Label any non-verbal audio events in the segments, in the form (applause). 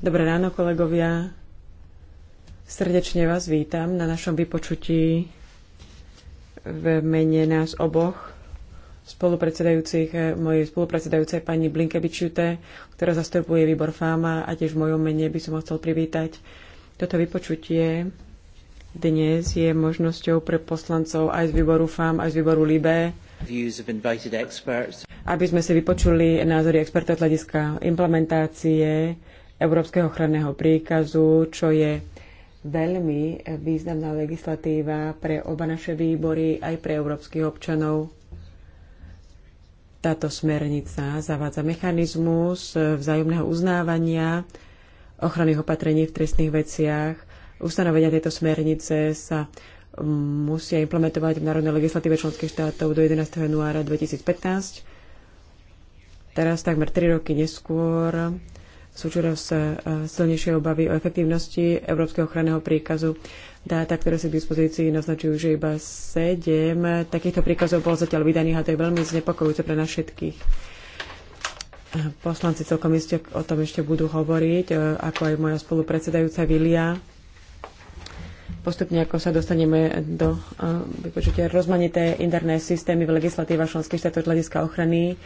Dobré ráno, kolegovia. Srdečne vás vítam na našom vypočutí v mene nás oboch spolupredsedajúcich, mojej spolupredsedajúcej pani Blinkevičiute, ktorá zastupuje výbor FAMA a tiež v mojom mene by som ho chcel privítať. Toto vypočutie dnes je možnosťou pre poslancov aj z výboru FAM, aj z výboru LIBE aby sme si vypočuli názory expertov z hľadiska implementácie Európskeho ochranného príkazu, čo je veľmi významná legislatíva pre oba naše výbory, aj pre európskych občanov. Táto smernica zavádza mechanizmus vzájomného uznávania ochranných opatrení v trestných veciach. Ustanovenia tejto smernice sa musia implementovať v národnej legislatíve členských štátov do 11. januára 2015 Teraz takmer 3 roky neskôr sú čoraz e, silnejšie obavy o efektívnosti Európskeho ochranného príkazu. Dáta, ktoré si k dispozícii, naznačujú, že iba 7 takýchto príkazov bolo zatiaľ vydaných a to je veľmi znepokojúce pre nás všetkých. Poslanci celkom iste o tom ešte budú hovoriť, e, ako aj moja spolupredsedajúca Vilia. Postupne, ako sa dostaneme do e, vypočutia rozmanité interné systémy v legislatíva členských štátov hľadiska ochrany,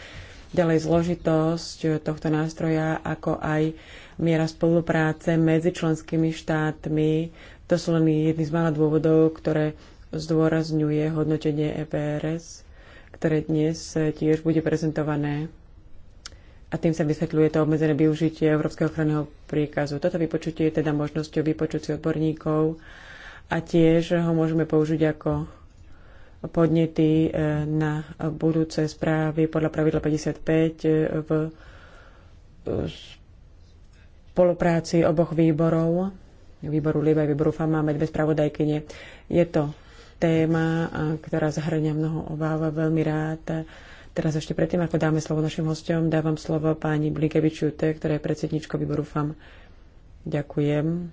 ďalej zložitosť eh, tohto nástroja, ako aj miera spolupráce medzi členskými štátmi. To sú len jedny z mála dôvodov, ktoré zdôrazňuje hodnotenie EPRS, ktoré dnes eh, tiež bude prezentované. A tým sa vysvetľuje to obmedzené využitie Európskeho ochranného príkazu. Toto vypočutie je teda možnosťou vypočuť si odborníkov a tiež ho môžeme použiť ako podnety e, na budúce správy podľa pravidla 55 e, v e, spolupráci oboch výborov, výboru Liba a výboru FAMA, máme dve spravodajkyne. Je to téma, ktorá zahrania mnoho obáv, veľmi rád. Teraz ešte predtým, ako dáme slovo našim hostom, dávam slovo pani Blikevičiute, ktorá je predsedničko výboru FAM. Ďakujem.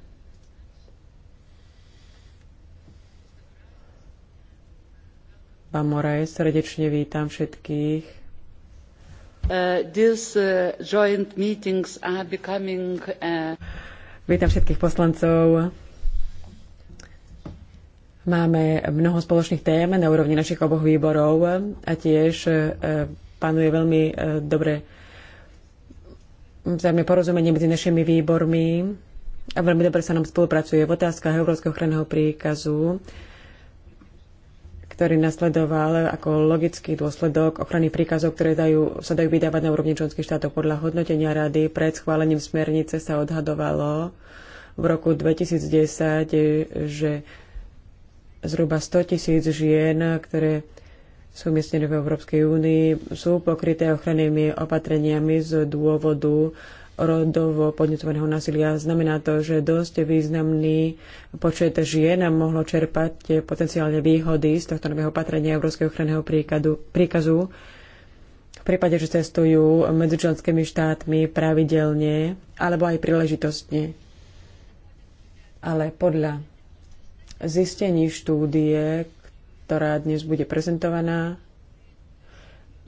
Pán Moraj, srdečne vítam všetkých. Uh, these uh, joint meetings are becoming uh... Vítam všetkých poslancov. Máme mnoho spoločných tém na úrovni našich oboch výborov a tiež uh, panuje veľmi uh, dobre vzájomné porozumenie medzi našimi výbormi a veľmi dobre sa nám spolupracuje v otázkach Európskeho ochranného príkazu ktorý nasledoval ako logický dôsledok ochrany príkazov, ktoré dajú, sa dajú vydávať na úrovni členských štátov. Podľa hodnotenia rady pred schválením smernice sa odhadovalo v roku 2010, e, že zhruba 100 tisíc žien, ktoré sú umiestnené v Európskej únii, sú pokryté ochrannými opatreniami z dôvodu rodovo podnecovaného násilia. Znamená to, že dosť významný počet žien mohlo čerpať potenciálne výhody z tohto nového opatrenia Európskeho ochranného príkazu, príkazu v prípade, že cestujú medzi členskými štátmi pravidelne alebo aj príležitostne. Ale podľa zistení štúdie, ktorá dnes bude prezentovaná,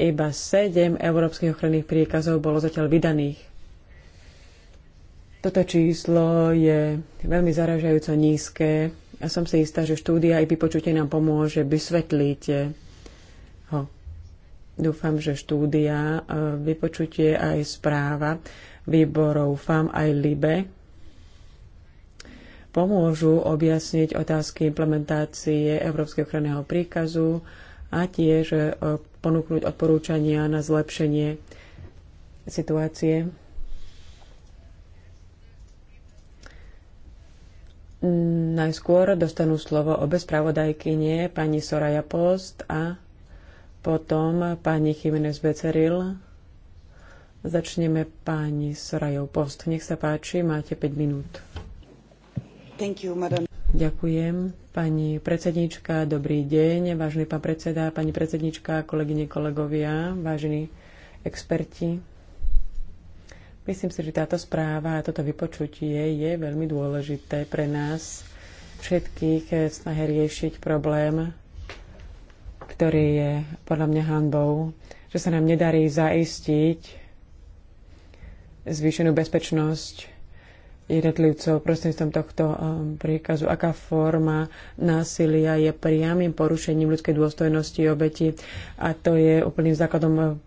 iba 7 európskych ochranných príkazov bolo zatiaľ vydaných. Toto číslo je veľmi zaražajúco nízke a som si istá, že štúdia aj vypočutie nám pomôže vysvetliť ho. Dúfam, že štúdia, e, vypočutie aj správa výborov FAM aj LIBE pomôžu objasniť otázky implementácie Európskeho ochranného príkazu a tiež e, ponúknuť odporúčania na zlepšenie situácie Najskôr dostanú slovo obe spravodajkynie, pani Soraya Post a potom pani Jiménez Beceril. Začneme pani Sorajou Post. Nech sa páči, máte 5 minút. Thank you, madam. Ďakujem. Pani predsednička, dobrý deň. Vážený pán predseda, pani predsednička, kolegyne, kolegovia, vážení experti. Myslím si, že táto správa a toto vypočutie je veľmi dôležité pre nás všetkých v snahe riešiť problém, ktorý je podľa mňa hanbou, že sa nám nedarí zaistiť zvýšenú bezpečnosť jednotlivcov prostredníctvom tohto um, príkazu. Aká forma násilia je priamým porušením ľudskej dôstojnosti obeti a to je úplným základom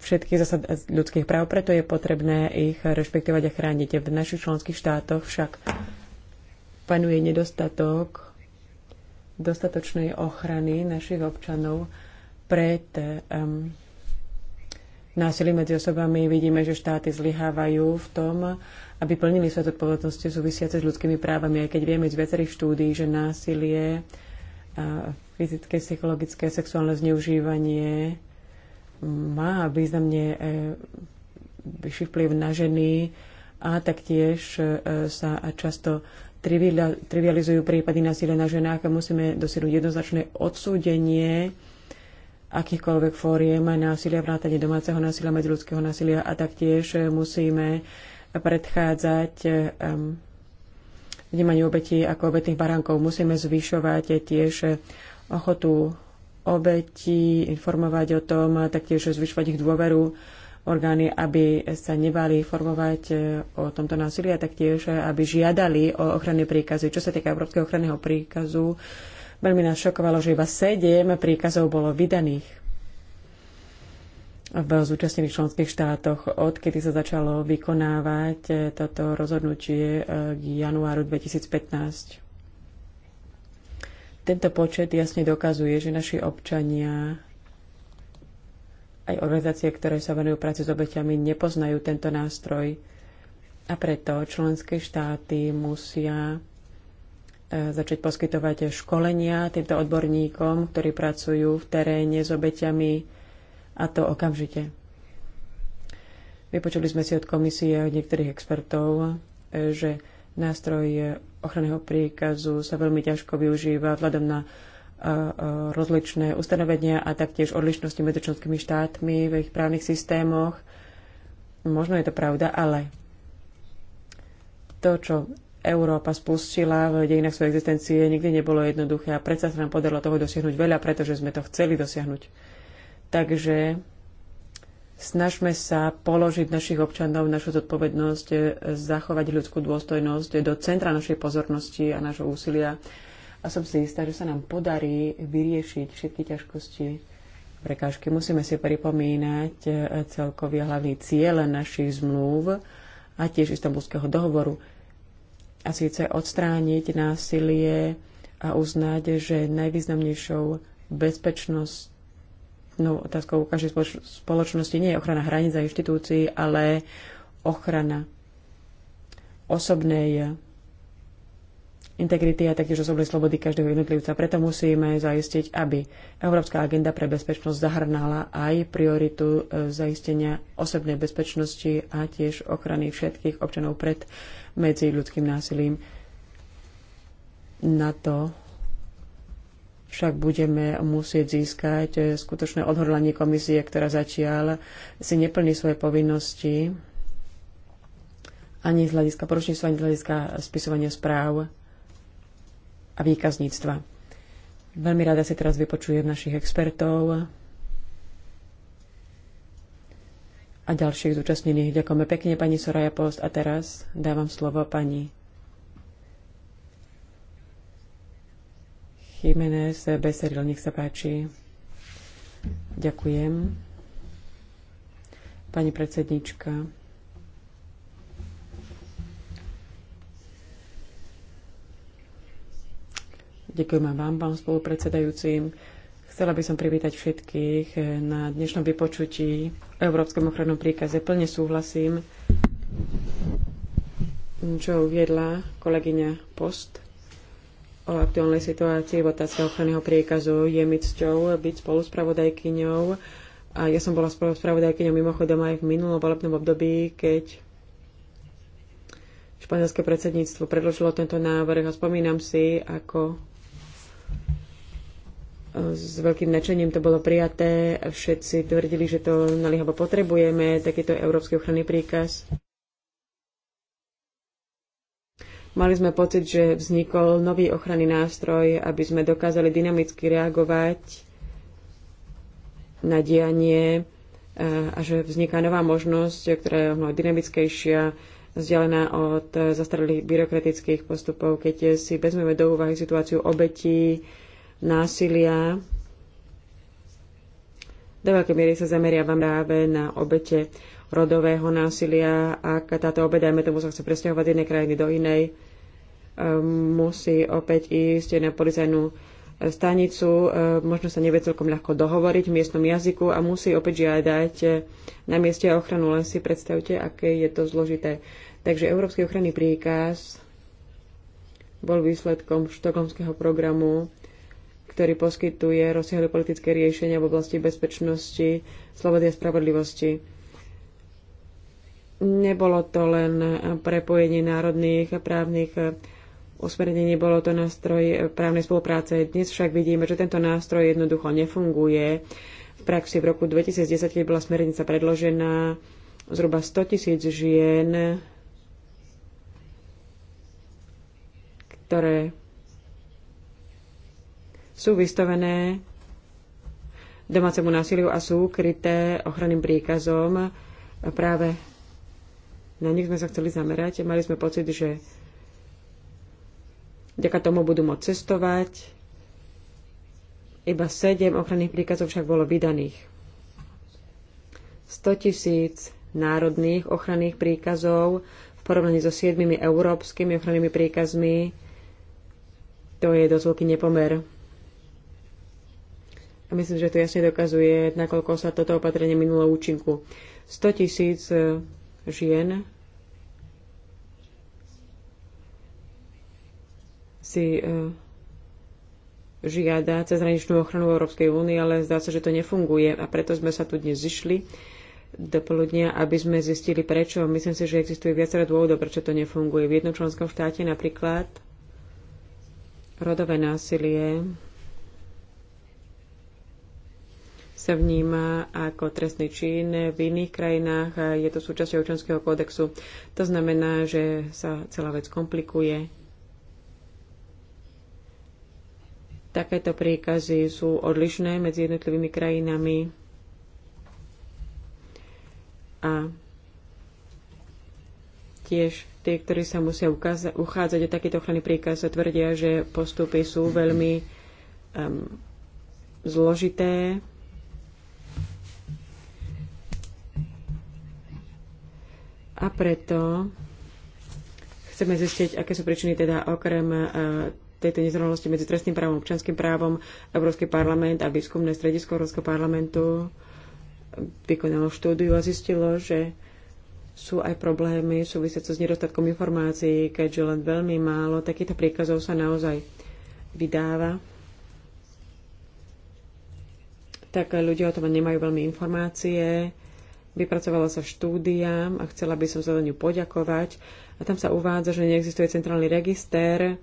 všetkých zásad ľudských práv, preto je potrebné ich rešpektovať a chrániť. V našich členských štátoch však panuje nedostatok dostatočnej ochrany našich občanov pred um, násilím medzi osobami. Vidíme, že štáty zlyhávajú v tom, aby plnili svoje zodpovednosti súvisiace s ľudskými právami, aj keď vieme z viacerých štúdí, že násilie, uh, fyzické, psychologické, sexuálne zneužívanie má významne e, vyšší vplyv na ženy a taktiež e, sa často trivializujú prípady násilia na ženách a musíme dosiahnuť jednoznačné odsúdenie akýchkoľvek fóriem násilia, vrátanie domáceho násilia, medziludského násilia a taktiež e, musíme predchádzať vnímaniu obetí ako obetných baránkov. Musíme zvyšovať tiež ochotu obeti, informovať o tom, taktiež zvyšovať ich dôveru orgány, aby sa nebali informovať e, o tomto násilí a taktiež, e, aby žiadali o ochranné príkazy. Čo sa týka Európskeho ochranného príkazu, veľmi nás šokovalo, že iba sedem príkazov bolo vydaných v zúčastnených členských štátoch, odkedy sa začalo vykonávať e, toto rozhodnutie k januáru 2015. Tento počet jasne dokazuje, že naši občania aj organizácie, ktoré sa venujú práci s obeťami, nepoznajú tento nástroj a preto členské štáty musia e, začať poskytovať školenia týmto odborníkom, ktorí pracujú v teréne s obeťami a to okamžite. Vypočuli sme si od komisie a od niektorých expertov, e, že Nástroj ochranného príkazu sa veľmi ťažko využíva vzhľadom na rozličné ustanovenia a taktiež odlišnosti medzi členskými štátmi v ich právnych systémoch. Možno je to pravda, ale to, čo Európa spustila v dejinách svojej existencie, nikdy nebolo jednoduché a predsa sa nám podarilo toho dosiahnuť veľa, pretože sme to chceli dosiahnuť. Takže Snažme sa položiť našich občanov našu zodpovednosť, e, zachovať ľudskú dôstojnosť do centra našej pozornosti a nášho úsilia. A som si istá, že sa nám podarí vyriešiť všetky ťažkosti, prekážky. Musíme si pripomínať e, celkový hlavný cieľ našich zmluv a tiež istambulského dohovoru. A síce odstrániť násilie a uznať, že najvýznamnejšou bezpečnosť podstatnou otázkou každej spoločnosti nie je ochrana hraníc a inštitúcií, ale ochrana osobnej integrity a taktiež osobnej slobody každého jednotlivca. Preto musíme zaistiť, aby Európska agenda pre bezpečnosť zahrnala aj prioritu e, zaistenia osobnej bezpečnosti a tiež ochrany všetkých občanov pred medzi ľudským násilím. Na to však budeme musieť získať eh, skutočné odhodlanie komisie, ktorá začiaľ si neplní svoje povinnosti ani z hľadiska poručníctva, ani z hľadiska spisovania správ a výkazníctva. Veľmi rada si teraz vypočujem našich expertov a ďalších zúčastnených. Ďakujeme pekne, pani Soraya Post. A teraz dávam slovo pani Jiménez Beseril, nech sa páči. Ďakujem. Pani predsednička. Ďakujem aj vám, pán spolupredsedajúcim. Chcela by som privítať všetkých na dnešnom vypočutí v Európskom ochrannom príkaze. Plne súhlasím, čo uviedla kolegyňa Post o aktuálnej situácii v otázke ochranného priekazu. Je mi cťou byť spoluspravodajkyňou a ja som bola spoluspravodajkyňou mimochodom aj v minulom volebnom období, keď španielské predsedníctvo predložilo tento návrh a spomínam si, ako s veľkým nadšením to bolo prijaté. Všetci tvrdili, že to naliehavo potrebujeme, takýto európsky ochranný príkaz. Mali sme pocit, že vznikol nový ochranný nástroj, aby sme dokázali dynamicky reagovať na dianie e, a že vzniká nová možnosť, ktorá je mnoho dynamickejšia, vzdialená od zastaralých byrokratických postupov, keď si vezmeme do úvahy situáciu obetí, násilia. Do veľkej miery sa zameriavam práve na obete rodového násilia. Ak táto obeda, dajme tomu, sa chce presťahovať z jednej krajiny do inej, ehm, musí opäť ísť na policajnú e, stanicu, ehm, možno sa nevie celkom ľahko dohovoriť v miestnom jazyku a musí opäť žiadať e, na mieste ochranu. Len si predstavte, aké je to zložité. Takže Európsky ochranný príkaz bol výsledkom štokholmského programu, ktorý poskytuje rozsiahle politické riešenia v oblasti bezpečnosti, slobody a spravodlivosti. Nebolo to len prepojenie národných právnych usmernení, bolo to nástroj právnej spolupráce. Dnes však vidíme, že tento nástroj jednoducho nefunguje. V praxi v roku 2010, keď bola smernica predložená, zhruba 100 tisíc žien, ktoré sú vystavené domácemu násiliu a sú kryté ochranným príkazom práve na nich sme sa chceli zamerať. Mali sme pocit, že vďaka tomu budú môcť cestovať. Iba 7 ochranných príkazov však bolo vydaných. 100 tisíc národných ochranných príkazov v porovnaní so 7 európskymi ochrannými príkazmi. To je dosť veľký nepomer. A myslím, že to jasne dokazuje, nakoľko sa toto opatrenie minulo účinku. 100 tisíc žien si e, žiada cezhraničnú ochranu Európskej únie, ale zdá sa, že to nefunguje a preto sme sa tu dnes zišli do poludnia, aby sme zistili prečo. Myslím si, že existuje viacero dôvodov, prečo to nefunguje. V jednom členskom štáte napríklad rodové násilie sa vníma ako trestný čin. V iných krajinách je to súčasťou občanského kódexu. To znamená, že sa celá vec komplikuje. Takéto príkazy sú odlišné medzi jednotlivými krajinami a tiež tí, ktorí sa musia ukáza- uchádzať o takýto ochranný príkaz, tvrdia, že postupy sú veľmi um, zložité, A preto chceme zistiť, aké sú príčiny teda okrem e, tejto nezrovnalosti medzi trestným právom a občanským právom. Európsky parlament a výskumné stredisko Európskeho parlamentu vykonalo štúdiu a zistilo, že sú aj problémy súvisiace s nedostatkom informácií, keďže len veľmi málo takýchto príkazov sa naozaj vydáva. Tak ľudia o tom nemajú veľmi informácie Vypracovala sa štúdiám a chcela by som sa za ňu poďakovať. A tam sa uvádza, že neexistuje centrálny register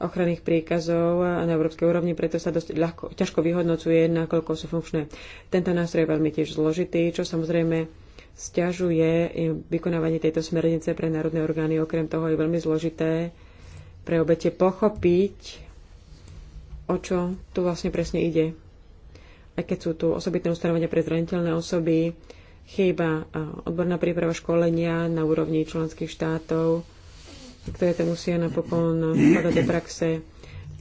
ochranných príkazov na európskej úrovni, preto sa dosť ľahko, ťažko vyhodnocuje, nakoľko sú funkčné. Tento nástroj je veľmi tiež zložitý, čo samozrejme stiažuje vykonávanie tejto smernice pre národné orgány. Okrem toho je veľmi zložité pre obete pochopiť, o čo tu vlastne presne ide. Aj keď sú tu osobitné ustanovenia pre zraniteľné osoby, chýba odborná príprava školenia na úrovni členských štátov, ktoré to musia napokon podať do praxe.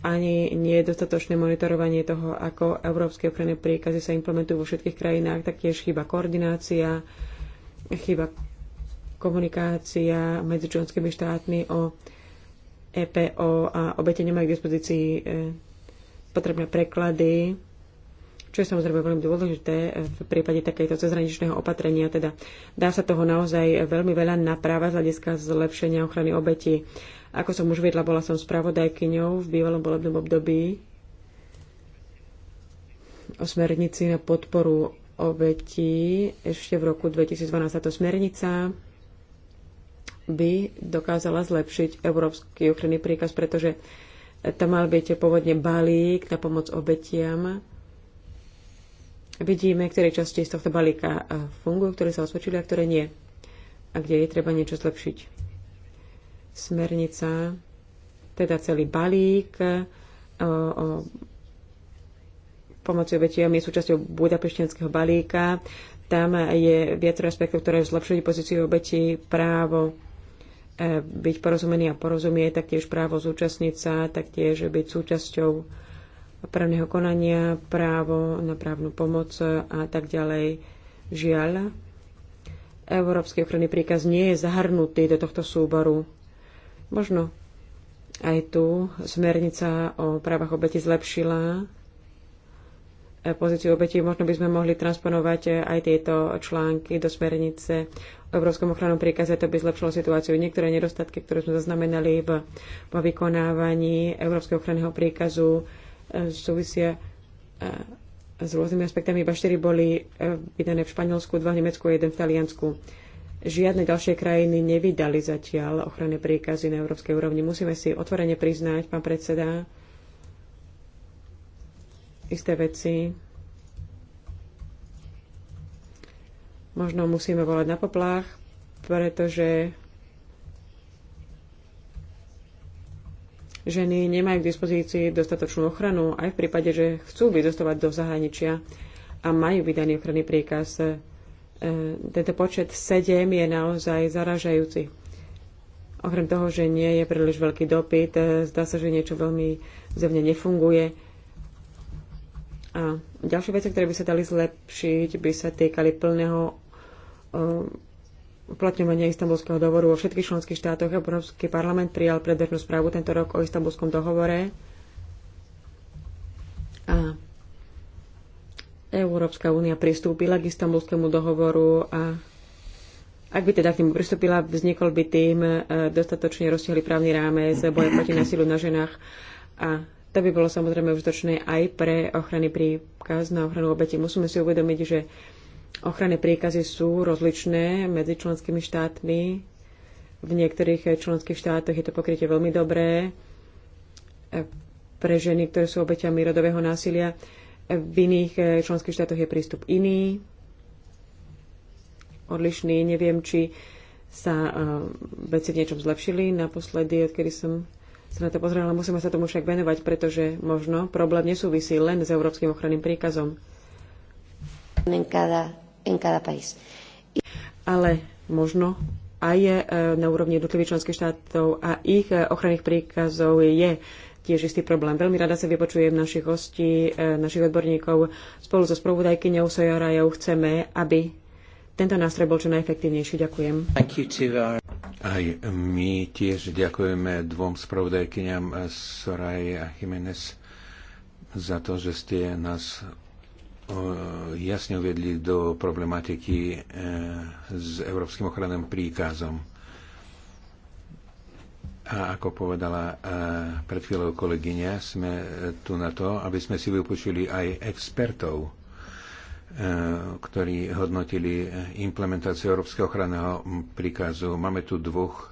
Ani nie je dostatočné monitorovanie toho, ako európske ochranné príkazy sa implementujú vo všetkých krajinách, taktiež chyba koordinácia, chyba komunikácia medzi členskými štátmi o EPO a obete nemajú k dispozícii e, potrebné preklady čo je samozrejme veľmi dôležité v prípade takéto cezhraničného opatrenia. Teda dá sa toho naozaj veľmi veľa na z hľadiska zlepšenia ochrany obetí. Ako som už vedla, bola som spravodajkyňou v bývalom volebnom období o smernici na podporu obetí ešte v roku 2012. Táto smernica by dokázala zlepšiť európsky ochranný príkaz, pretože tam mal byť pôvodne balík na pomoc obetiam vidíme, ktoré časti z tohto balíka eh, fungujú, ktoré sa osvedčili a ktoré nie. A kde je treba niečo zlepšiť. Smernica, teda celý balík eh, o, o pomoci obetiam je súčasťou budapešťanského balíka. Tam je viacero aspektov, ktoré zlepšujú pozíciu obeti, právo eh, byť porozumený a porozumieť, taktiež právo zúčastniť sa, taktiež byť súčasťou právneho konania, právo na právnu pomoc a tak ďalej. Žiaľ, Európsky ochranný príkaz nie je zahrnutý do tohto súboru. Možno aj tu smernica o právach obeti zlepšila pozíciu obeti. Možno by sme mohli transponovať aj tieto články do smernice o Európskom ochrannom príkaze. To by zlepšilo situáciu. Niektoré nedostatky, ktoré sme zaznamenali v, vo vykonávaní Európskeho ochranného príkazu, E, súvisia e, s rôznymi aspektami. Iba štyri boli e, vydané v Španielsku, dva v Nemecku a jeden v Taliansku. Žiadne ďalšie krajiny nevydali zatiaľ ochranné príkazy na európskej úrovni. Musíme si otvorene priznať, pán predseda, isté veci. Možno musíme volať na poplach, pretože ženy nemajú k dispozícii dostatočnú ochranu aj v prípade, že chcú vydostovať do zahraničia a majú vydaný ochranný príkaz. E, tento počet 7 je naozaj zaražajúci. Okrem toho, že nie je príliš veľký dopyt, e, zdá sa, že niečo veľmi zevne nefunguje. A ďalšie veci, ktoré by sa dali zlepšiť, by sa týkali plného e, uplatňovania istambulského dohovoru vo všetkých členských štátoch. Európsky parlament prijal predbežnú správu tento rok o istambulskom dohovore a Európska únia pristúpila k istambulskému dohovoru a ak by teda k nemu pristúpila, vznikol by tým e, dostatočne rozsiahly právny rámec boja proti násilu na ženách a to by bolo samozrejme užitočné aj pre ochrany príkaz na ochranu obete. Musíme si uvedomiť, že Ochranné príkazy sú rozličné medzi členskými štátmi. V niektorých členských štátoch je to pokrytie veľmi dobré e, pre ženy, ktoré sú obeťami rodového násilia. E, v iných e, členských štátoch je prístup iný, odlišný. Neviem, či sa veci v niečom zlepšili naposledy, odkedy som sa na to pozrela, ale musíme sa tomu však venovať, pretože možno problém nesúvisí len s európskym ochranným príkazom. En cada en cada país. Ale možno aj e, na úrovni jednotlivých členských štátov a ich e, ochranných príkazov je tiež istý problém. Veľmi rada sa vypočujem našich hostí, e, našich odborníkov. Spolu so spravodajkyňou Sojorajou chceme, aby tento nástroj bol čo najefektívnejší. Ďakujem. Aj my tiež ďakujeme dvom spravodajkyňam Soraj a Jiménez za to, že ste nás Eh, jasne uvedli do problematiky eh, s Európskym ochranným príkazom. A ako povedala eh, pred chvíľou kolegyňa, sme tu na to, aby sme si vypočuli aj expertov, ktorí hodnotili implementáciu Európskeho ochranného príkazu. Máme tu dvoch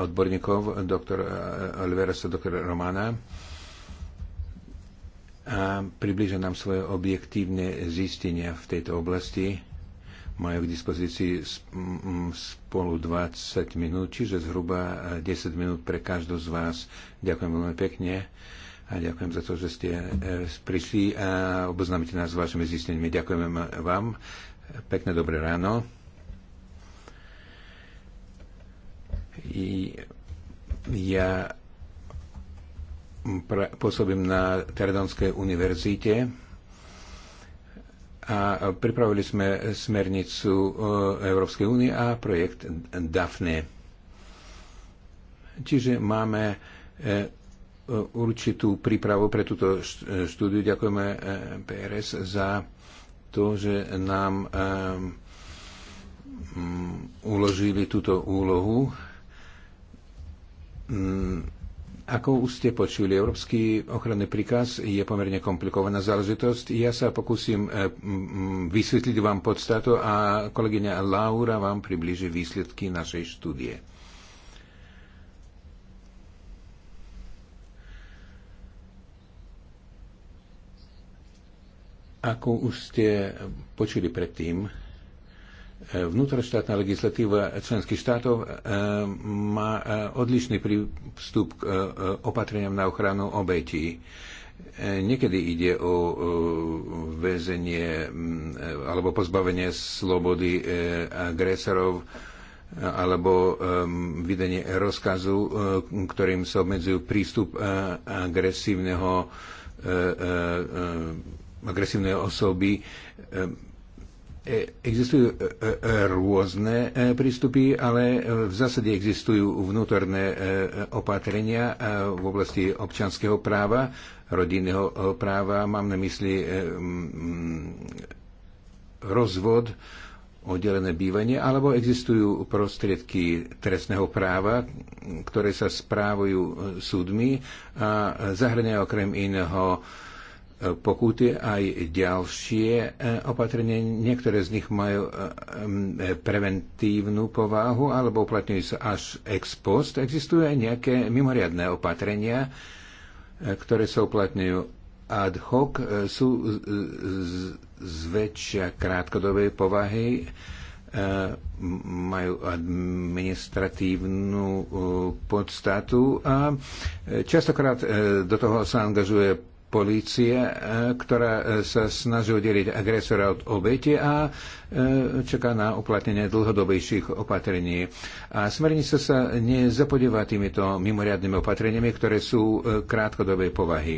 odborníkov, doktor Olivera a doktor Romana a približia nám svoje objektívne zistenia v tejto oblasti. Majú k dispozícii spolu 20 minút, čiže zhruba 10 e, minút pre každú z vás. Ďakujem veľmi pekne a ďakujem za to, že ste e, prišli a oboznámite nás s vašimi zisteniami. Ďakujem vám. Pekné dobré ráno. I ja pôsobím na Teredonskej univerzite a pripravili sme smernicu e, Európskej únie a projekt DAFNE. Čiže máme e, určitú prípravu pre túto štúdiu. Ďakujeme e, PRS za to, že nám uložili túto úlohu ako už ste počuli, Európsky ochranný príkaz je pomerne komplikovaná záležitosť. Ja sa pokúsim eh, vysvetliť vám podstatu a kolegyňa Laura vám približí výsledky našej štúdie. Ako už ste počuli predtým, Vnútroštátna legislatíva členských štátov e, má e, odlišný prístup k e, opatreniam na ochranu obetí. Niekedy ide o väzenie mm, alebo pozbavenie slobody agresorov alebo vydanie rozkazu, ktorým sa obmedzujú prístup agresívneho agresívnej osoby E, existujú e, e, rôzne prístupy, ale v zásade existujú vnútorné opatrenia v oblasti občanského práva, rodinného práva. Mám na mysli mm, rozvod, oddelené bývanie, alebo existujú prostriedky trestného práva, ktoré sa správajú súdmi a zahrania okrem iného pokuty, aj ďalšie e, opatrenia. Niektoré z nich majú e, e, preventívnu povahu alebo uplatňujú sa až ex post. Existujú aj nejaké mimoriadné opatrenia, ktoré sa uplatňujú ad hoc, sú zväčšia krátkodobej povahy, majú administratívnu podstatu a častokrát do toho sa angažuje polície, e, ktorá e, sa snaží oddeliť agresora od obete a e, čaká na uplatnenie dlhodobejších opatrení. A smernica sa nezapodieva týmito mimoriadnými opatreniami, ktoré sú krátkodobej povahy.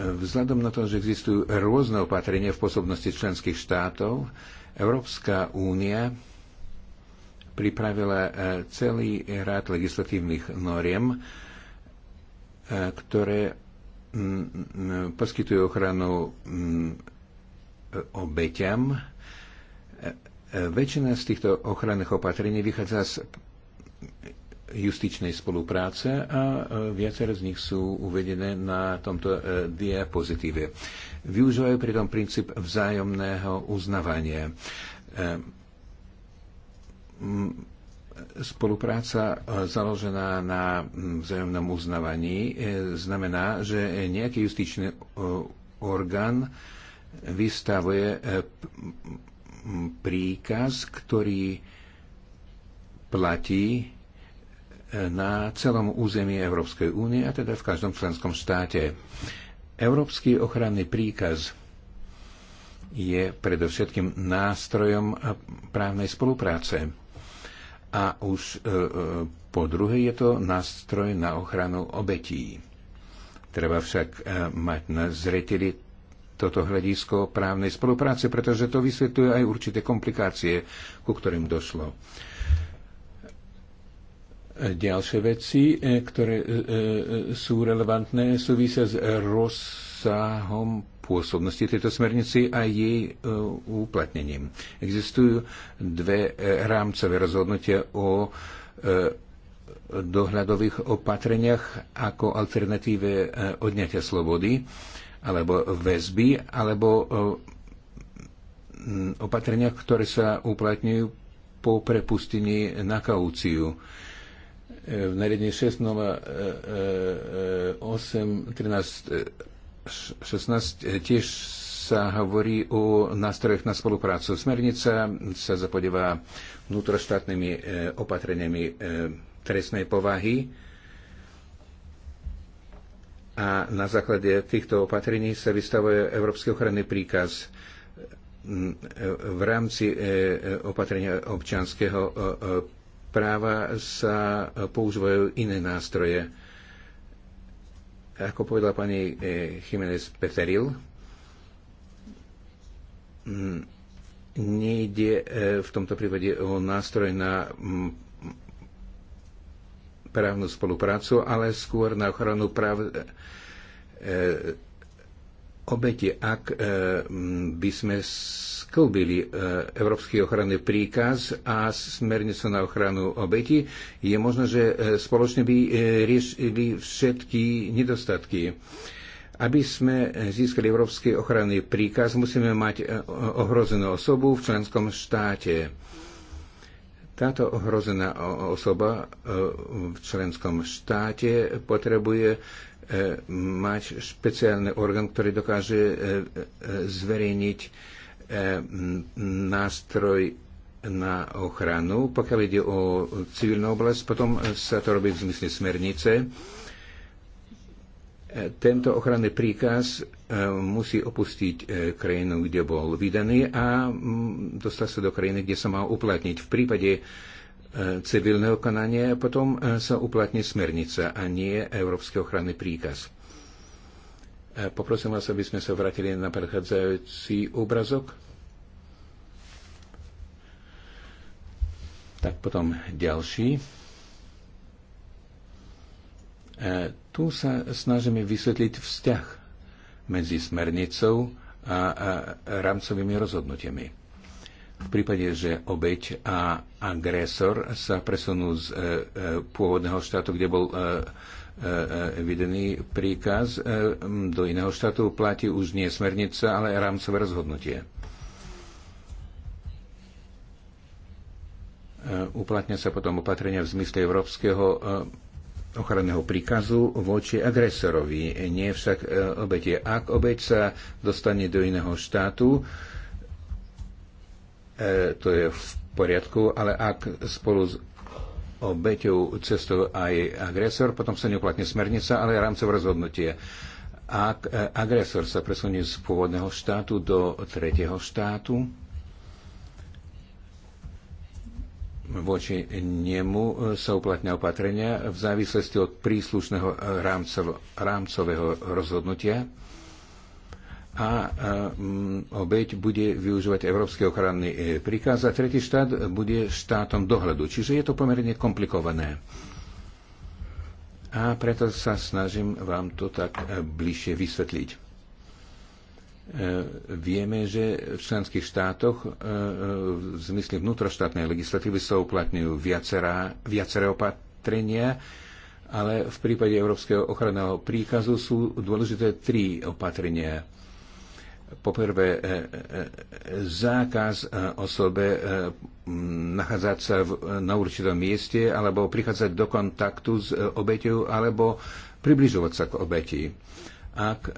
Vzhľadom na to, že existujú rôzne opatrenia v pôsobnosti členských štátov, Európska únia pripravila celý rád legislatívnych noriem, E, ktoré poskytujú ochranu obeťam. E, e, väčšina z týchto ochranných opatrení vychádza z justičnej spolupráce a viaceré z nich sú uvedené na tomto diapozitíve. Využívajú pritom princíp vzájomného uznávania Spolupráca e, založená na mm, vzájomnom uznávaní e, znamená, že nejaký justičný e, orgán vystavuje príkaz, ktorý platí na celom území Európskej únie a teda v každom členskom štáte. Európsky ochranný príkaz je predovšetkým nástrojom právnej spolupráce a už e, e, po druhé je to nástroj na ochranu obetí. Treba však e, mať na zreteli toto hľadisko právnej spolupráce, pretože to vysvetľuje aj určité komplikácie, ku ktorým došlo. Ďalšie veci, ktoré sú relevantné, súvisia s rozsahom pôsobnosti tejto smernici a jej e, uplatnením. Existujú dve e, rámcové rozhodnutia o e, dohľadových opatreniach ako alternatíve odňatia slobody alebo väzby alebo opatrenia, ktoré sa uplatňujú po prepustení na kauciu. V nariadení 6 13 16 e, tiež sa hovorí o nástrojoch na spoluprácu. Smernica sa zapodieva vnútroštátnymi e, opatreniami e, trestnej povahy a na základe týchto opatrení sa vystavuje Európsky ochranný príkaz mm, v rámci opatrenia občanského práva sa používajú iné nástroje ako povedala pani eh, Jiménez Peteril, mm, nejde eh, v tomto prípade o nástroj na mm, právnu spoluprácu, ale skôr na ochranu práv eh, obete, ak mm, by sme sklbili e, Európsky ochranný príkaz a smernicu na ochranu obeti, je možné, že e, spoločne by e, riešili všetky nedostatky. Aby sme získali Európsky ochranný príkaz, musíme mať ohrozenú osobu v členskom štáte. Táto ohrozená osoba v členskom štáte potrebuje mať špeciálny orgán, ktorý dokáže zverejniť Eh, nástroj na ochranu, pokiaľ ide o civilnú oblasť, potom sa to robí v zmysle smernice. Eh, tento ochranný príkaz eh, musí opustiť krajinu, kde bol vydaný a mm, dostať sa do krajiny, kde sa má uplatniť. V prípade civilného konania potom sa uplatní smernica a nie Európsky ochranný príkaz. E, poprosím vás, aby sme sa vrátili na predchádzajúci obrazok. Tak potom ďalší. E, tu sa snažíme vysvetliť vzťah medzi smernicou a, a rámcovými rozhodnutiami. V prípade, že obeď a agresor sa presunú z e, e, pôvodného štátu, kde bol e, E, e, vydený príkaz e, do iného štátu platí už nie smernica, ale rámcové rozhodnutie. Uplatňa sa potom opatrenia v zmysle európskeho ochranného príkazu voči agresorovi, nie však obete. Ak obeť sa dostane do iného štátu, to je v poriadku, ale ak spolu s obeťou cestou aj agresor, potom sa neuplatní smernica, ale rámcové rozhodnutie. Ak e, agresor sa presunie z pôvodného štátu do tretieho štátu, voči nemu sa uplatňa opatrenia v závislosti od príslušného rámcového rozhodnutia a e, obeď bude využívať Európsky ochranný e, príkaz a tretí štát bude štátom dohľadu. Čiže je to pomerne komplikované. A preto sa snažím vám to tak e, bližšie vysvetliť. Vieme, že v členských štátoch v zmysle vnútroštátnej legislatívy sa uplatňujú viaceré opatrenia, ale v prípade Európskeho ochranného príkazu sú dôležité tri opatrenia – poprvé e, e, e, zákaz osobe nachádzať sa na určitom mieste alebo prichádzať do kontaktu s obeťou alebo približovať sa k obeti. Ak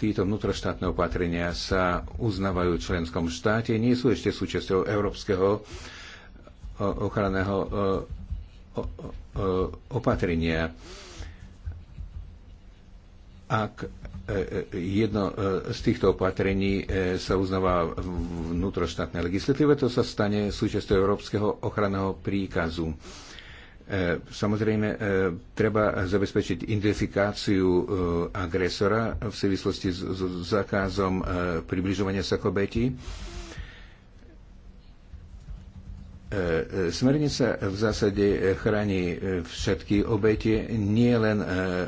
títo vnútroštátne opatrenia sa uznávajú v členskom štáte, nie sú ešte súčasťou európskeho ochranného opatrenia ak e, e, jedno e, z týchto opatrení sa uznáva vnútroštátnej legislatíve, to sa stane súčasťou Európskeho ochranného príkazu. Samozrejme, treba zabezpečiť identifikáciu agresora v súvislosti s zákazom približovania sa k obeti E, e, smernica v zásade chráni e, všetky obete, nie len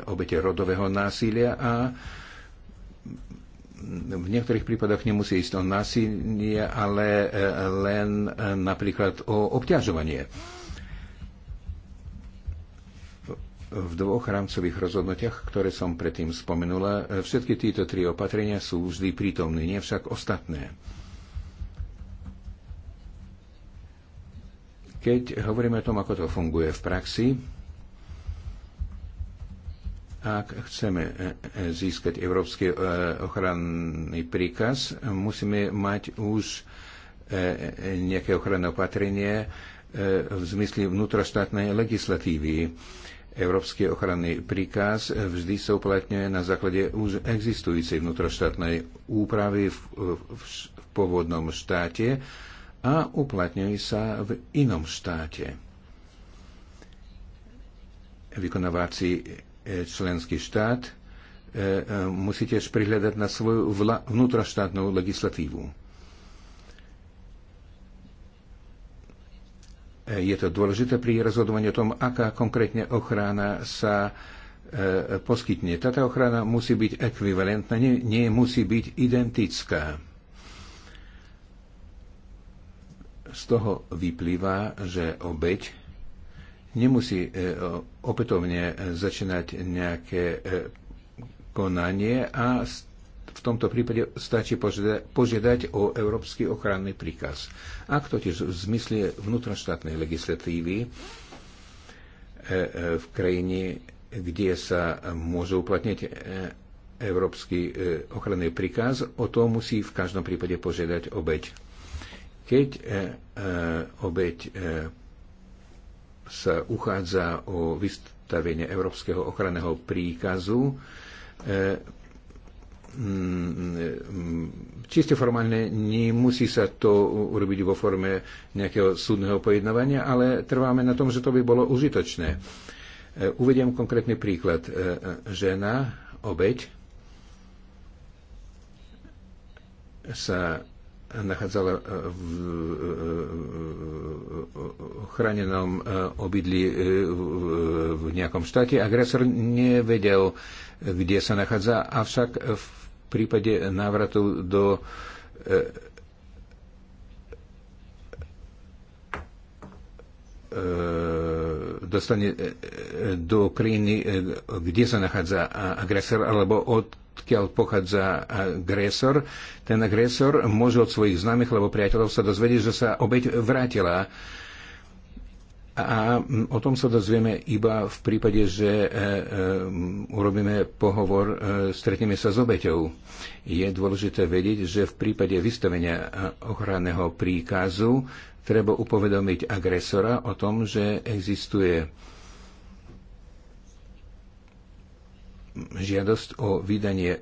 obete rodového násilia a v niektorých prípadoch nemusí ísť o násilie, ale len napríklad o obťažovanie. V dvoch rámcových rozhodnutiach, ktoré som predtým spomenula, všetky tieto tri opatrenia sú vždy prítomné, nie však ostatné. Keď hovoríme o tom, ako to funguje v praxi, ak chceme e, e, získať európsky e, ochranný príkaz, musíme mať už nejaké ochranné opatrenie v zmysle vnútroštátnej legislatívy. Európsky ochranný príkaz vždy sa uplatňuje na základe už existujúcej vnútroštátnej úpravy v, v, v pôvodnom štáte a uplatňuje sa v inom štáte. Vykonávací e, členský štát e, e, musí tiež prihľadať na svoju vnútroštátnu legislatívu. Je to dôležité pri rozhodovaní o tom, aká konkrétne ochrana sa poskytne. Táto ochrana musí byť ekvivalentná, nie, nie musí byť identická. Z toho vyplýva, že obeď nemusí e, opätovne e, začínať nejaké e, konanie a v tomto prípade stačí požiadať o európsky ochranný príkaz. Ak totiž v zmysle vnútroštátnej legislatívy v krajine, kde sa môže uplatniť európsky ochranný príkaz, o to musí v každom prípade požiadať obeď. Keď e, e, obeď e, sa uchádza o vystavenie Európskeho ochranného príkazu, mm, čiste formálne nemusí sa to urobiť vo forme nejakého súdneho pojednávania, ale trváme na tom, že to by bolo užitočné. Uvediem konkrétny príklad. Žena, obeď, sa nachádzala e, v e, e, chránenom obydli v nejakom štáte. Agresor nevedel, kde sa nachádza, avšak v prípade návratu do dostane do krajiny, kde sa nachádza agresor, alebo od odkiaľ pochádza agresor. Ten agresor môže od svojich známych alebo priateľov sa dozvedieť, že sa obeď vrátila. A mm, o tom sa dozvieme iba v prípade, že e, e, mm, urobíme pohovor, e, stretneme sa s obeťou. Je dôležité vedieť, že v prípade vystavenia ochranného príkazu treba upovedomiť agresora o tom, že existuje žiadosť o vydanie e,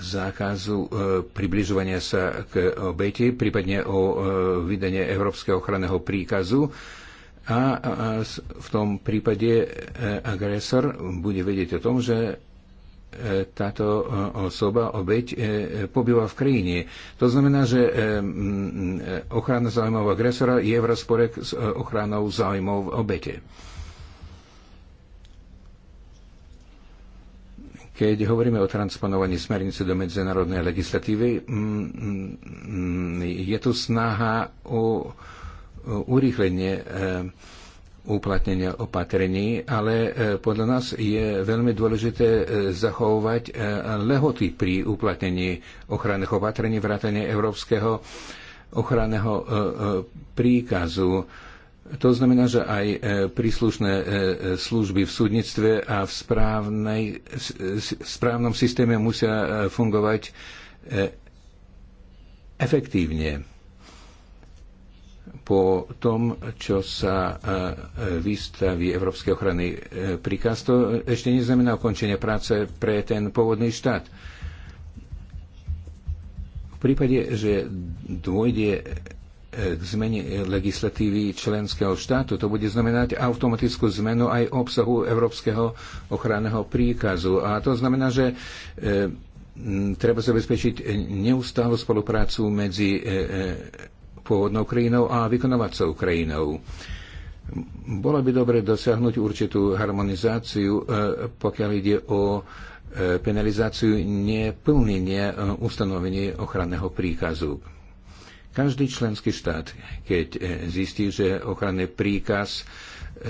zákazu e, približovania sa k obeti, prípadne o e, vydanie Európskeho ochranného príkazu a v tom prípade agresor bude vedieť o tom, že táto osoba, obeď, pobýva v krajine. To znamená, že ochrana záujmov agresora je v rozpore s ochranou záujmov obete. Keď hovoríme o transponovaní smernice do medzinárodnej legislatívy, mm, mm, je tu snaha o urýchlenie e, uplatnenia opatrení, ale e, podľa nás je veľmi dôležité e, zachovať lehoty pri uplatnení ochranných opatrení vrátane Európskeho ochranného príkazu to znamená, že aj e, príslušné e, e, služby v súdnictve a v, správnej, v správnom systéme musia fungovať efektívne. Po tom, čo sa vystaví Európskej ochrany príkaz, to ešte neznamená ukončenie práce pre ten pôvodný štát. V prípade, že dôjde E, k zmene e, legislatívy členského štátu. To bude znamenať automatickú zmenu aj obsahu Európskeho ochranného príkazu. A to znamená, že e, treba zabezpečiť neustálu spoluprácu medzi pôvodnou krajinou a vykonovacou krajinou. Bolo by dobre dosiahnuť určitú harmonizáciu, pokiaľ ide o penalizáciu neplnenia ustanovení ochranného príkazu. Každý členský štát, keď e, zistí, že ochranný príkaz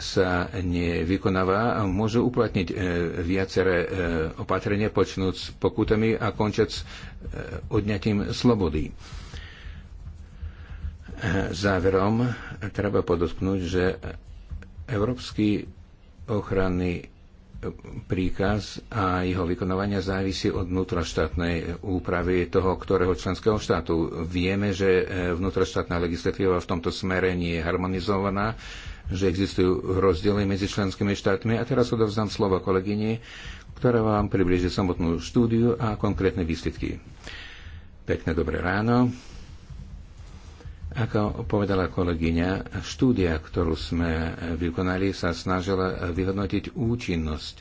sa nevykonáva, môže uplatniť e, viaceré e, opatrenia, počnúť s pokutami a končiať s odňatím slobody. Záverom treba podotknúť, že Európsky ochranný príkaz a jeho vykonovania závisí od vnútroštátnej úpravy toho, ktorého členského štátu. Vieme, že e, vnútroštátna legislatíva v tomto smere nie je harmonizovaná, že existujú rozdiely medzi členskými štátmi. A teraz odovzdám slovo kolegyni, ktorá vám približí samotnú štúdiu a konkrétne výsledky. Pekné dobré ráno. Ako povedala kolegyňa, štúdia, ktorú sme vykonali, sa snažila vyhodnotiť účinnosť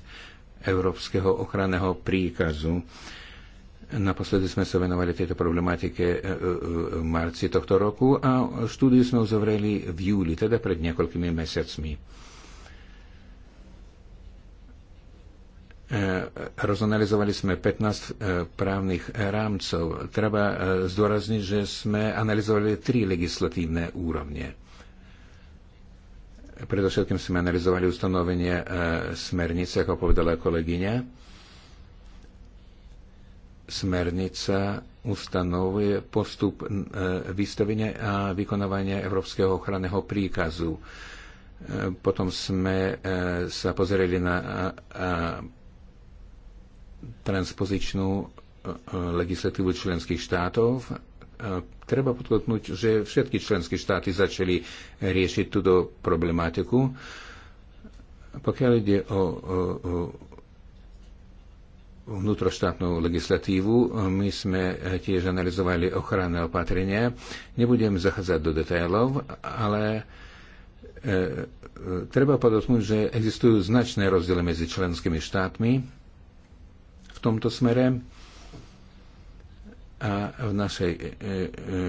Európskeho ochranného príkazu. Naposledy sme sa venovali tejto problematike e, e, v marci tohto roku a štúdiu sme uzavreli v júli, teda pred niekoľkými mesiacmi. E, rozanalizovali sme 15 e, právnych rámcov. Treba e, zdôrazniť, že sme analyzovali tri legislatívne úrovne. Predovšetkým sme analyzovali ustanovenie smernice, ako povedala kolegyňa. Smernica ustanovuje postup vystavenia a vykonávania Európskeho ochranného príkazu. Potom sme sa pozreli na transpozičnú e, e, legislatívu členských štátov. E, treba podkotnúť, že všetky členské štáty začali riešiť túto problematiku. Pokiaľ ide o, o, o vnútroštátnu legislatívu, my sme tiež analyzovali ochranné opatrenia. Nebudem zachádzať do detailov, ale e, treba podotknúť, že existujú značné rozdiely medzi členskými štátmi tomto smere. A v našej e, e,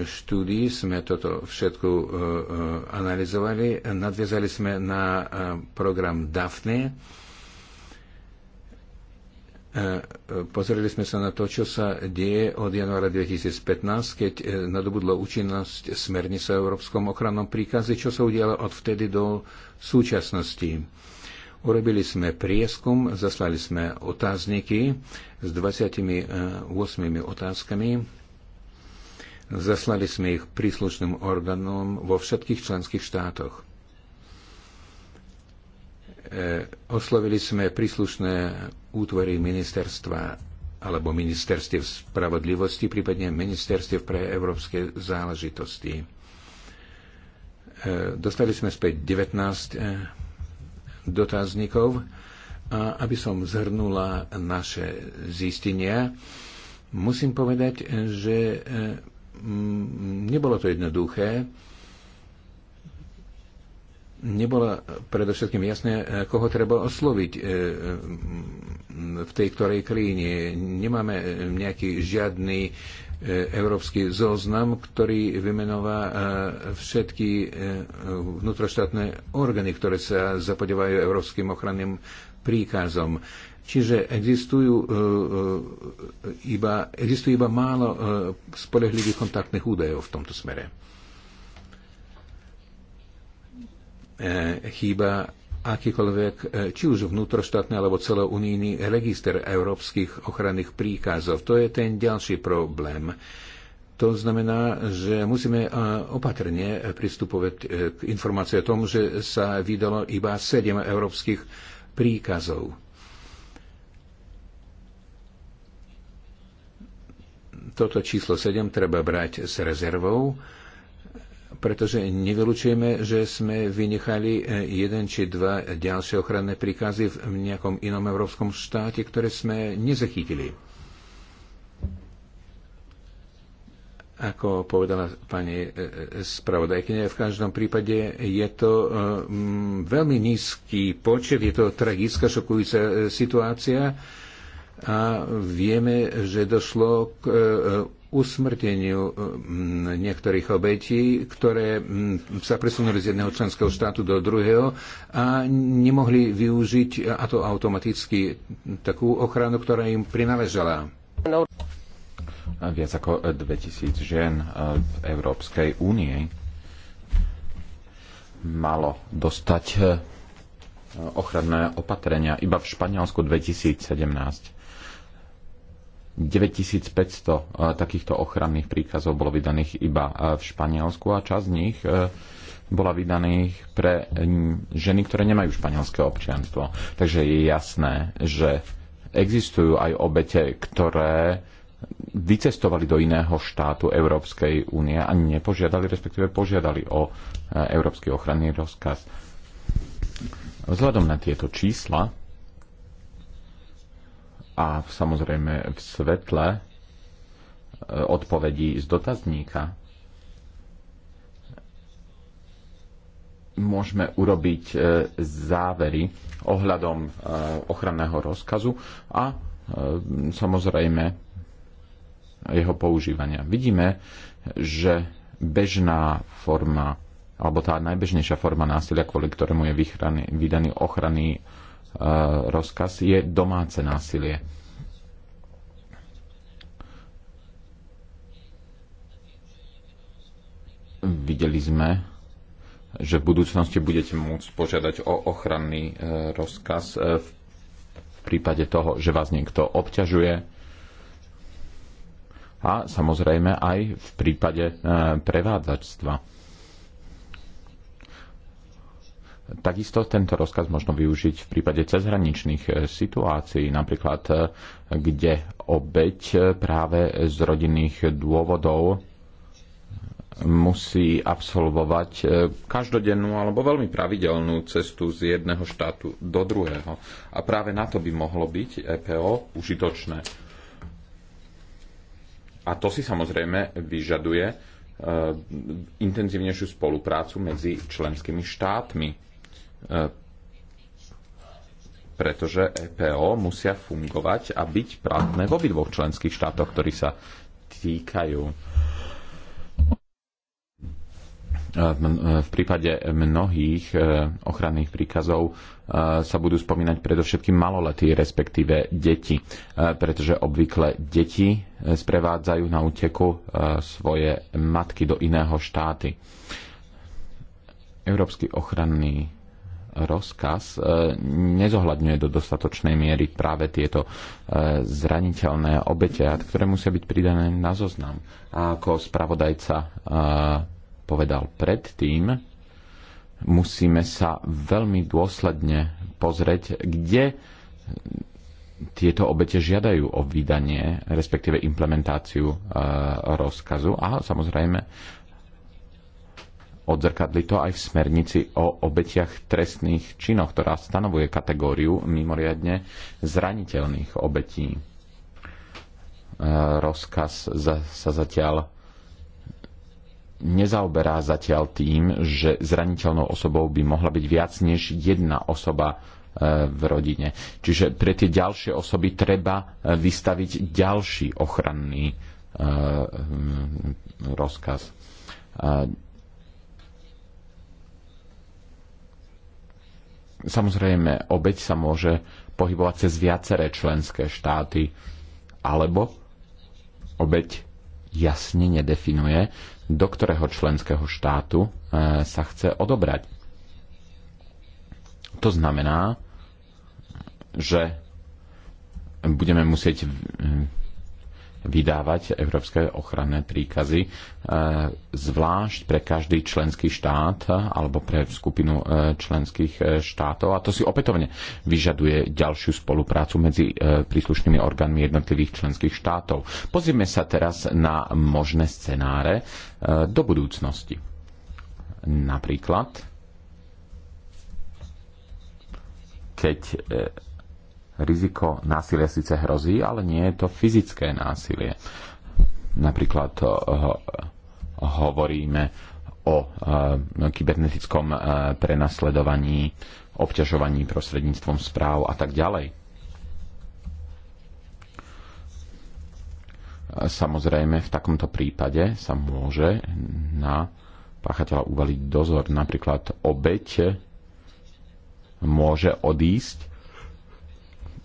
štúdii sme toto všetko e, analyzovali. Nadviazali sme na program DAFNE. Pozreli sme sa na to, čo sa deje od januára 2015, keď nadobudla účinnosť smernice o Európskom ochrannom príkaze, čo sa udialo od vtedy do súčasnosti Urobili sme prieskum, zaslali sme otázniky s 28 otázkami. Zaslali sme ich príslušným orgánom vo všetkých členských štátoch. E, oslovili sme príslušné útvory ministerstva alebo ministerstiev spravodlivosti, prípadne ministerstie pre európske záležitosti. E, dostali sme späť 19 dotazníkov. A aby som zhrnula naše zistenia, musím povedať, že mm, nebolo to jednoduché. Nebolo predovšetkým jasné, koho treba osloviť e, v tej ktorej krajine. Nemáme nejaký žiadny E, európsky zoznam, ktorý vymenová e, všetky e, vnútroštátne orgány, ktoré sa zapodievajú európskym ochranným príkazom. Čiže existujú iba, existuje iba málo spolehlivých kontaktných údajov v tomto smere. Chýba akýkoľvek, e, či už vnútroštátny alebo celounijný register európskych ochranných príkazov. To je ten ďalší problém. To znamená, že musíme e, opatrne pristupovať e, k informácii o tom, že sa vydalo iba 7 európskych príkazov. Toto číslo 7 treba brať s rezervou pretože nevylučujeme, že sme vynechali e, jeden či dva ďalšie ochranné príkazy v nejakom inom európskom štáte, ktoré sme nezachytili. Ako povedala pani e, e, spravodajkynia, v každom prípade je to veľmi nízky počet, je to tragická, šokujúca situácia a vieme, že došlo k usmrteniu eh, niektorých obetí, ktoré sa presunuli z jedného členského štátu do druhého a nemohli využiť, eh, a to automaticky, takú ochranu, ktorá im prináležala. Viac ako 2000 žien eh, v Európskej únie malo dostať ochranné opatrenia iba v Španielsku 2017 9500 eh, takýchto ochranných príkazov bolo vydaných iba eh, v Španielsku a časť z nich eh, bola vydaných pre mm, ženy, ktoré nemajú španielské občianstvo. Takže je jasné, že existujú aj obete, ktoré vycestovali do iného štátu Európskej únie a nepožiadali, respektíve požiadali o Európsky ochranný rozkaz. Vzhľadom na tieto čísla a samozrejme v svetle e, odpovedí z dotazníka môžeme urobiť e, závery ohľadom e, ochranného rozkazu a samozrejme jeho používania. Vidíme, že bežná forma alebo tá najbežnejšia forma násilia, kvôli ktorému je vychrany vydaný ochranný rozkaz je domáce násilie. Videli sme, že v budúcnosti budete môcť požiadať o ochranný e, rozkaz e, v prípade toho, že vás niekto obťažuje a samozrejme aj v prípade e, prevádzačstva Takisto tento rozkaz možno využiť v prípade cezhraničných eh, situácií, napríklad eh, kde obeď eh, práve z rodinných dôvodov musí absolvovať každodennú alebo veľmi pravidelnú cestu z jedného štátu do druhého. A práve na to by mohlo byť EPO užitočné. A to si samozrejme vyžaduje intenzívnejšiu spoluprácu medzi členskými štátmi E, pretože EPO musia fungovať a byť platné v obidvoch členských štátoch, ktorí sa týkajú. E, e, v prípade mnohých ochranných príkazov sa budú spomínať predovšetkým maloletí, respektíve deti, pretože obvykle deti sprevádzajú na úteku svoje matky do iného štáty. Európsky ochranný rozkaz e, nezohľadňuje do dostatočnej miery práve tieto e, zraniteľné obete, ktoré musia byť pridané na zoznam. A ako spravodajca e, povedal predtým, musíme sa veľmi dôsledne pozrieť, kde tieto obete žiadajú o vydanie, respektíve implementáciu rozkazu a samozrejme odzrkadli to aj v smernici o obetiach trestných činov, ktorá stanovuje kategóriu mimoriadne zraniteľných obetí. E, rozkaz sa zatiaľ nezaoberá zatiaľ tým, že zraniteľnou osobou by mohla byť viac než jedna osoba e, v rodine. Čiže pre tie ďalšie osoby treba e, vystaviť ďalší ochranný rozkaz Samozrejme, obeď sa môže pohybovať cez viaceré členské štáty, alebo obeď jasne nedefinuje, do ktorého členského štátu e, sa chce odobrať. To znamená, že budeme musieť vydávať európske ochranné príkazy e, zvlášť pre každý členský štát e, alebo pre skupinu e, členských štátov. A to si opätovne vyžaduje ďalšiu spoluprácu medzi príslušnými orgánmi jednotlivých členských štátov. Pozrieme sa teraz na možné scenáre do budúcnosti. Napríklad, keď Riziko násilia síce hrozí, ale nie je to fyzické násilie. Napríklad eh, hovoríme o eh, kybernetickom eh, prenasledovaní, obťažovaní prostredníctvom správ a tak ďalej. Samozrejme, v takomto prípade sa môže na páchateľa uvaliť dozor. Napríklad obeď môže odísť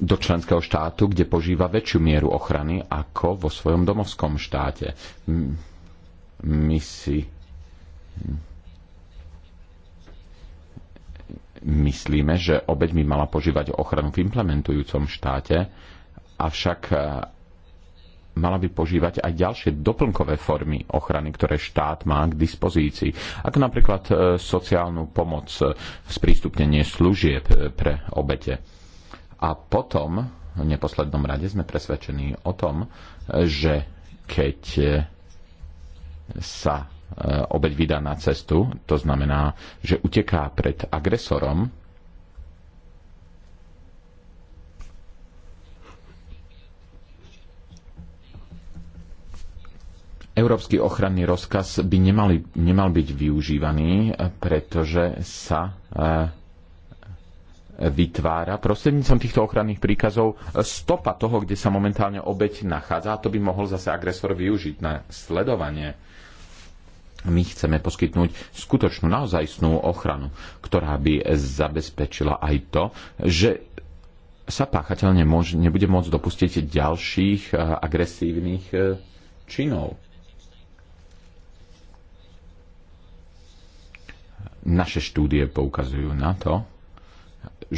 do členského štátu, kde požíva väčšiu mieru ochrany ako vo svojom domovskom štáte. My si myslíme, že obeď by mala požívať ochranu v implementujúcom štáte, avšak e, mala by požívať aj ďalšie doplnkové formy ochrany, ktoré štát má k dispozícii, ako napríklad e, sociálnu pomoc, e, sprístupnenie služieb pre obete a potom, v neposlednom rade, sme presvedčení o tom, že keď e, sa e, obeď vydá na cestu, to znamená, že uteká pred agresorom, Európsky ochranný rozkaz by nemali, nemal byť využívaný, pretože sa e, vytvára prostredníctvom týchto ochranných príkazov stopa toho, kde sa momentálne obeď nachádza a to by mohol zase agresor využiť na sledovanie. My chceme poskytnúť skutočnú, naozajstnú ochranu, ktorá by zabezpečila aj to, že sa páchateľ nemôže, nebude môcť dopustiť ďalších eh, agresívnych eh, činov. Naše štúdie poukazujú na to,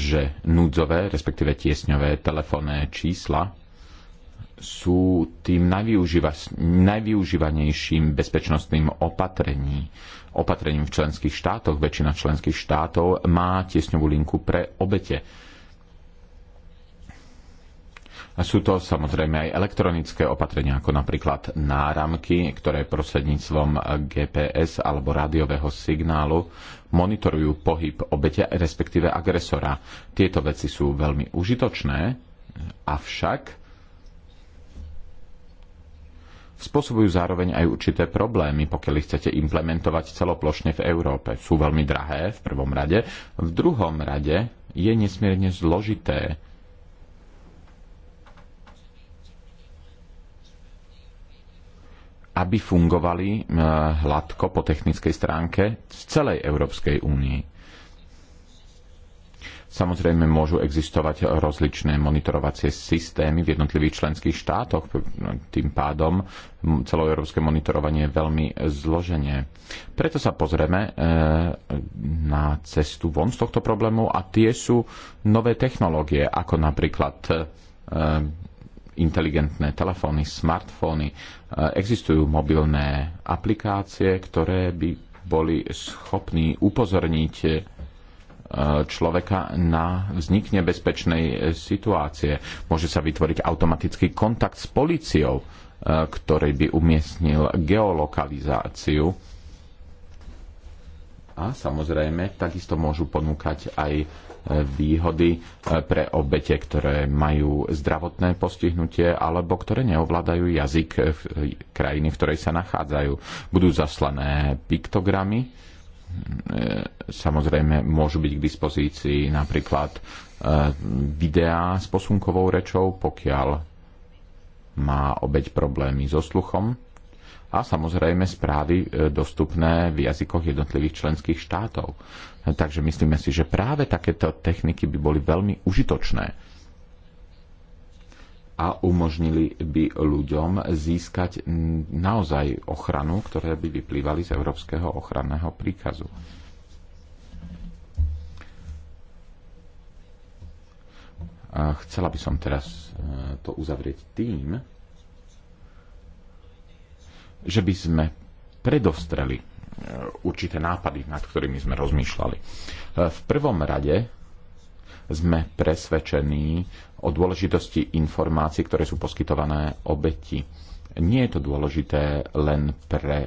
že núdzové, respektíve tiesňové telefónne čísla sú tým najvyužívanejším bezpečnostným opatrením. Opatrením v členských štátoch. Väčšina členských štátov má tiesňovú linku pre obete sú to samozrejme aj elektronické opatrenia, ako napríklad náramky, ktoré prostredníctvom GPS alebo rádiového signálu monitorujú pohyb obete, respektíve agresora. Tieto veci sú veľmi užitočné, avšak spôsobujú zároveň aj určité problémy, pokiaľ ich chcete implementovať celoplošne v Európe. Sú veľmi drahé v prvom rade, v druhom rade je nesmierne zložité aby fungovali eh, hladko po technickej stránke v celej Európskej únii. Samozrejme môžu existovať rozličné monitorovacie systémy v jednotlivých členských štátoch, tým pádom celoeurópske monitorovanie je veľmi zložené. Preto sa pozrieme eh, na cestu von z tohto problému a tie sú nové technológie, ako napríklad eh, inteligentné telefóny, smartfóny, e, existujú mobilné aplikácie, ktoré by boli schopní upozorniť e, človeka na vznik nebezpečnej situácie. Môže sa vytvoriť automatický kontakt s policiou, e, ktorý by umiestnil geolokalizáciu. A samozrejme, takisto môžu ponúkať aj výhody eh, pre obete, ktoré majú zdravotné postihnutie alebo ktoré neovládajú jazyk eh, eh, krajiny, v ktorej sa nachádzajú. Budú zaslané piktogramy, samozrejme môžu byť k dispozícii napríklad videá s posunkovou rečou, pokiaľ má obeť problémy so sluchom a samozrejme správy e, dostupné v jazykoch jednotlivých členských štátov. E, takže myslíme si, že práve takéto techniky by boli veľmi užitočné a umožnili by ľuďom získať naozaj ochranu, ktoré by vyplývali z Európskeho ochranného príkazu. Chcela by som teraz e, to uzavrieť tým, že by sme predostreli e, určité nápady, nad ktorými sme rozmýšľali. E, v prvom rade sme presvedčení o dôležitosti informácií, ktoré sú poskytované obeti. Nie je to dôležité len pre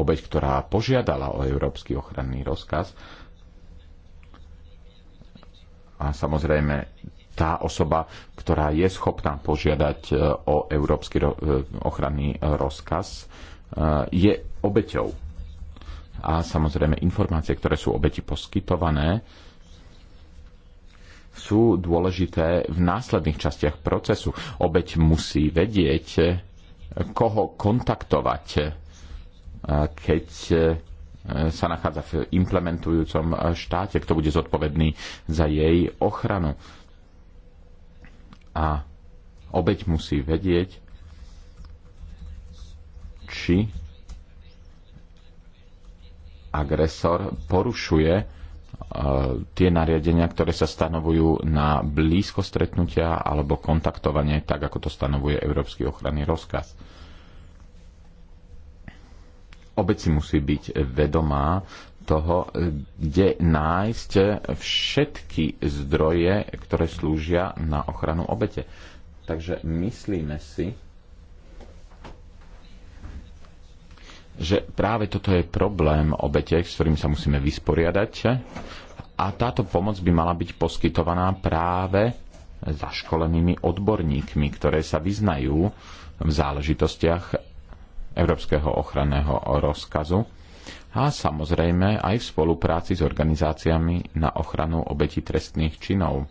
obeď, ktorá požiadala o európsky ochranný rozkaz. A samozrejme, tá osoba, ktorá je schopná požiadať e, o európsky e, ochranný rozkaz, e, je obeťou. A samozrejme informácie, ktoré sú obeti poskytované, sú dôležité v následných častiach procesu. Obeť musí vedieť, koho kontaktovať, keď sa nachádza v implementujúcom štáte, kto bude zodpovedný za jej ochranu a obeď musí vedieť, či agresor porušuje e, tie nariadenia, ktoré sa stanovujú na blízko stretnutia alebo kontaktovanie, tak ako to stanovuje Európsky ochranný rozkaz. Obec si musí byť vedomá toho, kde nájsť všetky zdroje, ktoré slúžia na ochranu obete. Takže myslíme si, že práve toto je problém obete, s ktorým sa musíme vysporiadať. A táto pomoc by mala byť poskytovaná práve zaškolenými odborníkmi, ktoré sa vyznajú v záležitostiach Európskeho ochranného rozkazu a samozrejme aj v spolupráci s organizáciami na ochranu obetí trestných činov.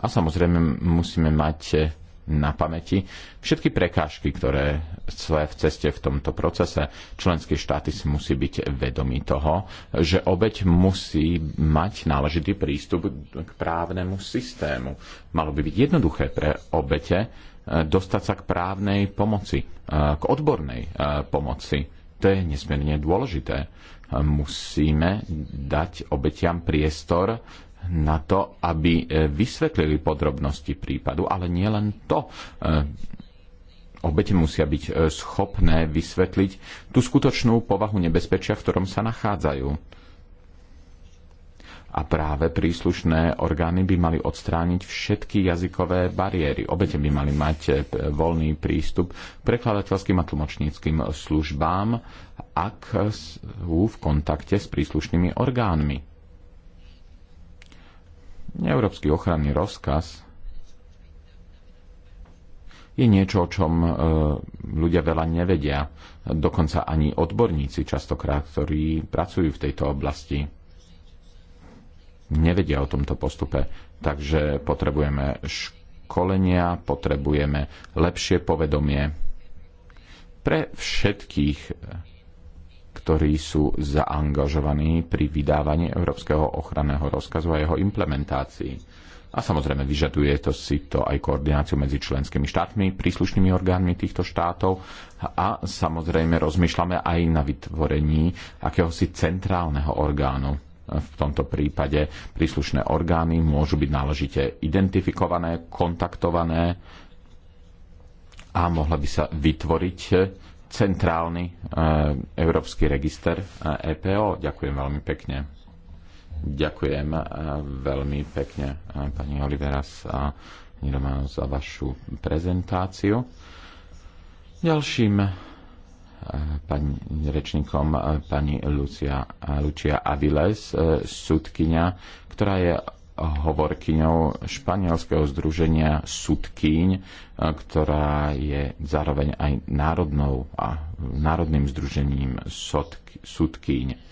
A samozrejme musíme mať na pamäti všetky prekážky, ktoré sú v ceste v tomto procese. Členské štáty si musí byť vedomí toho, že obeď musí mať náležitý prístup k právnemu systému. Malo by byť jednoduché pre obete eh, dostať sa k právnej pomoci, eh, k odbornej eh, pomoci to je nesmierne dôležité. Musíme dať obetiam priestor na to, aby e, vysvetlili podrobnosti prípadu, ale nielen to e, obete musia byť e, schopné vysvetliť tú skutočnú povahu nebezpečia, v ktorom sa nachádzajú. A práve príslušné orgány by mali odstrániť všetky jazykové bariéry. Obete by mali mať e, voľný prístup k prekladateľským a tlmočníckým službám, ak sú v kontakte s príslušnými orgánmi. Európsky ochranný rozkaz je niečo, o čom e, ľudia veľa nevedia, dokonca ani odborníci častokrát, ktorí pracujú v tejto oblasti nevedia o tomto postupe. Takže potrebujeme školenia, potrebujeme lepšie povedomie pre všetkých, ktorí sú zaangažovaní pri vydávaní Európskeho ochranného rozkazu a jeho implementácii. A samozrejme vyžaduje to si to aj koordináciu medzi členskými štátmi, príslušnými orgánmi týchto štátov a samozrejme rozmýšľame aj na vytvorení akéhosi centrálneho orgánu v tomto prípade príslušné orgány môžu byť náležite identifikované, kontaktované a mohla by sa vytvoriť centrálny e, európsky register EPO. E Ďakujem veľmi pekne. Ďakujem e, veľmi pekne e, pani Oliveras a Niromano za vašu prezentáciu. Ďalším pani, rečníkom pani Lucia, Lucia Aviles, e, sudkynia, ktorá je hovorkyňou Španielského združenia Sudkyň, e, ktorá je zároveň aj národnou a národným združením Sudkyň.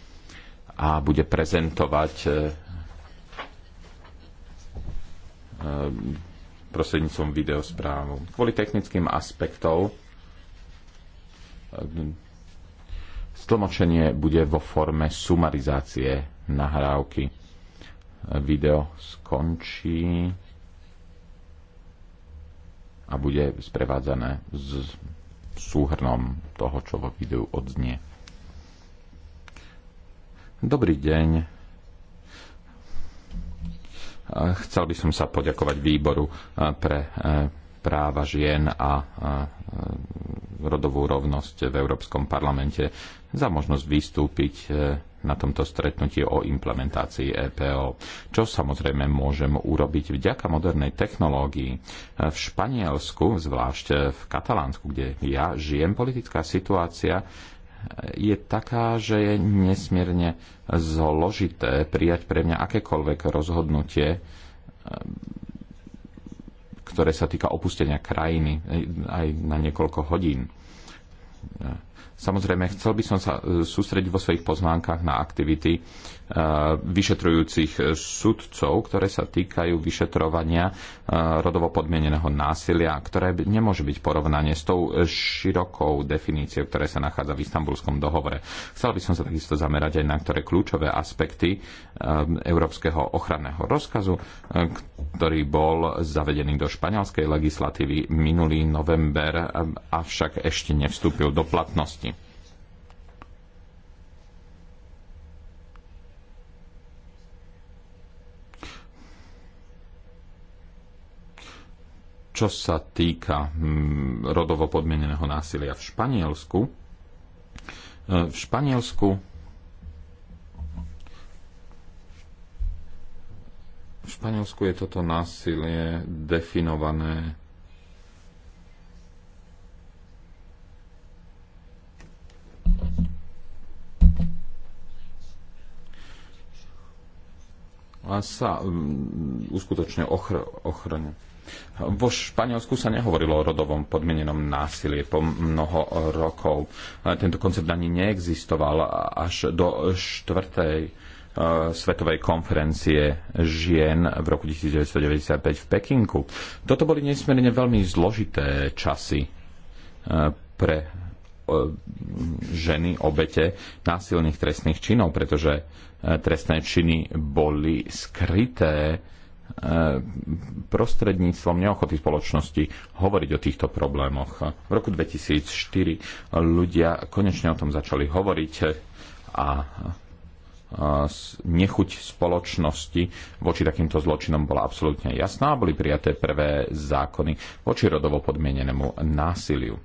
a bude prezentovať e, prosednícom videosprávu. Kvôli technickým aspektom Stlmočenie bude vo forme sumarizácie nahrávky. Video skončí a bude sprevádzané s súhrnom toho, čo vo videu odznie. Dobrý deň. Chcel by som sa poďakovať výboru eh, pre eh, práva žien a e, rodovú rovnosť v Európskom parlamente za možnosť vystúpiť e, na tomto stretnutí o implementácii EPO. Čo samozrejme môžem urobiť vďaka modernej technológii. E, v Španielsku, zvlášť v Katalánsku, kde ja žijem, politická situácia je taká, že je nesmierne zložité prijať pre mňa akékoľvek rozhodnutie ktoré sa týka opustenia krajiny aj na niekoľko hodín Samozrejme, chcel by som sa e, sústrediť vo svojich poznámkach na aktivity e, vyšetrujúcich e, sudcov, ktoré sa týkajú vyšetrovania rodovo podmieneného násilia, ktoré nemôže byť porovnanie s tou širokou definíciou, ktorá sa nachádza v istambulskom dohovore. Chcel by som sa takisto zamerať aj na ktoré kľúčové aspekty Európskeho ochranného rozkazu, ktorý bol zavedený do španielskej legislatívy minulý november, avšak ešte nevstúpil do platnosti. Čo sa týka mm, rodovo podmieneného násilia v Španielsku, e, v Španielsku v Španielsku je toto násilie definované a sa mm, uskutočne ochr- ochrňuje. Vo Španielsku sa nehovorilo o rodovom podmienenom násilie po mnoho rokov. Tento koncept ani neexistoval až do štvrtej e, svetovej konferencie žien v roku 1995 v Pekinku. Toto boli nesmierne veľmi zložité časy e, pre e, ženy obete násilných trestných činov, pretože trestné činy boli skryté Eh, prostredníctvom neochoty spoločnosti hovoriť o týchto problémoch. V roku 2004 ľudia konečne o tom začali hovoriť eh, a nechuť spoločnosti voči takýmto zločinom bola absolútne jasná a boli prijaté prvé zákony voči rodovo podmienenému násiliu.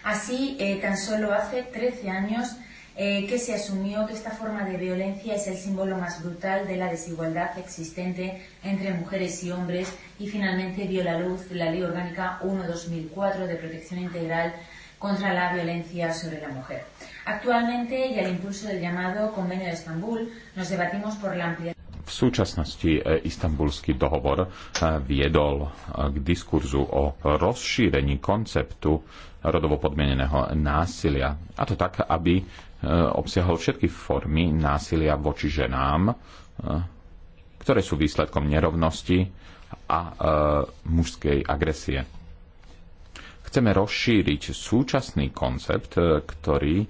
Así, eh, tan solo hace 13 años eh, que se asumió que esta forma de violencia es el símbolo más brutal de la desigualdad existente entre mujeres y hombres y finalmente vio la luz la Ley Orgánica 1-2004 de Protección Integral contra la violencia sobre la mujer. Actualmente y al impulso del llamado Convenio de Estambul nos debatimos por la ampliación v súčasnosti eh, istambulský dohovor eh, viedol eh, k diskurzu o rozšírení konceptu rodovo podmieneného násilia. A to tak, aby Eh, obsiahol všetky formy násilia voči ženám, eh, ktoré sú výsledkom nerovnosti a eh, mužskej agresie. Chceme rozšíriť súčasný koncept, ktorý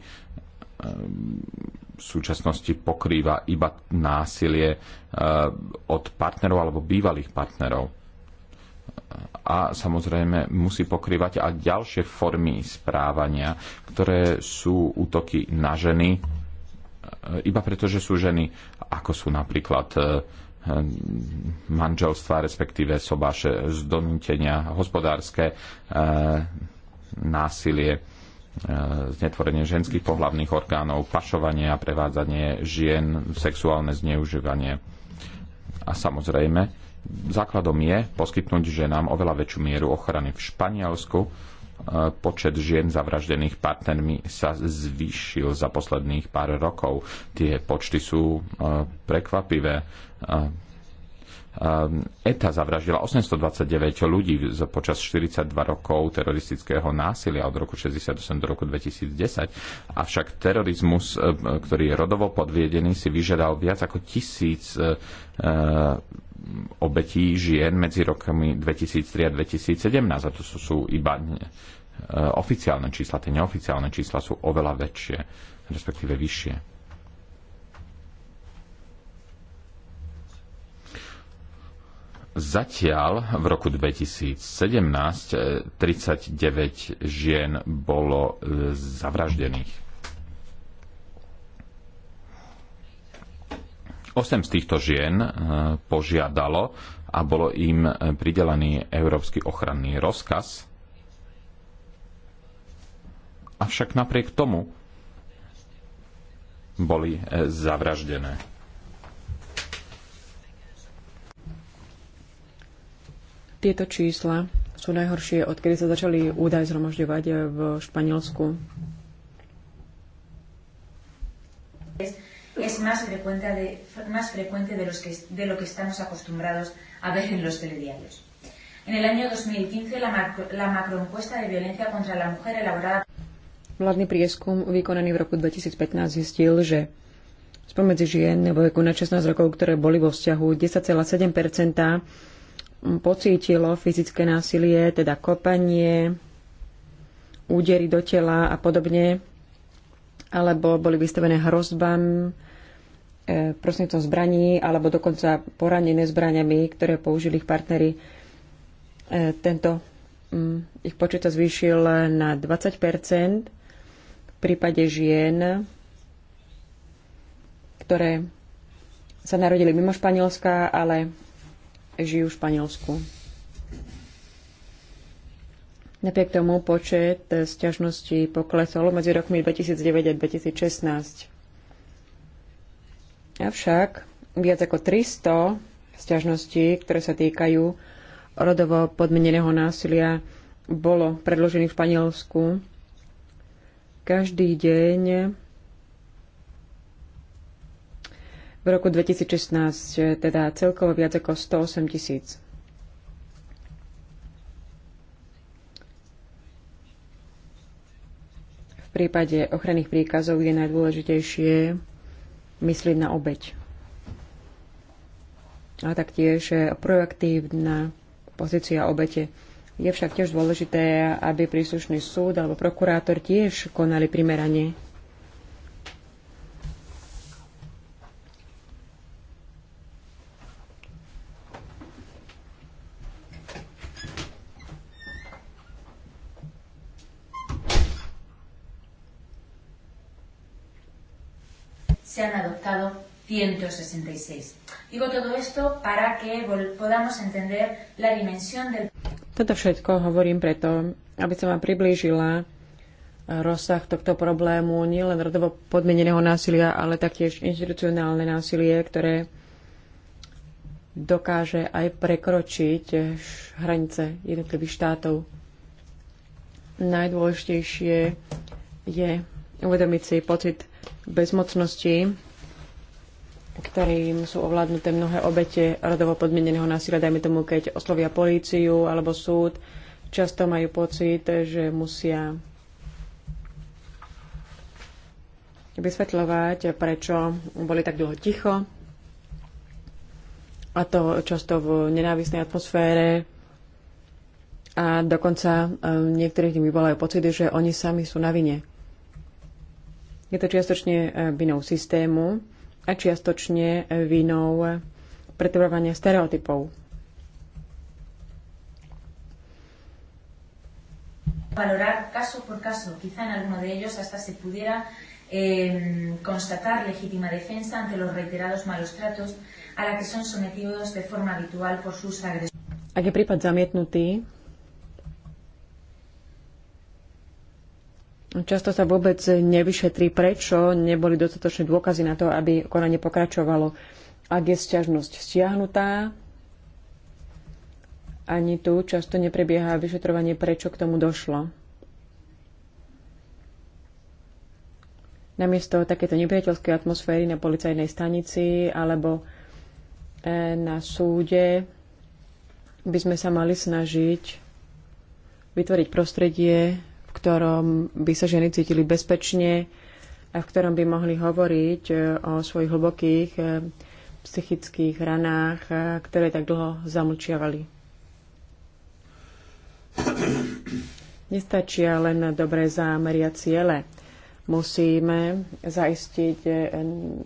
v súčasnosti pokrýva iba násilie od partnerov alebo bývalých partnerov a samozrejme musí pokrývať aj ďalšie formy správania, ktoré sú útoky na ženy, e, iba preto, že sú ženy, ako sú napríklad e, manželstva, respektíve sobáše z donútenia, hospodárske e, násilie, znetvorenie ženských pohlavných orgánov, pašovanie a prevádzanie žien, sexuálne zneužívanie. A samozrejme, základom je poskytnúť ženám oveľa väčšiu mieru ochrany. V Španielsku e, počet žien zavraždených partnermi sa zvýšil za posledných pár rokov. Tie počty sú e, prekvapivé. E, ETA zavraždila 829 ľudí počas 42 rokov teroristického násilia od roku 68 do roku 2010. Avšak terorizmus, ktorý je rodovo podviedený, si vyžadal viac ako tisíc obetí žien medzi rokmi 2003 a 2017. A to sú, sú iba e, oficiálne čísla. Tie neoficiálne čísla sú oveľa väčšie, respektíve vyššie. Zatiaľ v roku 2017 39 e, žien bolo e, zavraždených. Osem z týchto žien e, požiadalo a bolo im e, pridelený európsky ochranný rozkaz. Avšak napriek tomu boli e, zavraždené. Tieto čísla sú najhoršie, odkedy sa začali údaj zhromažďovať v Španielsku. Yes es más frecuente de, más frecuente de, los que, de lo que estamos acostumbrados a ver en los telediarios. En el año 2015, la, macro, la macroencuesta de violencia contra la mujer elaborada... Vládny prieskum vykonaný v roku 2015 zistil, že spomedzi žien vo veku na 16 rokov, ktoré boli vo vzťahu, 10,7 pocítilo fyzické násilie, teda kopanie, údery do tela a podobne, alebo boli vystavené hrozbám, E, prostredníctvom zbraní alebo dokonca poranené zbraniami, ktoré použili ich partnery. E, tento mm, ich počet sa zvýšil na 20 v prípade žien, ktoré sa narodili mimo Španielska, ale žijú v Španielsku. Napriek tomu počet sťažností poklesol medzi rokmi 2009 a 2016. Avšak viac ako 300 sťažností, ktoré sa týkajú rodovo podmeneného násilia, bolo predložených v Španielsku. Každý deň v roku 2016, teda celkovo viac ako 108 tisíc. V prípade ochranných príkazov je najdôležitejšie myslieť na obeď. A taktiež e, proaktívna pozícia obete. Je však tiež dôležité, aby príslušný súd alebo prokurátor tiež konali primerane se han adoptado 166. Digo todo esto para que podamos entender la dimensión del... Toto všetko hovorím preto, aby som vám priblížila eh, rozsah tohto problému, nielen rodovo podmeneného násilia, ale taktiež institucionálne násilie, ktoré dokáže aj prekročiť eh, hranice jednotlivých štátov. Najdôležitejšie je uvedomiť si pocit bezmocnosti, ktorým sú ovládnuté mnohé obete rodovo podmieneného násilia, dajme tomu, keď oslovia políciu alebo súd, často majú pocit, že musia vysvetľovať, prečo boli tak dlho ticho, a to často v nenávisnej atmosfére. A dokonca eh, niektorých dní vyvolajú pocity, že oni sami sú na vine. Je to čiastočne e, vinou systému a čiastočne e, vinou pretvorovania stereotypov. Valorar caso por caso, quizá en alguno de ellos hasta se pudiera eh, constatar legítima defensa ante los reiterados malos tratos a la que son sometidos de forma habitual por sus agresores. Ak je prípad zamietnutý, Často sa vôbec nevyšetrí, prečo neboli dostatočné dôkazy na to, aby konanie pokračovalo. Ak je sťažnosť stiahnutá, ani tu často neprebieha vyšetrovanie, prečo k tomu došlo. Namiesto takéto nepriateľskej atmosféry na policajnej stanici alebo e, na súde by sme sa mali snažiť vytvoriť prostredie, ktorom by sa ženy cítili bezpečne a v ktorom by mohli hovoriť e, o svojich hlbokých e, psychických ranách, e, ktoré tak dlho zamlčiavali. (clears throat) Nestačia len dobré zámery a ciele. Musíme zaistiť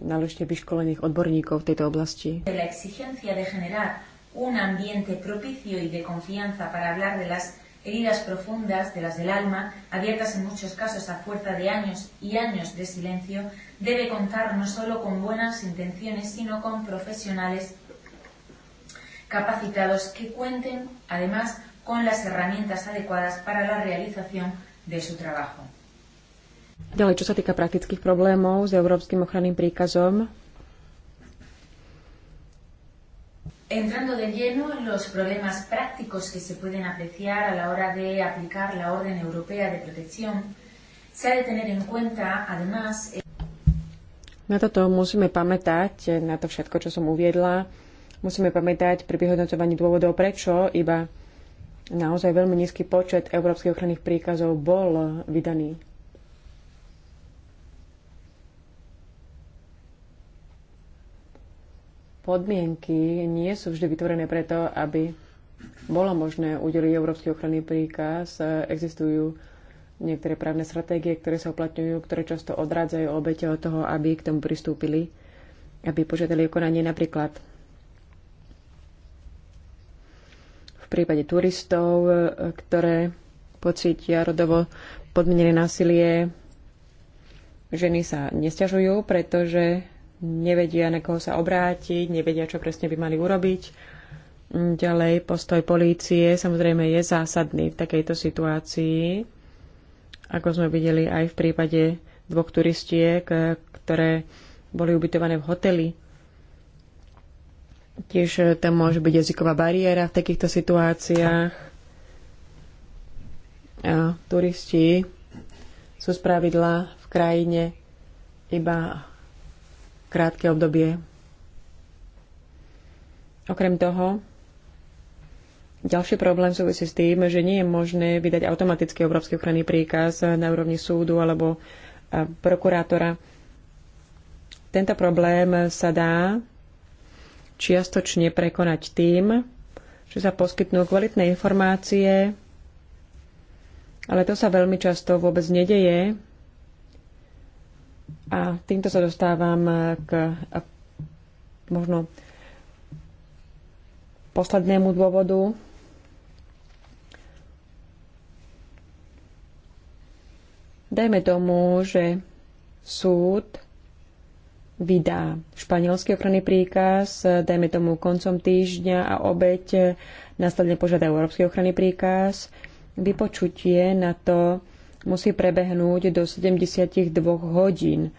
náležite vyškolených odborníkov v tejto oblasti. La exigencia de generar un ambiente propicio y de confianza para hablar de las heridas profundas de las del alma, abiertas en muchos casos a fuerza de años y años de silencio, debe contar no solo con buenas intenciones, sino con profesionales capacitados que cuenten, además, con las herramientas adecuadas para la realización de su trabajo. Ďalej, čo sa týka praktických problémov s európskym ochranným príkazom, entrando de lleno en los problemas prácticos que se pueden apreciar a la hora de aplicar la Orden Europea de Protección, se ha de tener en cuenta, además... Na toto musíme pamätať, na to všetko, čo som uviedla. Musíme pamätať pri vyhodnocovaní dôvodov, prečo iba naozaj veľmi nízky počet európskych ochranných príkazov bol vydaný. podmienky nie sú vždy vytvorené preto, aby bolo možné udeliť európsky ochranný príkaz. Existujú niektoré právne stratégie, ktoré sa uplatňujú, ktoré často odrádzajú obete od toho, aby k tomu pristúpili, aby požiadali o konanie napríklad v prípade turistov, ktoré pocítia rodovo podmienené násilie. Ženy sa nestiažujú, pretože nevedia, na koho sa obrátiť, nevedia, čo presne by mali urobiť. Ďalej, postoj polície samozrejme je zásadný v takejto situácii, ako sme videli aj v prípade dvoch turistiek, ktoré boli ubytované v hoteli. Tiež tam môže byť jazyková bariéra v takýchto situáciách. A turisti sú spravidla v krajine iba krátke obdobie. Okrem toho, ďalší problém súvisí s tým, že nie je možné vydať automaticky obrovský ochranný príkaz na úrovni súdu alebo prokurátora. Tento problém sa dá čiastočne prekonať tým, že sa poskytnú kvalitné informácie, ale to sa veľmi často vôbec nedeje a týmto sa dostávam k možno poslednému dôvodu. Dajme tomu, že súd vydá španielský ochranný príkaz, dajme tomu koncom týždňa a obeď následne požiada európsky ochranný príkaz. Vypočutie na to musí prebehnúť do 72 hodín.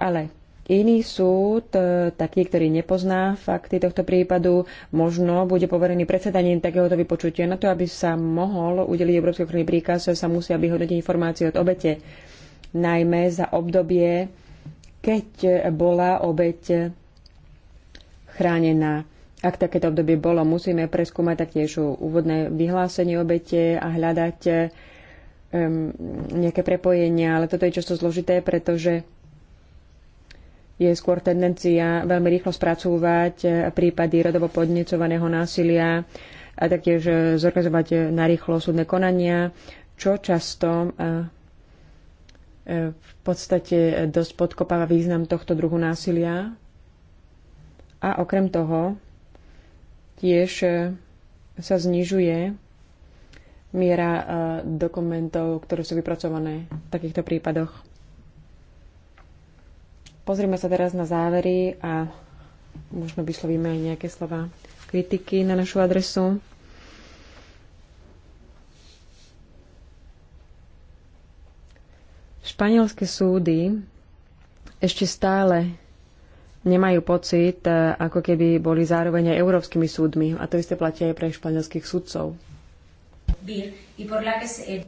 Ale Iný súd, e, taký, ktorý nepozná fakty tohto prípadu, možno bude poverený predsedaním takéhoto vypočutia. Na to, aby sa mohol udeliť Európsky ochranný príkaz, sa musia vyhodnotiť informácie od obete. Najmä za obdobie, keď bola obeť chránená. Ak takéto obdobie bolo, musíme preskúmať taktiež úvodné vyhlásenie obete a hľadať nejaké prepojenia, ale toto je často zložité, pretože je skôr tendencia veľmi rýchlo spracúvať eh, prípady rodovo podnecovaného násilia a taktiež eh, zorganizovať eh, narýchlo súdne konania, čo často v podstate dosť podkopáva význam tohto druhu násilia. A okrem toho tiež sa znižuje miera eh, dokumentov, ktoré sú vypracované v takýchto prípadoch. Pozrime sa teraz na závery a možno vyslovíme aj nejaké slova kritiky na našu adresu. Španielské súdy ešte stále nemajú pocit, eh, ako keby boli zároveň aj európskymi súdmi. A to isté platia aj pre španielských súdcov bill y por la que se. Eh,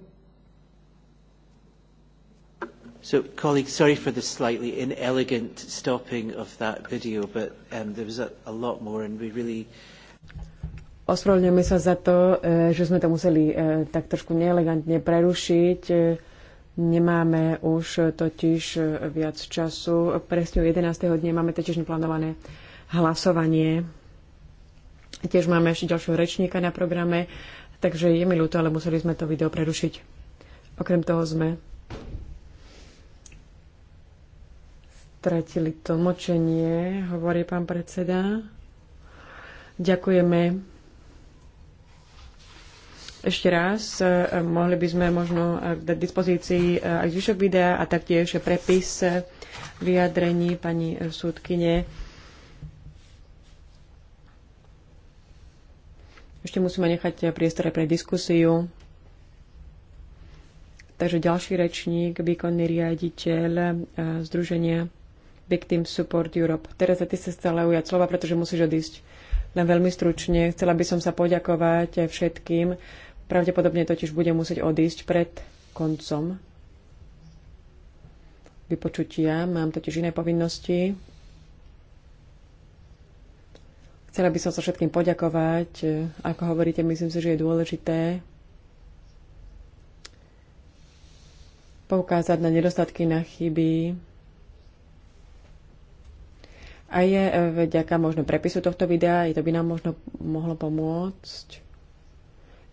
so, colleagues, sorry for the slightly inelegant stopping of that video, but um, there was a, a lot more, and we really. Ospravedlňujeme sa za to, eh, že sme to museli eh, tak trošku neelegantne prerušiť. Nemáme už totiž viac času. Presne o 11. dne máme totiž neplánované hlasovanie. Tiež máme ešte ďalšieho rečníka na programe Takže je mi ľúto, ale museli sme to video prerušiť. Okrem toho sme stratili tlmočenie, hovorí pán predseda. Ďakujeme ešte raz. Eh, mohli by sme možno eh, dať dispozícii eh, aj zvyšok videa a taktiež prepis vyjadrení pani súdkyne. Ešte musíme nechať priestore pre diskusiu. Takže ďalší rečník, výkonný riaditeľ e, Združenia Victim Support Europe. Teresa, ty sa stále ujať slova, pretože musíš odísť. Len veľmi stručne. Chcela by som sa poďakovať všetkým. Pravdepodobne totiž budem musieť odísť pred koncom vypočutia. Mám totiž iné povinnosti. Chcela by som sa všetkým poďakovať. E, ako hovoríte, myslím si, že je dôležité poukázať na nedostatky, na chyby. A je e, vďaka možno prepisu tohto videa, i to by nám možno mohlo pomôcť.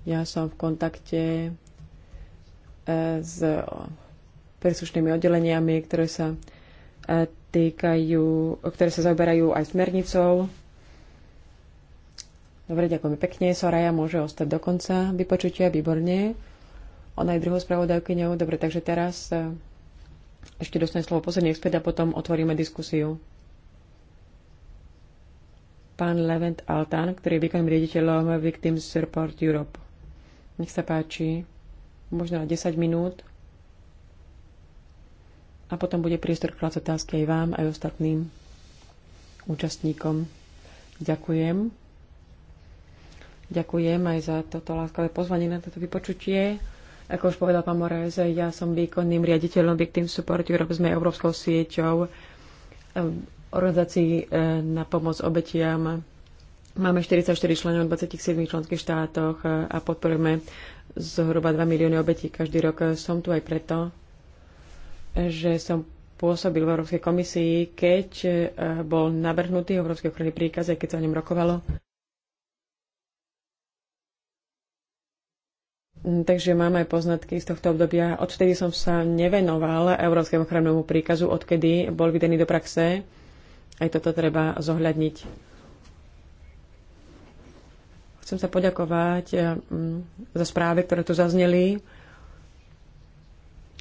Ja som v kontakte e, s príslušnými oddeleniami, ktoré sa týkajú, ktoré sa zaoberajú aj smernicou Dobre, ďakujem pekne. Soraya môže ostať do konca vypočutia, výborne. Ona je druhou spravodajkyňou. Dobre, takže teraz e, ešte dostane slovo posledný expert a potom otvoríme diskusiu. Pán Levent Altan, ktorý je výkonným riaditeľom Victims Support Europe. Nech sa páči, možno na 10 minút. A potom bude priestor klas otázky aj vám, aj ostatným účastníkom. Ďakujem. Ďakujem aj za toto láskavé pozvanie na toto vypočutie. Ako už povedal pán Moraes, ja som výkonným riaditeľom Victim Support Europe. Sme európskou sieťou eh, organizácií eh, na pomoc obetiam. Máme 44 členov v 27 členských štátoch eh, a podporujeme zhruba 2 milióny obetí každý rok. Som tu aj preto, že som pôsobil v Európskej komisii, keď bol navrhnutý Európskej ochrany príkaz, aj keď sa o ňom rokovalo. Takže máme poznatky z tohto obdobia. Odtedy som sa nevenoval Európskemu ochrannému príkazu, odkedy bol vydený do praxe. Aj toto treba zohľadniť. Chcem sa poďakovať eh, mm, za správy, ktoré tu zazneli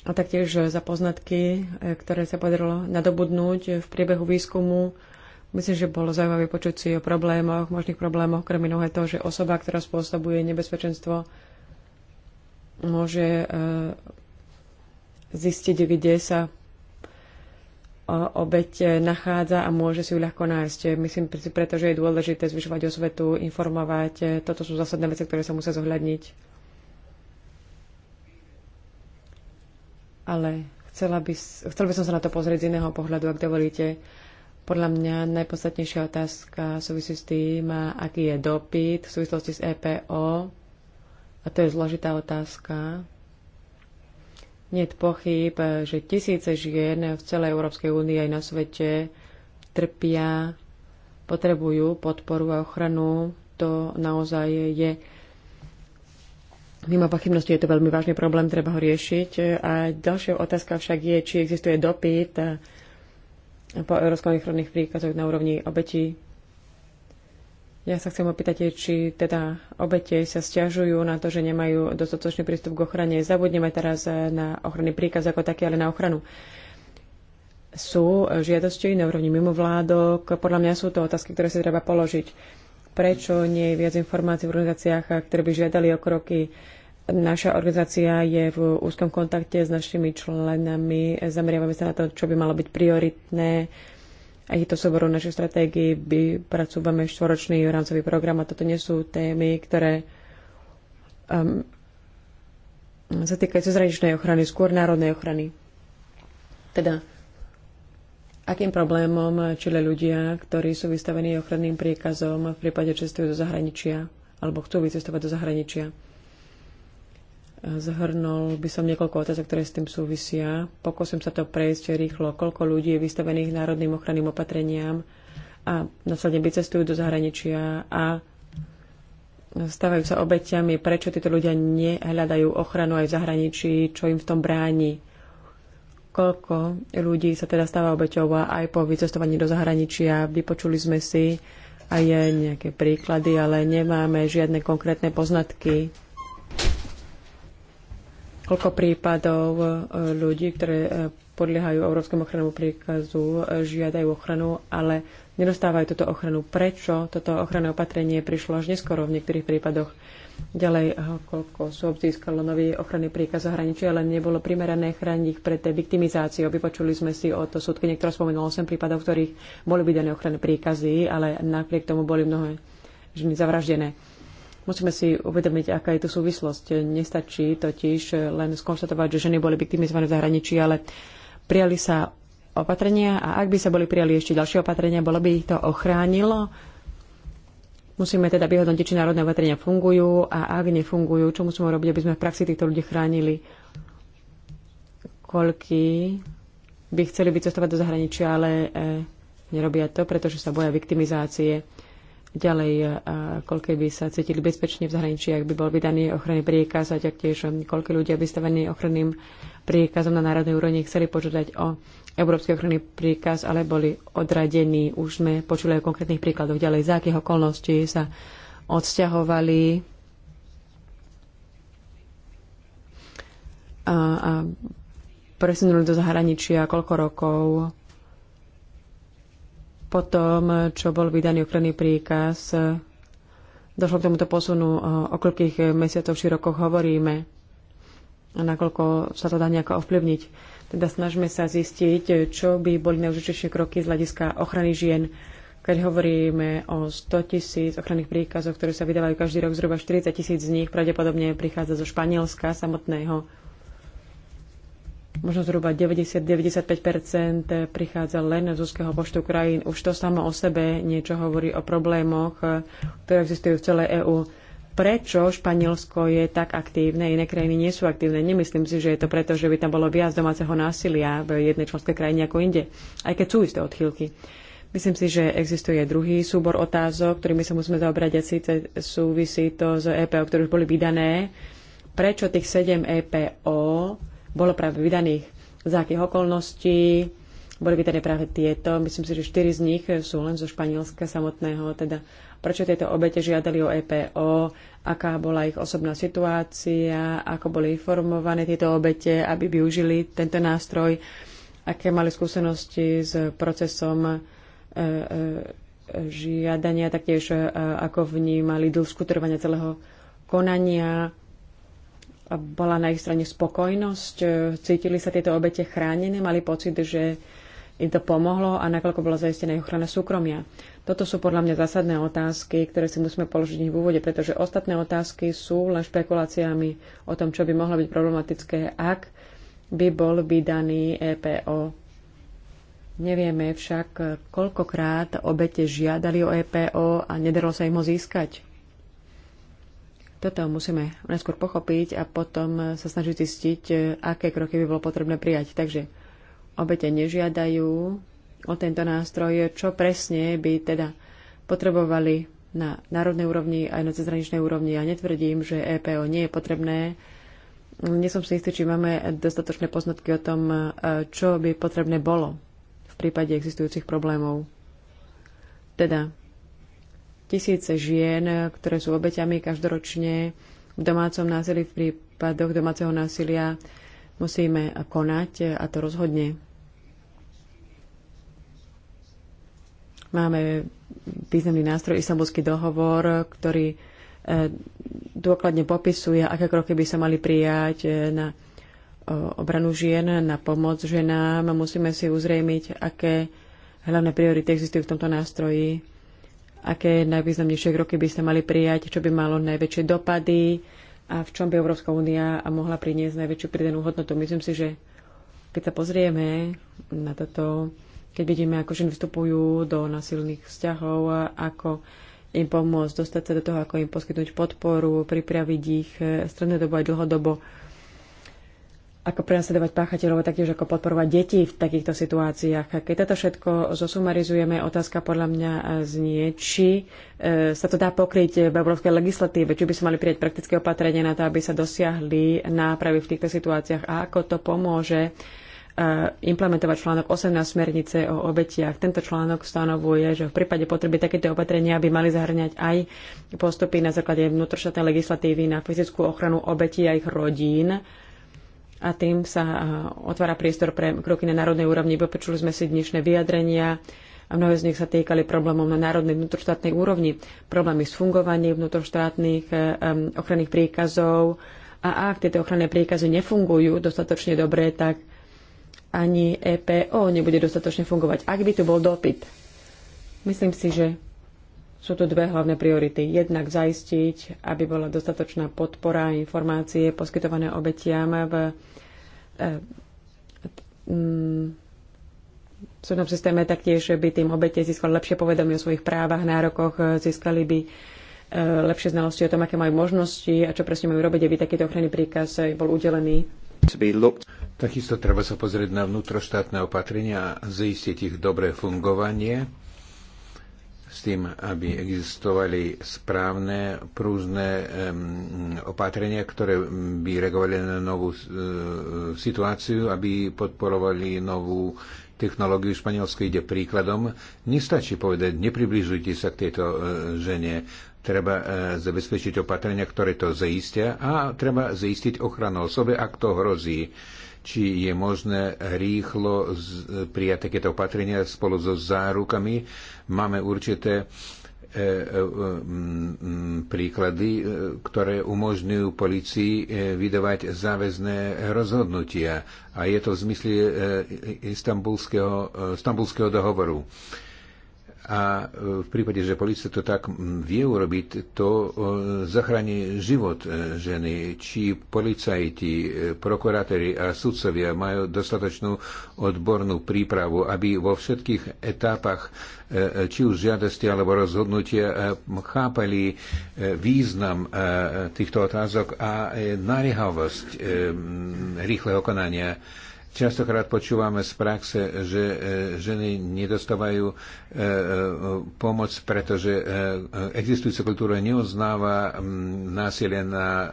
a taktiež za poznatky, eh, ktoré sa podarilo nadobudnúť v priebehu výskumu. Myslím, že bolo zaujímavé počuť si o problémoch, možných problémoch, krem je to, že osoba, ktorá spôsobuje nebezpečenstvo, môže e, zistiť, kde sa obeď e, nachádza a môže si ju ľahko nájsť. Myslím, pretože je dôležité zvyšovať osvetu, informovať. E, toto sú zásadné veci, ktoré sa musia zohľadniť. Ale chcela by, chcela by som sa na to pozrieť z iného pohľadu, ak dovolíte. Podľa mňa najpodstatnejšia otázka súvisí s tým, aký je dopyt v súvislosti s EPO a to je zložitá otázka. Nie je pochyb, že tisíce žien v celej Európskej únii aj na svete trpia, potrebujú podporu a ochranu. To naozaj je Mimo pochybnosti je to veľmi vážny problém, treba ho riešiť. A ďalšia otázka však je, či existuje dopyt po európskych ochranných príkazoch na úrovni obeti. Ja sa chcem opýtať, či teda obete sa stiažujú na to, že nemajú dostatočný prístup k ochrane. Zabudneme teraz na ochranný príkaz ako taký, ale na ochranu. Sú žiadosti na úrovni mimo vládok. Podľa mňa sú to otázky, ktoré si treba položiť. Prečo nie je viac informácií v organizáciách, ktoré by žiadali o kroky? Naša organizácia je v úzkom kontakte s našimi členami. Zameriavame sa na to, čo by malo byť prioritné aj to súboru našej stratégii, pracujeme štvoročný rámcový program a toto nie sú témy, ktoré um, sa týkajú cezraničnej ochrany, skôr národnej ochrany. Teda, akým problémom čili ľudia, ktorí sú vystavení ochranným príkazom v prípade, že cestujú do zahraničia alebo chcú vycestovať do zahraničia? Zhrnul by som niekoľko otázok, ktoré s tým súvisia. Pokúsim sa to prejsť rýchlo. Koľko ľudí je vystavených národným ochranným opatreniam a následne vycestujú do zahraničia a stávajú sa obeťami, prečo títo ľudia nehľadajú ochranu aj v zahraničí, čo im v tom bráni. Koľko ľudí sa teda stáva obeťou aj po vycestovaní do zahraničia. Vypočuli sme si aj nejaké príklady, ale nemáme žiadne konkrétne poznatky koľko prípadov e, ľudí, ktoré e, podliehajú Európskemu ochranu príkazu, e, žiadajú ochranu, ale nedostávajú túto ochranu. Prečo toto ochranné opatrenie prišlo až neskoro v niektorých prípadoch? Ďalej, koľko sú získalo nový ochranný príkaz zahraničia, ale nebolo primerané chrániť ich pred viktimizáciou. Vypočuli sme si o to súdky, niektorá spomenula 8 prípadov, v ktorých boli vydané ochranné príkazy, ale napriek tomu boli mnohé ženy zavraždené. Musíme si uvedomiť, aká je tu súvislosť. Nestačí totiž len skonštatovať, že ženy boli viktimizované v zahraničí, ale prijali sa opatrenia a ak by sa boli prijali ešte ďalšie opatrenia, bolo by ich to ochránilo. Musíme teda vyhodnotiť, či národné opatrenia fungujú a ak nefungujú, čo musíme robiť, aby sme v praxi týchto ľudí chránili. Koľky by chceli vycestovať do zahraničia, ale e, nerobia to, pretože sa boja viktimizácie ďalej, koľko by sa cítili bezpečne v zahraničí, ak by bol vydaný ochranný príkaz a taktiež um, koľko ľudia by stavení ochranným príkazom na národnej úrovni chceli požiadať o európsky ochranný príkaz, ale boli odradení. Už sme počuli o konkrétnych príkladoch ďalej, za akých okolností sa odsťahovali a, a presunuli do zahraničia, koľko rokov potom, čo bol vydaný ochranný príkaz, došlo k tomuto posunu, o koľkých mesiacoch či rokoch hovoríme a nakoľko sa to dá nejako ovplyvniť. Teda snažme sa zistiť, čo by boli najúžitejšie kroky z hľadiska ochrany žien. Keď hovoríme o 100 tisíc ochranných príkazoch, ktoré sa vydávajú každý rok, zhruba 40 tisíc z nich pravdepodobne prichádza zo Španielska samotného. Možno zhruba 90-95 prichádza len z úzkeho počtu krajín. Už to samo o sebe niečo hovorí o problémoch, ktoré existujú v celej EÚ. Prečo Španielsko je tak aktívne, iné krajiny nie sú aktívne? Nemyslím si, že je to preto, že by tam bolo viac domáceho násilia v jednej členskej krajine ako inde, aj keď sú isté odchýlky. Myslím si, že existuje druhý súbor otázok, ktorými sa musíme zaobrať a síce súvisí to s EPO, ktoré už boli vydané. Prečo tých 7 EPO bolo práve vydaných, za akých okolností boli vydané práve tieto. Myslím si, že štyri z nich sú len zo Španielska samotného. Teda prečo tieto obete žiadali o EPO, aká bola ich osobná situácia, ako boli informované tieto obete, aby využili tento nástroj, aké mali skúsenosti s procesom e, e, žiadania, taktiež e, ako vnímali dĺžku trvania celého konania, bola na ich strane spokojnosť, e, cítili sa tieto obete chránené, mali pocit, že im to pomohlo a nakoľko bola zaistená ochrana súkromia. Toto sú podľa mňa zásadné otázky, ktoré si musíme položiť v úvode, pretože ostatné otázky sú len špekuláciami o tom, čo by mohlo byť problematické, ak by bol vydaný EPO. Nevieme však, koľkokrát obete žiadali o EPO a nedarilo sa im ho získať. Toto musíme najskôr pochopiť a potom sa snažiť zistiť, e, aké kroky by bolo potrebné prijať. Takže obete nežiadajú o tento nástroj, čo presne by teda potrebovali na národnej úrovni aj na cezhraničnej úrovni. Ja netvrdím, že EPO nie je potrebné. Nie som si istý, či máme dostatočné poznatky o tom, e, čo by potrebné bolo v prípade existujúcich problémov. Teda tisíce žien, ktoré sú obeťami každoročne v domácom násilí, v prípadoch domáceho násilia musíme konať a to rozhodne. Máme významný nástroj, Istanbulský dohovor, ktorý e, dôkladne popisuje, aké kroky by sa mali prijať e, na obranu žien, na pomoc ženám. Musíme si uzrejmiť, aké hlavné priority existujú v tomto nástroji aké najvýznamnejšie kroky by sa mali prijať, čo by malo najväčšie dopady a v čom by Európska únia mohla priniesť najväčšiu pridanú hodnotu. Myslím si, že keď sa pozrieme na toto, keď vidíme, ako ženy vstupujú do násilných vzťahov, ako im pomôcť dostať sa do toho, ako im poskytnúť podporu, pripraviť ich stredné dobo aj dlhodobo, ako prenasledovať páchateľov a taktiež ako podporovať deti v takýchto situáciách. Keď toto všetko zosumarizujeme, otázka podľa mňa e, znie, či e, sa to dá pokryť v európskej legislatíve, či by sme mali prijať praktické opatrenia na to, aby sa dosiahli nápravy v týchto situáciách a ako to pomôže e, implementovať článok 18 smernice o obetiach. Tento článok stanovuje, že v prípade potreby takéto opatrenia by mali zahrňať aj postupy na základe vnútroštátnej legislatívy na fyzickú ochranu obetí a ich rodín, a tým sa otvára priestor pre kroky na národnej úrovni. Vypočuli sme si dnešné vyjadrenia a mnohé z nich sa týkali problémov na národnej vnútroštátnej úrovni. Problémy s fungovaním vnútroštátnych e, ochranných príkazov a ak tieto ochranné príkazy nefungujú dostatočne dobre, tak ani EPO nebude dostatočne fungovať, ak by tu bol dopyt. Myslím si, že sú tu dve hlavné priority. Jednak zaistiť, aby bola dostatočná podpora a informácie poskytované obetiam v e, mm, súdnom systéme, taktiež by tým obete získali lepšie povedomie o svojich právach, nárokoch, získali by e, lepšie znalosti o tom, aké majú možnosti a čo presne majú robiť, aby takýto ochranný príkaz e, bol udelený. Takisto treba sa pozrieť na vnútroštátne opatrenia a zistiť ich dobré fungovanie s tým, aby existovali správne prúzne opatrenia, ktoré by reagovali na novú e, situáciu, aby podporovali novú technológiu. Španielsko ide príkladom. Nestačí povedať, nepribližujte sa k tejto e, žene. Treba e, zabezpečiť opatrenia, ktoré to zaistia a treba zaistiť ochranu osobe, ak to hrozí či je možné rýchlo prijať takéto opatrenia spolu so zárukami. Máme určité e, e, príklady, e, ktoré umožňujú policii vydávať záväzné rozhodnutia. A je to v zmysle istambulského, istambulského dohovoru. A e, v prípade, že policia to tak vie urobiť, to e, zachráni život e, ženy. Či policajti, prokurátori a sudcovia majú dostatočnú odbornú prípravu, aby vo všetkých etapách či už žiadosti alebo rozhodnutia chápali význam týchto otázok a naliehavosť rýchleho konania Častokrát počúvame z praxe, že e, ženy nedostávajú e, e, pomoc, pretože existujúca kultúra neuznáva násilie na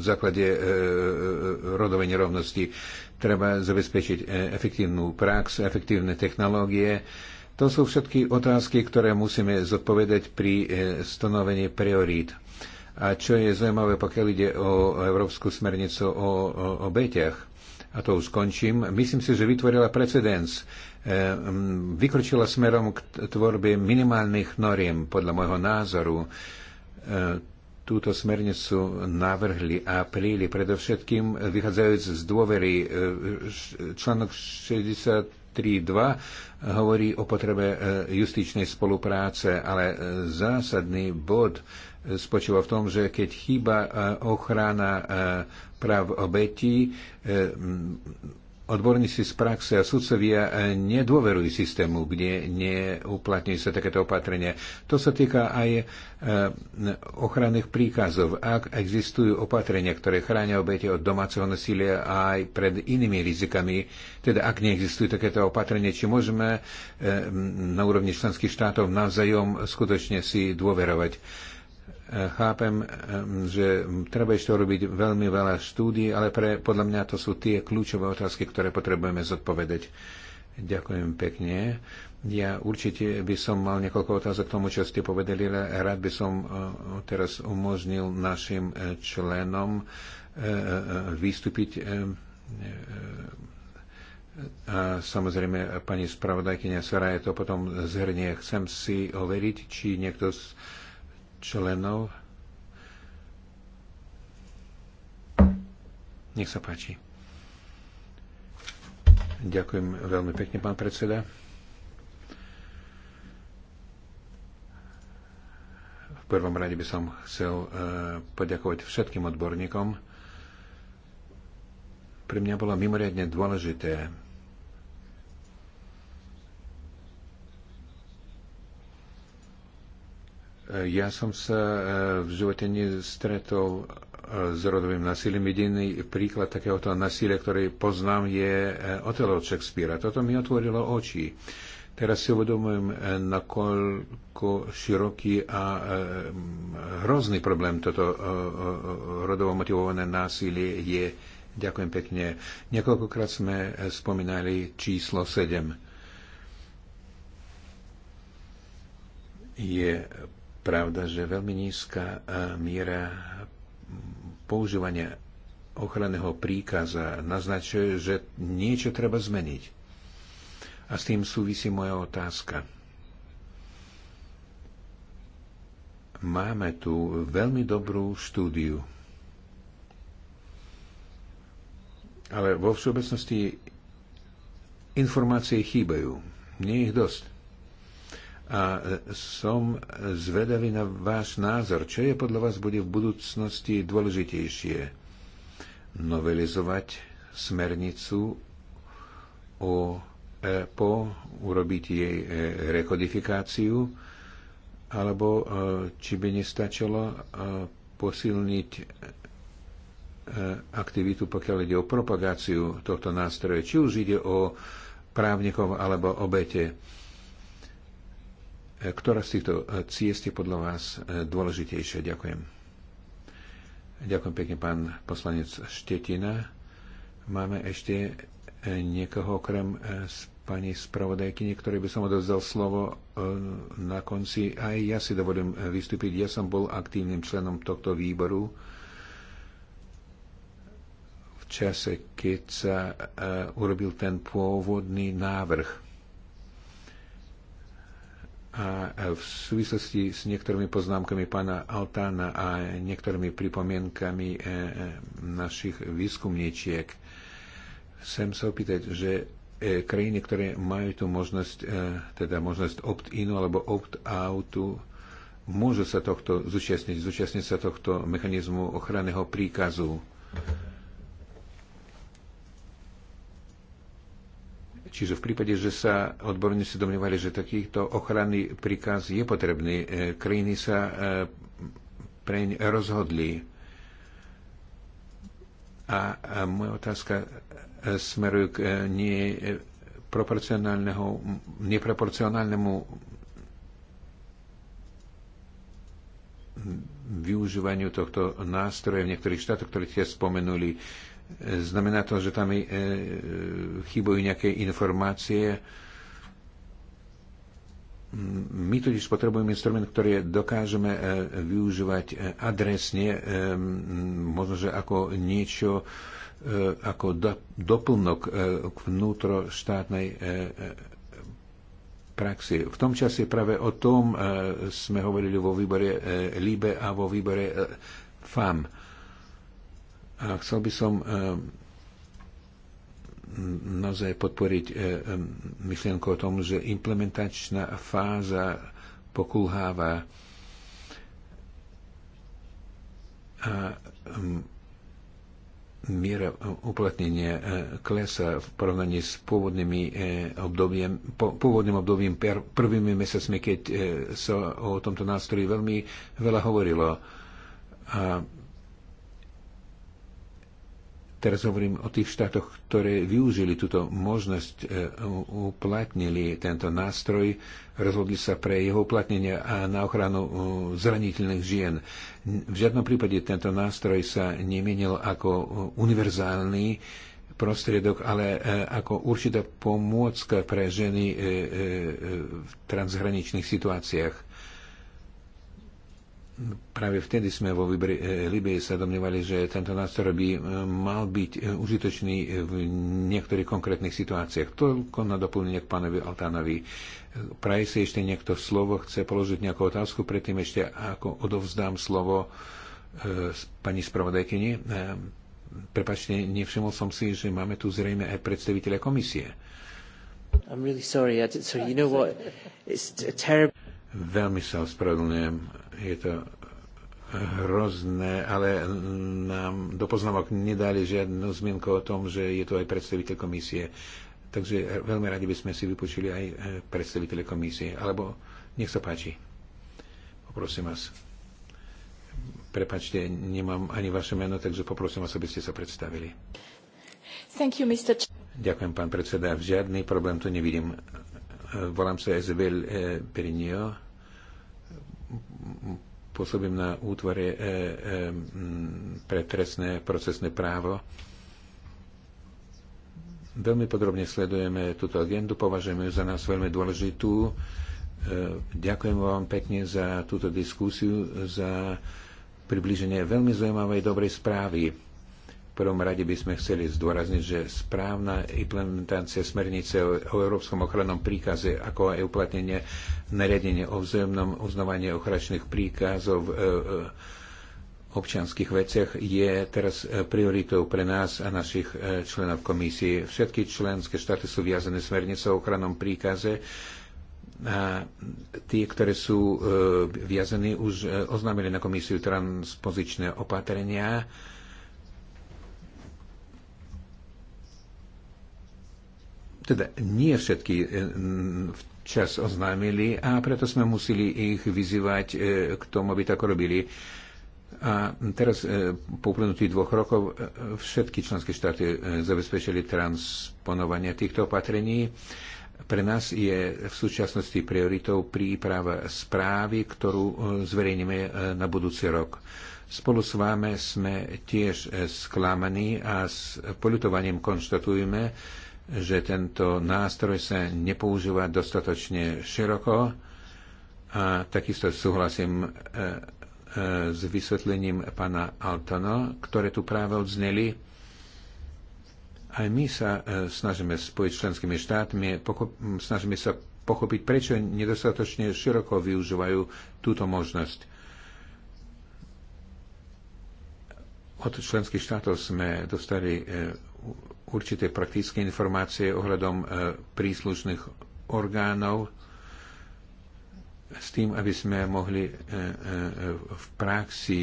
základe rodovej nerovnosti. Treba zabezpečiť efektívnu prax, efektívne technológie. To sú všetky otázky, ktoré musíme zodpovedať pri stanovení priorít. A čo je zaujímavé, pokiaľ ide o Európsku smernicu o, o, o beťach, a to už skončím, myslím si, že vytvorila precedens. E, vykročila smerom k tvorbe minimálnych noriem, podľa môjho názoru. E, túto smernicu navrhli a príli predovšetkým vychádzajúc z dôvery. E, článok 60 3.2 hovorí o potrebe justičnej spolupráce, ale zásadný bod spočíva v tom, že keď chýba e, ochrana e, práv obetí, e, odborníci z praxe a sudcovia nedôverujú systému, kde neuplatňujú sa takéto opatrenia. To sa týka aj ochranných príkazov. Ak existujú opatrenia, ktoré chránia obete od domáceho nasilia aj pred inými rizikami, teda ak neexistujú takéto opatrenia, či môžeme na úrovni členských štátov navzájom skutočne si dôverovať Chápem, eh, že treba ešte robiť veľmi veľa štúdí, ale pre, podľa mňa to sú tie kľúčové otázky, ktoré potrebujeme zodpovedať. Ďakujem pekne. Ja určite by som mal niekoľko otázok k tomu, čo ste povedali, ale rád by som eh, teraz umožnil našim eh, členom vystúpiť a samozrejme pani spravodajkynia Sara je to potom zhrnie. Chcem si overiť, či niekto z členov. Nech sa páči. Ďakujem veľmi pekne, pán predseda. V prvom rade by som chcel eh, poďakovať všetkým odborníkom. Pre mňa bolo mimoriadne dôležité Ja som sa e, v živote nestretol e, s rodovým násilím. Jediný príklad takéhoto násilia, ktorý poznám, je e, Otelo od Shakespearea. Toto mi otvorilo oči. Teraz si uvedomujem, nakoľko široký a hrozný problém toto rodovo motivované násilie je. Ďakujem pekne. Niekoľkokrát sme spomínali číslo 7. Je pravda, že veľmi nízka e, miera používania ochranného príkaza naznačuje, že niečo treba zmeniť. A s tým súvisí moja otázka. Máme tu veľmi dobrú štúdiu. Ale vo všeobecnosti informácie chýbajú. Nie ich dosť a e, som zvedavý na váš názor. Čo je podľa vás bude v budúcnosti dôležitejšie? Novelizovať smernicu o EPO, urobiť jej e, rekodifikáciu, alebo e, či by nestačilo posilniť aktivitu, pokiaľ ide o propagáciu tohto nástroja, či už ide o právnikov alebo obete ktorá z týchto eh, ciest je podľa vás eh, dôležitejšia? Ďakujem. Ďakujem pekne, pán poslanec Štetina. Máme ešte eh, niekoho okrem pani spravodajky, ktorý by som odovzdal slovo na konci. Aj ja si dovolím vystúpiť. Ja som bol aktívnym členom tohto výboru v čase, keď sa urobil ten pôvodný návrh a v súvislosti s niektorými poznámkami pána Altána a niektorými pripomienkami e, e, našich výskumníčiek chcem sa opýtať, že e, krajiny, ktoré majú tú možnosť, teda možnosť opt-inu alebo opt-outu, môžu sa tohto zúčastniť, zúčastniť sa tohto mechanizmu ochranného príkazu. Čiže v prípade, že sa odborníci domnievali, že takýto ochranný príkaz je potrebný, e, krajiny sa e, preň rozhodli. A, moja otázka e, smeruje k neproporcionálnemu využívaniu tohto nástroja v niektorých štátoch, ktoré ste spomenuli, Znamená to, že tam e, e, chýbajú nejaké informácie. My totiž potrebujeme instrument, ktorý dokážeme e, využívať adresne, možno, že ako niečo, ako doplnok k vnútroštátnej praxi. V tom čase práve o tom sme hovorili vo výbore LIBE a vo výbore FAM a chcel by som eh, naozaj podporiť eh, eh, myšlienku o tom, že implementačná fáza pokulháva a mm, miera uplatnenia klesa v porovnaní s pôvodnými obdobiem, pôvodným obdobím prvými mesiacmi, keď sa o tomto nástroji veľmi veľa hovorilo. A Teraz hovorím o tých štátoch, ktoré využili túto možnosť, e, uplatnili tento nástroj, rozhodli sa pre jeho uplatnenie a na ochranu e, zraniteľných žien. V žiadnom prípade tento nástroj sa nemienil ako e, univerzálny prostriedok, ale ako určitá pomôcka pre ženy v transhraničných situáciách práve vtedy sme vo výbere Libie sa domnievali, že tento nástroj by e, mal byť e, užitočný v niektorých konkrétnych situáciách. Toľko na doplnenie k pánovi Altánovi. Praje si ešte niekto slovo, chce položiť nejakú otázku, predtým ešte ako odovzdám slovo e, pani spravodajkyni. Prepačte, nevšimol som si, že máme tu zrejme aj predstaviteľa komisie. I'm really sorry. I did, so you know what? It's terrible. Veľmi sa ospravedlňujem je to hrozné, ale nám do poznámok nedali žiadnu zmienku o tom, že je to aj predstaviteľ komisie. Takže veľmi radi by sme si vypočuli aj e, predstaviteľe komisie. Alebo nech sa páči. Poprosím vás. Prepačte, nemám ani vaše meno, takže poprosím vás, aby ste sa predstavili. Thank you, Mr. Ďakujem, pán predseda. Žiadny problém tu nevidím. E, volám sa Ezebel e, Perinio pôsobím na útvore e, e, pre trestné procesné právo. Veľmi podrobne sledujeme túto agendu, považujeme ju za nás veľmi dôležitú. E, ďakujem vám pekne za túto diskusiu, za približenie veľmi zaujímavej dobrej správy. V prvom rade by sme chceli zdôrazniť, že správna implementácia smernice o Európskom ochrannom príkaze, ako aj uplatnenie nariadenie o vzájomnom uznávaní ochračných príkazov v e, e, občanských veciach je teraz e, prioritou pre nás a našich členov komisie. Všetky členské štáty sú viazané s o ochrannom príkaze a tie, ktoré sú viazané, už oznámili na komisiu transpozičné opatrenia. Teda nie všetky v včas oznámili a preto sme museli ich vyzývať e, k tomu, aby tak robili. A teraz e, po uplynutých dvoch rokov e, všetky členské štáty zabezpečili transponovanie týchto opatrení. Pre nás je v súčasnosti prioritou príprava správy, ktorú zverejníme na budúci rok. Spolu s vámi sme tiež sklamaní a s poľutovaním konštatujeme, že tento nástroj sa nepoužíva dostatočne široko a takisto súhlasím e, e, s vysvetlením pána Altona, ktoré tu práve odzneli. Aj my sa e, snažíme spojiť s členskými štátmi, snažíme sa pochopiť, prečo nedostatočne široko využívajú túto možnosť. Od členských štátov sme dostali určité praktické informácie ohľadom e, príslušných orgánov s tým, aby sme mohli e, e, v praxi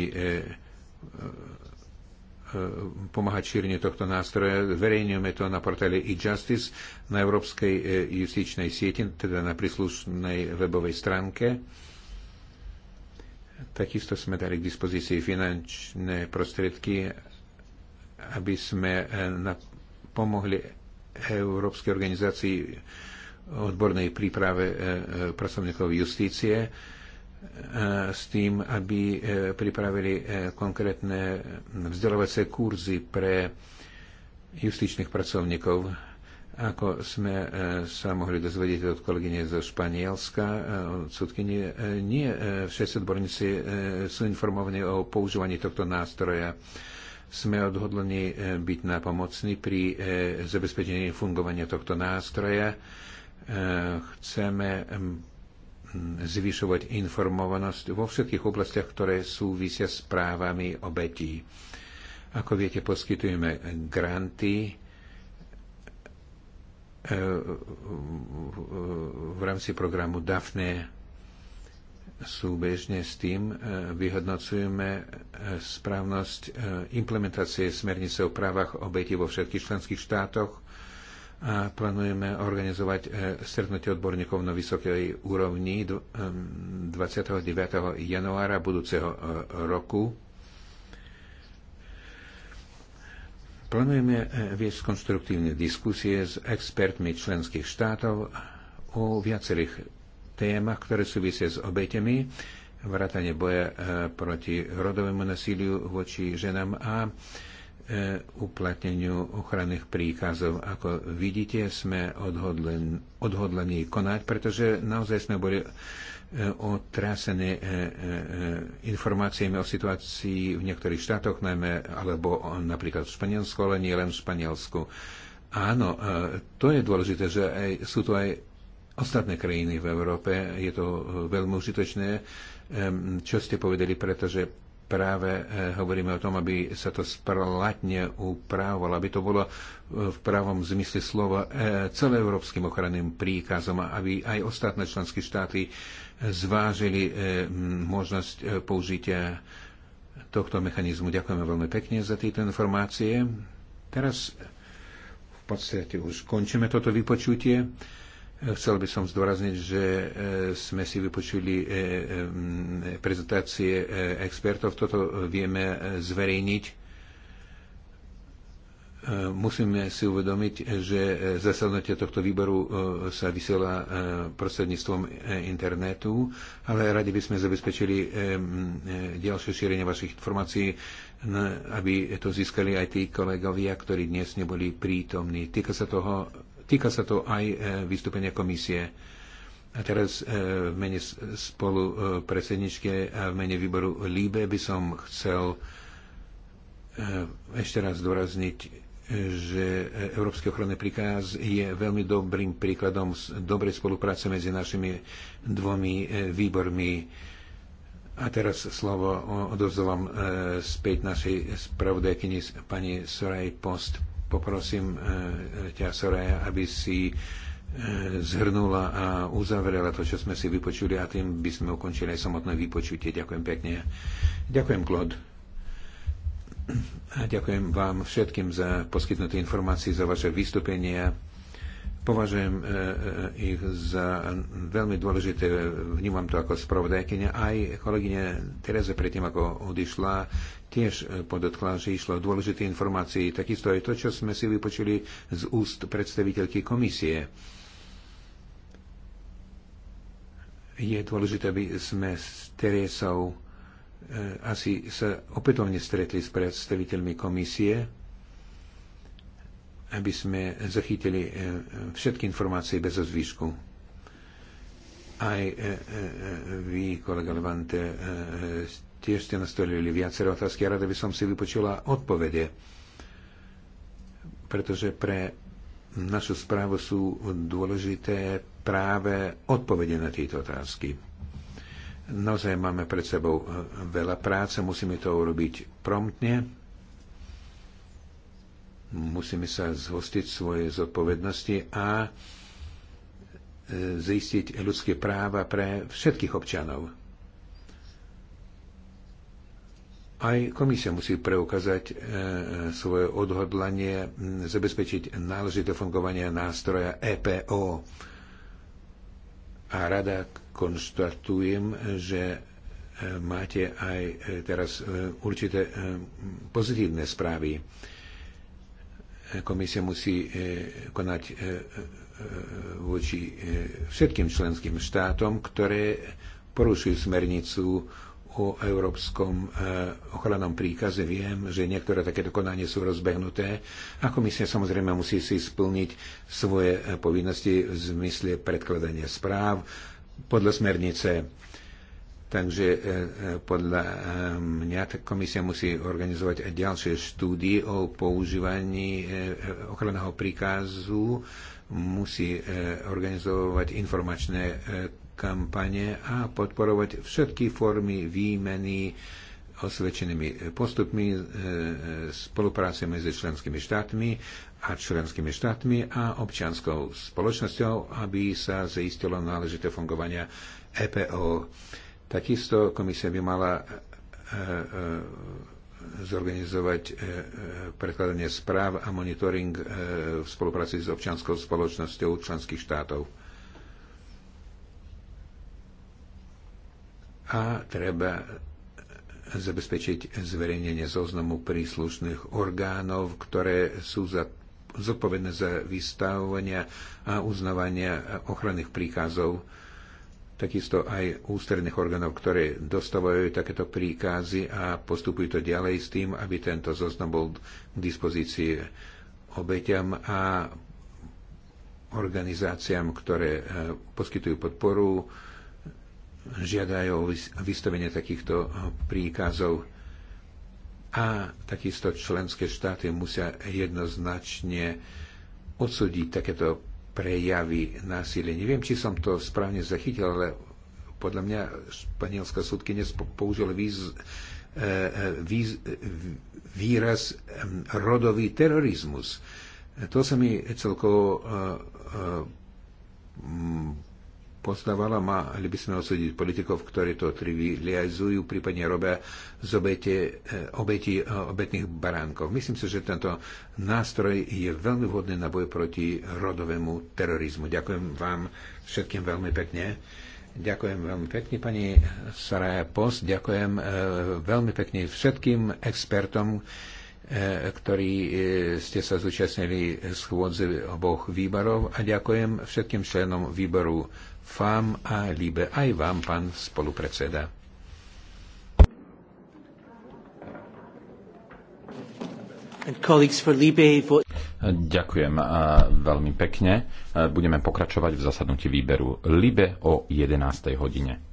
pomáhať šíreniu tohto nástroja. Verejňujeme to na portále e-Justice na Európskej justičnej sieti, teda na príslušnej webovej stránke. Takisto sme dali k dispozícii finančné prostriedky, aby sme na pomohli Európskej organizácii odbornej príprave e, e, pracovníkov justície e, s tým, aby pripravili konkrétne vzdelávacie kurzy pre justičných pracovníkov. Ako sme sa mohli dozvedieť od kolegyne zo Španielska, od sudkynie, nie všetci odborníci sú informovaní o používaní tohto nástroja sme odhodlení e, byť napomocní pri e, zabezpečení fungovania tohto nástroja. E, chceme zvyšovať informovanosť vo všetkých oblastiach, ktoré súvisia s právami obetí. Ako viete, poskytujeme granty v rámci programu DAFNE súbežne s tým e, vyhodnocujeme e, správnosť e, implementácie smernice o právach obeti vo všetkých členských štátoch a plánujeme organizovať stretnutie odborníkov na vysokej úrovni 29. januára budúceho roku. Plánujeme viesť konstruktívne diskusie s expertmi členských štátov o viacerých témach, ktoré súvisia s obeťami, vrátane boja e, proti rodovému nasíliu voči ženám a e, uplatneniu ochranných príkazov. Ako vidíte, sme odhodlen, odhodlení konať, pretože naozaj sme boli e, otrasené informáciami o situácii v niektorých štátoch, najmä, alebo napríklad v Španielsku, ale nie len v Španielsku. Áno, to je dôležité, že aj, sú tu aj ostatné krajiny v Európe. Je to eh, veľmi užitočné, čo ste povedali, pretože práve eh, hovoríme o tom, aby sa to spralatne upravovalo, aby to bolo eh, v pravom zmysle slova celoeurópskym ochranným príkazom, aby aj ostatné členské štáty zvážili možnosť použitia tohto mechanizmu. Ďakujeme veľmi pekne za tieto informácie. Teraz v podstate už končíme toto vypočutie. Chcel by som zdôrazniť, že e, sme si vypočuli e, e, prezentácie expertov. Toto vieme zverejniť. Musíme si uvedomiť, že zasadnutie tohto výboru sa vysiela prostredníctvom internetu, ale radi by sme zabezpečili ďalšie šírenie vašich informácií, aby to získali aj tí kolegovia, ktorí dnes neboli prítomní. Týka sa toho Týka sa to aj e, vystúpenia komisie. A teraz e, v mene spolu e, predsedničke a v mene výboru Líbe by som chcel ešte raz dôrazniť, že Európsky ochranný príkaz je veľmi dobrým príkladom dobrej spolupráce medzi našimi dvomi výbormi. A teraz slovo odovzdávam späť našej spravodajkyni pani Soraj Post poprosím e, ťa, Soraya, aby si e, zhrnula a uzavrela to, čo sme si vypočuli a tým by sme ukončili aj samotné vypočutie. Ďakujem pekne. Ďakujem, Klod. A ďakujem vám všetkým za poskytnuté informácie, za vaše vystúpenia. Považujem e, e, ich za veľmi dôležité, vnímam to ako spravodajkyňa. Aj kolegyňa Tereza predtým, ako odišla, tiež e, podotkla, že išlo o dôležité informácie. Takisto aj to, čo sme si vypočuli z úst predstaviteľky komisie. Je dôležité, aby sme s Teresou asi sa opätovne stretli s predstaviteľmi komisie aby sme zachytili e, e, všetky informácie bez zvýšku. Aj e, vy, kolega Levante, tiež ste nastolili viacero otázky a rada by som si vypočula odpovede, pretože pre našu správu sú dôležité práve odpovede na tieto otázky. Naozaj máme pred sebou veľa práce, musíme to urobiť promptne Musíme sa zhostiť svoje zodpovednosti a e, zistiť ľudské práva pre všetkých občanov. Aj komisia musí preukázať e, svoje odhodlanie zabezpečiť náležité fungovanie nástroja EPO. A rada konštatujem, že e, máte aj teraz určité pozitívne správy komisia musí e, konať e, e, voči všetkým členským štátom, ktoré porušujú smernicu o európskom ochrannom príkaze. Viem, že niektoré takéto konanie sú rozbehnuté a komisia samozrejme musí si splniť svoje povinnosti v zmysle predkladania správ podľa smernice Takže e, e, podľa e, mňa komisia musí organizovať aj ďalšie štúdie o používaní ochranného príkazu, musí organizovať informačné kampane a podporovať všetky formy výmeny osvedčenými postupmi spolupráce medzi členskými štátmi a členskými štátmi a občianskou spoločnosťou, aby sa zaistilo náležité fungovania EPO Takisto komisia by mala e, e, zorganizovať e, prekladanie správ a monitoring v spolupráci s občianskou spoločnosťou členských štátov. A treba zabezpečiť zverejnenie zoznamu príslušných orgánov, ktoré sú za, zodpovedné za vystavovania a uznávania ochranných príkazov takisto aj ústredných orgánov, ktoré dostávajú takéto príkazy a postupujú to ďalej s tým, aby tento zoznam bol k dispozícii obeťam a organizáciám, ktoré e, poskytujú podporu, žiadajú vystavenie takýchto e, príkazov a takisto členské štáty musia jednoznačne odsúdiť takéto prejavy násilia. Neviem, či som to správne zachytil, ale podľa mňa španielská súdky použila výz, e, e, výz, výraz rodový terorizmus. E, to sa mi celkovo poznávala ma, ale by sme osúdiť politikov, ktorí to trivializujú, prípadne robia z obete, eh, obeti eh, obetných baránkov. Myslím si, že tento nástroj je veľmi vhodný na boj proti rodovému terorizmu. Ďakujem vám všetkým veľmi pekne. Ďakujem veľmi pekne, pani Saraja Post. Ďakujem eh, veľmi pekne všetkým expertom, ktorí ste sa zúčastnili schôdze oboch výborov a ďakujem všetkým členom výboru FAM a LIBE. Aj vám, pán spolupredseda. Ďakujem veľmi pekne. Budeme pokračovať v zasadnutí výberu LIBE o 11. hodine.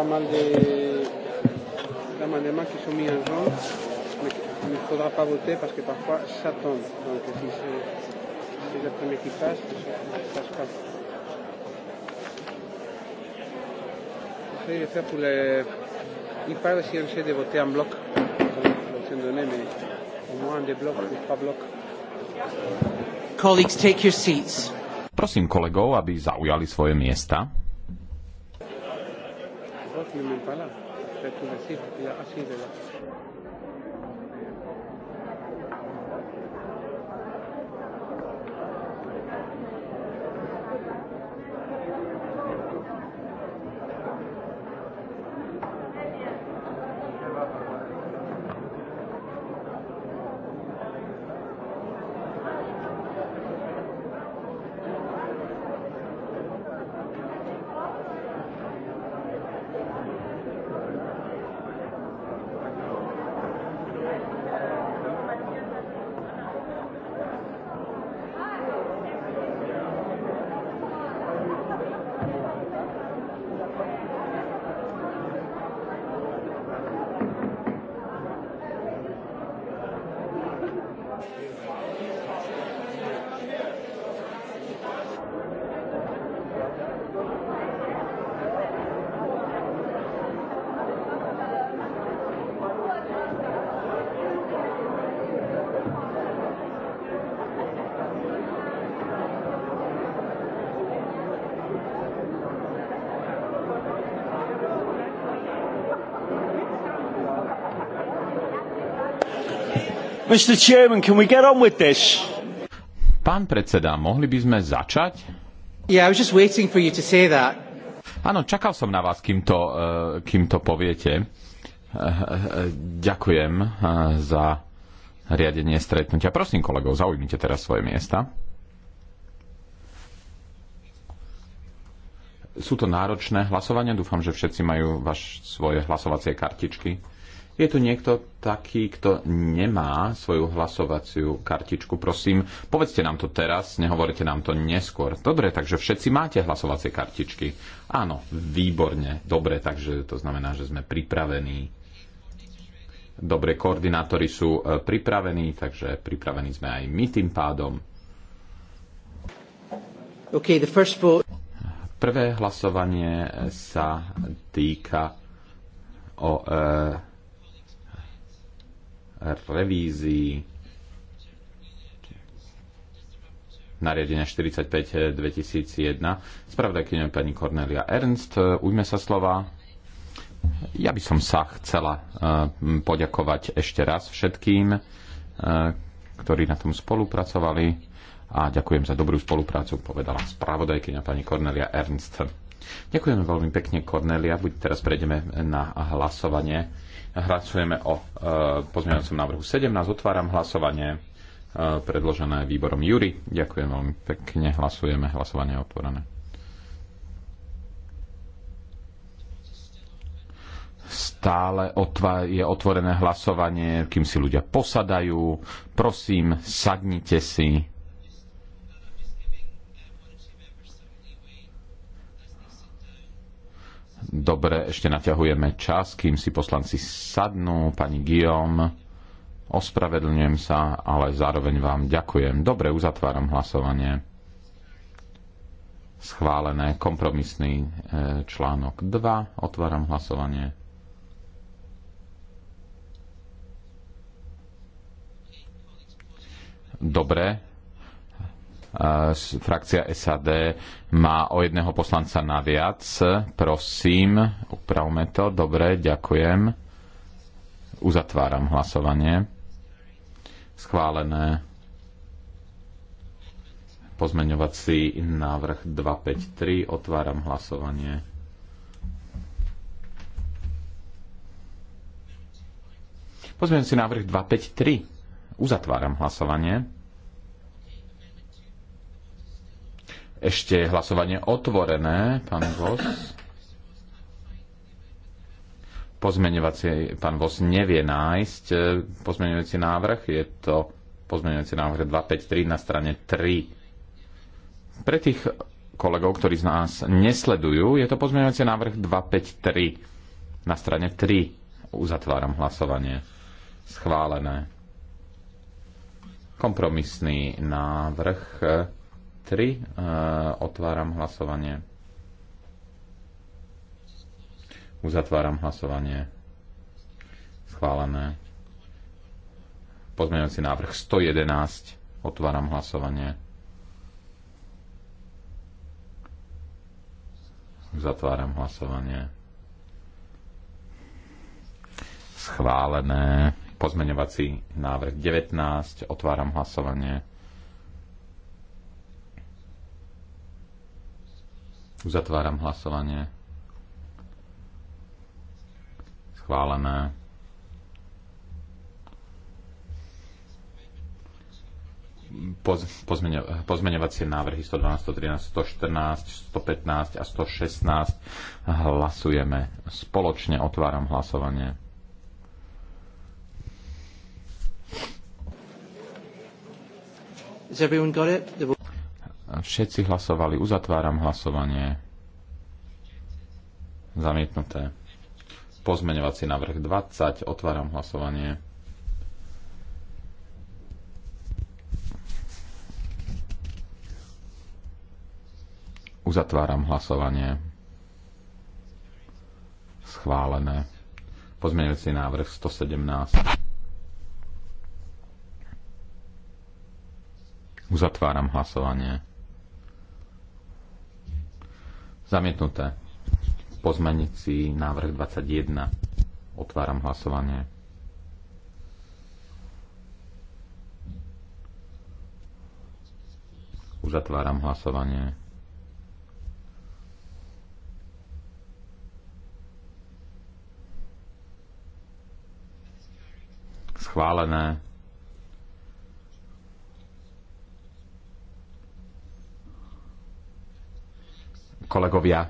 pas mal de d'amendements qui sont mis en jaune, mais il ne faudra pas voter parce que parfois ça tombe. Donc si c'est si le premier qui passe, ça, ça se passe. J'essaie de faire pour les... Il parle si on essaie de voter en bloc, l'option donnée, mais au moins des blocs ou trois blocs. Colleagues, take your seats. Prosím kolegov, aby zaujali svoje miesta n'est même pas Es decir, une réciproque, il de Mr. Chairman, can we get on with this? Pán predseda, mohli by sme začať? Yeah, I was just waiting for you to say that. Áno, čakal som na vás, kým to, eh, kým to poviete. Eh, eh, ďakujem za riadenie stretnutia. Prosím kolegov, zaujmite teraz svoje miesta. Sú to náročné hlasovania, dúfam, že všetci majú vaš, svoje hlasovacie kartičky. Je tu niekto taký, kto nemá svoju hlasovaciu kartičku? Prosím, povedzte nám to teraz, nehovorite nám to neskôr. Dobre, takže všetci máte hlasovacie kartičky. Áno, výborne, dobre, takže to znamená, že sme pripravení. Dobre, koordinátori sú e, pripravení, takže pripravení sme aj my tým pádom. Okay, the first vote. Prvé hlasovanie sa týka o uh, revízii nariadenia 45-2001. Spravodajkyňou pani Cornelia Ernst, ujme sa slova. Ja by som sa chcela e, poďakovať ešte raz všetkým, e, ktorí na tom spolupracovali a ďakujem za dobrú spoluprácu, povedala spravodajkyňa pani Cornelia Ernst. Ďakujem veľmi pekne, Cornelia. Buď teraz prejdeme na hlasovanie Hlasujeme o e, pozmeňujúcom návrhu 17. Otváram hlasovanie e, predložené výborom Jury. Ďakujem veľmi pekne. Hlasujeme. Hlasovanie je otvorené. Stále je otvorené hlasovanie, kým si ľudia posadajú. Prosím, sadnite si. Dobre, ešte naťahujeme čas, kým si poslanci sadnú. Pani Guillaume, ospravedlňujem sa, ale zároveň vám ďakujem. Dobre, uzatváram hlasovanie. Schválené kompromisný e, článok 2. Otváram hlasovanie. Dobre, frakcia SAD má o jedného poslanca naviac. Prosím, upravme to. Dobre, ďakujem. Uzatváram hlasovanie. Schválené pozmeňovací návrh 253. Otváram hlasovanie. Pozmeňovací návrh 253. Uzatváram hlasovanie. Ešte je hlasovanie otvorené, pán Vos. Pozmeňovací, pán Vos nevie nájsť e, pozmeňovací návrh. Je to pozmeňovací návrh 253 na strane 3. Pre tých kolegov, ktorí z nás nesledujú, je to pozmeňovací návrh 253 na strane 3. Uzatváram hlasovanie. Schválené. Kompromisný návrh e, 3. E, otváram hlasovanie. Uzatváram hlasovanie. Schválené. Pozmeňujúci návrh 111. Otváram hlasovanie. Zatváram hlasovanie. Schválené. Pozmeňovací návrh 19. Otváram hlasovanie. Uzatváram hlasovanie. Schválené. pozmeňovacie návrhy 112, 113, 114, 115 a 116 hlasujeme spoločne. Otváram hlasovanie. Has everyone got it? Všetci hlasovali. Uzatváram hlasovanie. Zamietnuté. Pozmeňovací návrh 20. Otváram hlasovanie. Uzatváram hlasovanie. Schválené. Pozmeňujúci návrh 117. Uzatváram hlasovanie. Zamietnuté. Pozmenici návrh 21. Otváram hlasovanie. Uzatváram hlasovanie. Schválené. Kolegovia,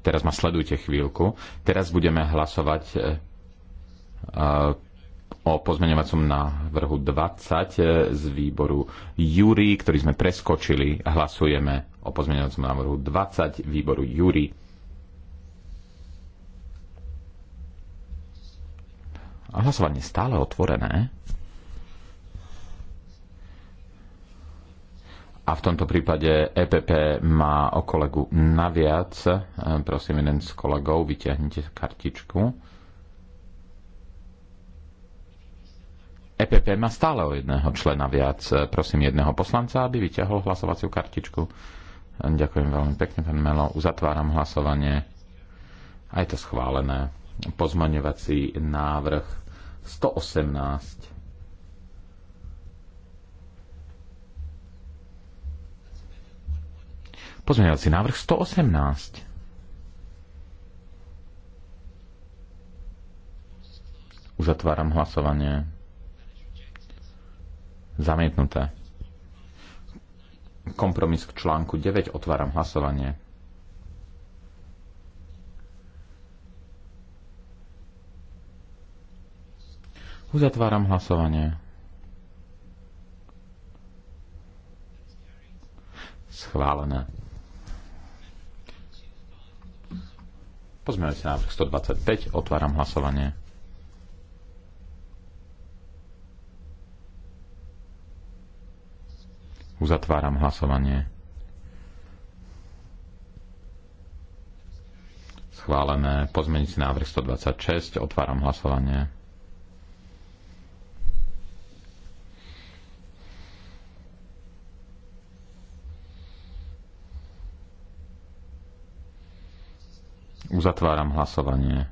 teraz ma sledujte chvíľku. Teraz budeme hlasovať e, e, o pozmeňovacom návrhu 20 e, z výboru Júri, ktorý sme preskočili. Hlasujeme o pozmeňovacom návrhu 20 výboru Júri. A hlasovanie stále otvorené. a v tomto prípade EPP má o kolegu naviac. E, prosím, jeden z kolegov, vyťahnite kartičku. EPP má stále o jedného člena viac. E, prosím jedného poslanca, aby vyťahol hlasovaciu kartičku. E, ďakujem veľmi pekne, pán Melo. Uzatváram hlasovanie. A je to schválené. Pozmaňovací návrh 118 Pozmeňovací návrh 118. Uzatváram hlasovanie. Zamietnuté. Kompromis k článku 9. Otváram hlasovanie. Uzatváram hlasovanie. Schválené. si návrh 125. Otváram hlasovanie. Uzatváram hlasovanie. Schválené pozmeniť návrh 126. Otváram hlasovanie. Uzatváram hlasovanie.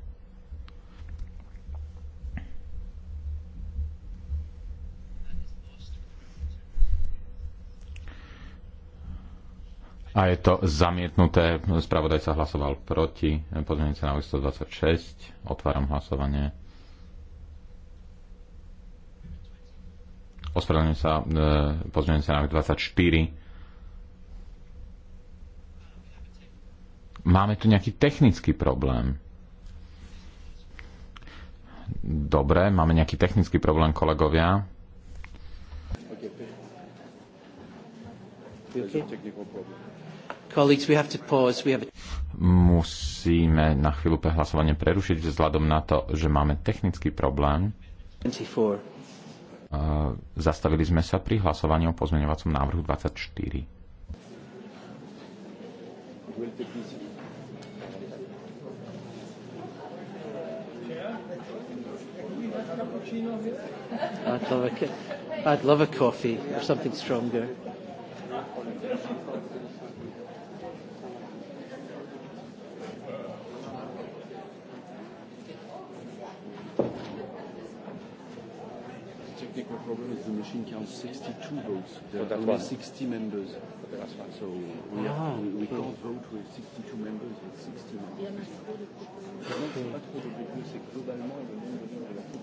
A je to zamietnuté. Spravodajca hlasoval proti. Pozmeňujúce na 126. Otváram hlasovanie. Ospravedlňujem sa. sa na 24. máme tu nejaký technický problém. Dobre, máme nejaký technický problém, kolegovia. Musíme na chvíľu hlasovanie prerušiť vzhľadom na to, že máme technický problém. Zastavili sme sa pri hlasovaní o pozmeňovacom návrhu 24. cappuccino here? I'd love a, I'd love a coffee or something stronger. problem is the machine counts 62 votes. There are only 60 members. So we, ah, we, we can't vote with 62 members, with 60 members.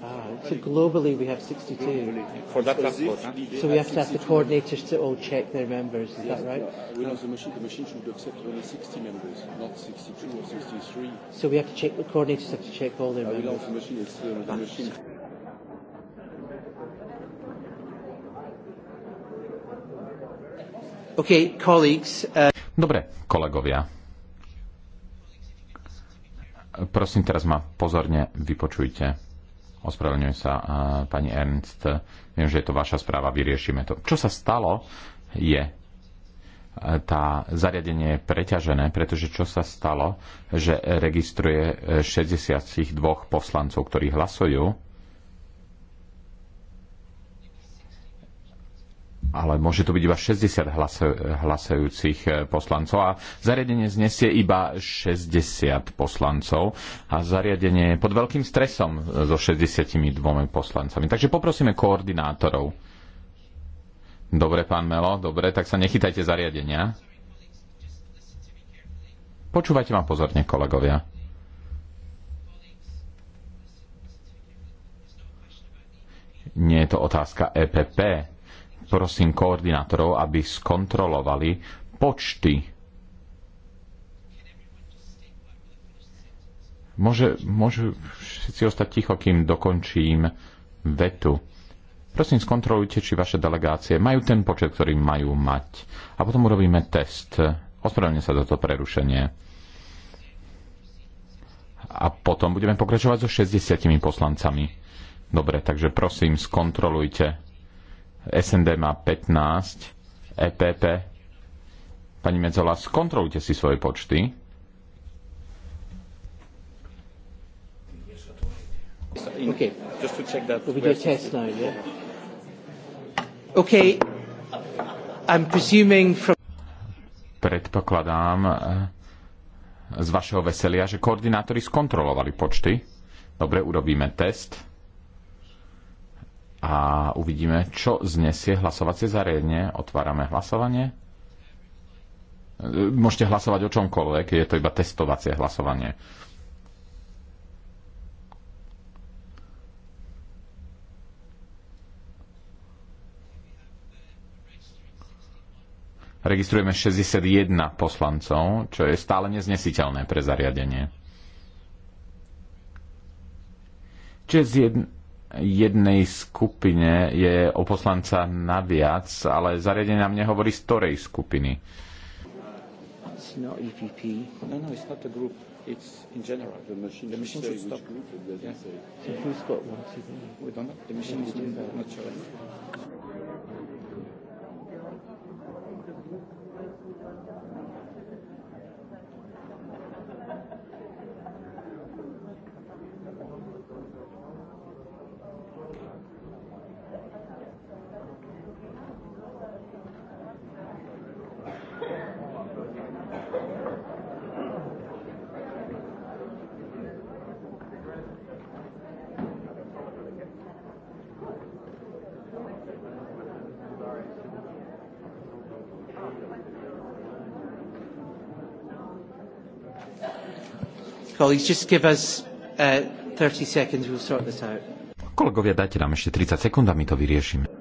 Ah, so globally we have 62. For that passport. So we have to ask the coordinators to all check their members, is yes, that right? No, no, the machine, the machine should accept only 60 members, not 62 or 63. So we have to check, the coordinators have to check all their uh, members. the machine, it's, uh, the ah. machine. Uh, Dobre, kolegovia. Prosím, teraz ma pozorne vypočujte. Ospravedlňujem sa, uh, pani Ernst. Viem, že je to vaša správa, vyriešime to. Čo sa stalo, je uh, tá zariadenie je preťažené, pretože čo sa stalo, že registruje 62 uh, poslancov, ktorí hlasujú ale môže to byť iba 60 hlasujúcich eh, poslancov a zariadenie znesie iba 60 poslancov a zariadenie je pod veľkým stresom eh, so 62 poslancami. Takže poprosíme koordinátorov. Dobre, pán Melo, dobre, tak sa nechytajte zariadenia. Počúvajte ma pozorne, kolegovia. Nie je to otázka EPP prosím koordinátorov, aby skontrolovali počty. Môže, môžu všetci ostať ticho, kým dokončím vetu. Prosím, skontrolujte, či vaše delegácie majú ten počet, ktorý majú mať. A potom urobíme test. Ospravedlňujem sa za to prerušenie. A potom budeme pokračovať so 60 poslancami. Dobre, takže prosím, skontrolujte. SND má 15, EPP. Pani Medzola, skontrolujte si svoje počty. Just to check that. do a test now, yeah? I'm presuming from... Predpokladám eh, z vašeho veselia, že koordinátori skontrolovali počty. Dobre, urobíme test a uvidíme, čo znesie hlasovacie zariadenie. Otvárame hlasovanie. Môžete hlasovať o čomkoľvek, je to iba testovacie hlasovanie. Registrujeme 61 poslancov, čo je stále neznesiteľné pre zariadenie. Čiže z jednej skupine je o poslanca naviac, ale zariadenie nám nehovorí z ktorej skupiny. E no, no, it's in general. The machine, the machine should stop. Group, it yeah. So who's got one? We don't know. The machine is not showing. Colleagues, just give us uh, 30 seconds, we'll sort this out. Kolegovia, dajte nám ešte 30 sekúnd a my to vyriešime.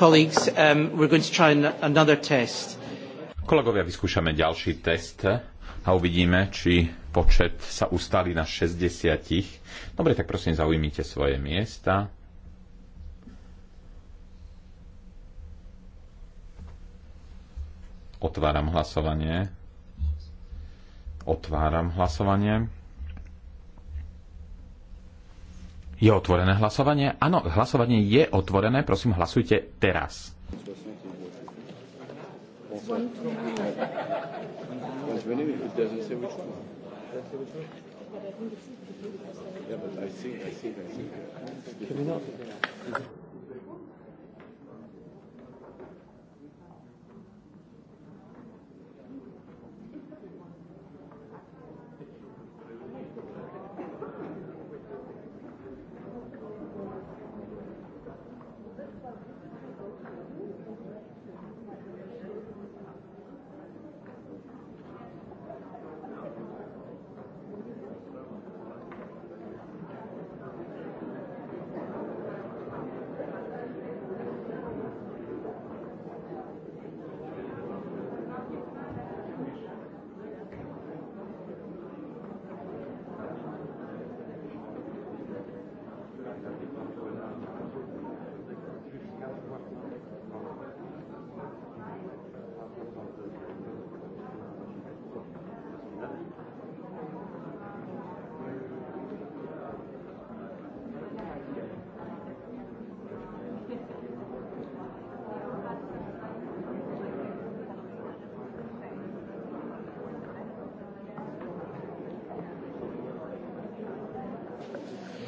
Um, Kolegovia, vyskúšame ďalší test a uvidíme, či počet sa ustali na 60. Dobre, tak prosím, zaujímite svoje miesta. Otváram hlasovanie. Otváram hlasovanie. Je otvorené hlasovanie? Áno, hlasovanie je otvorené. Prosím, hlasujte teraz. Yeah, but I think, I think, I think.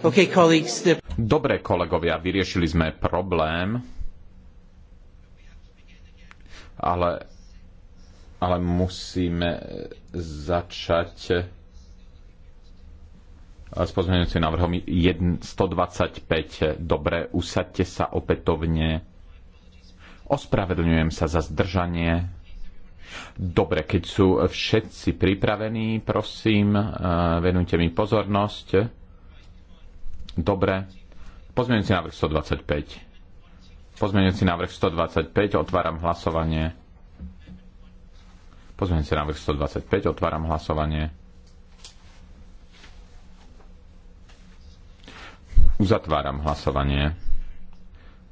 Okay, the... Dobre, kolegovia, vyriešili sme problém, ale, ale musíme začať s pozmeňujúcim návrhom 125. Dobre, usadte sa opätovne. Ospravedlňujem sa za zdržanie. Dobre, keď sú všetci pripravení, prosím, eh, venujte mi pozornosť. Dobre. Pozmeňujúci návrh 125. Pozmeňujúci návrh 125. Otváram hlasovanie. Pozmeňujúci návrh 125. Otváram hlasovanie. Uzatváram hlasovanie.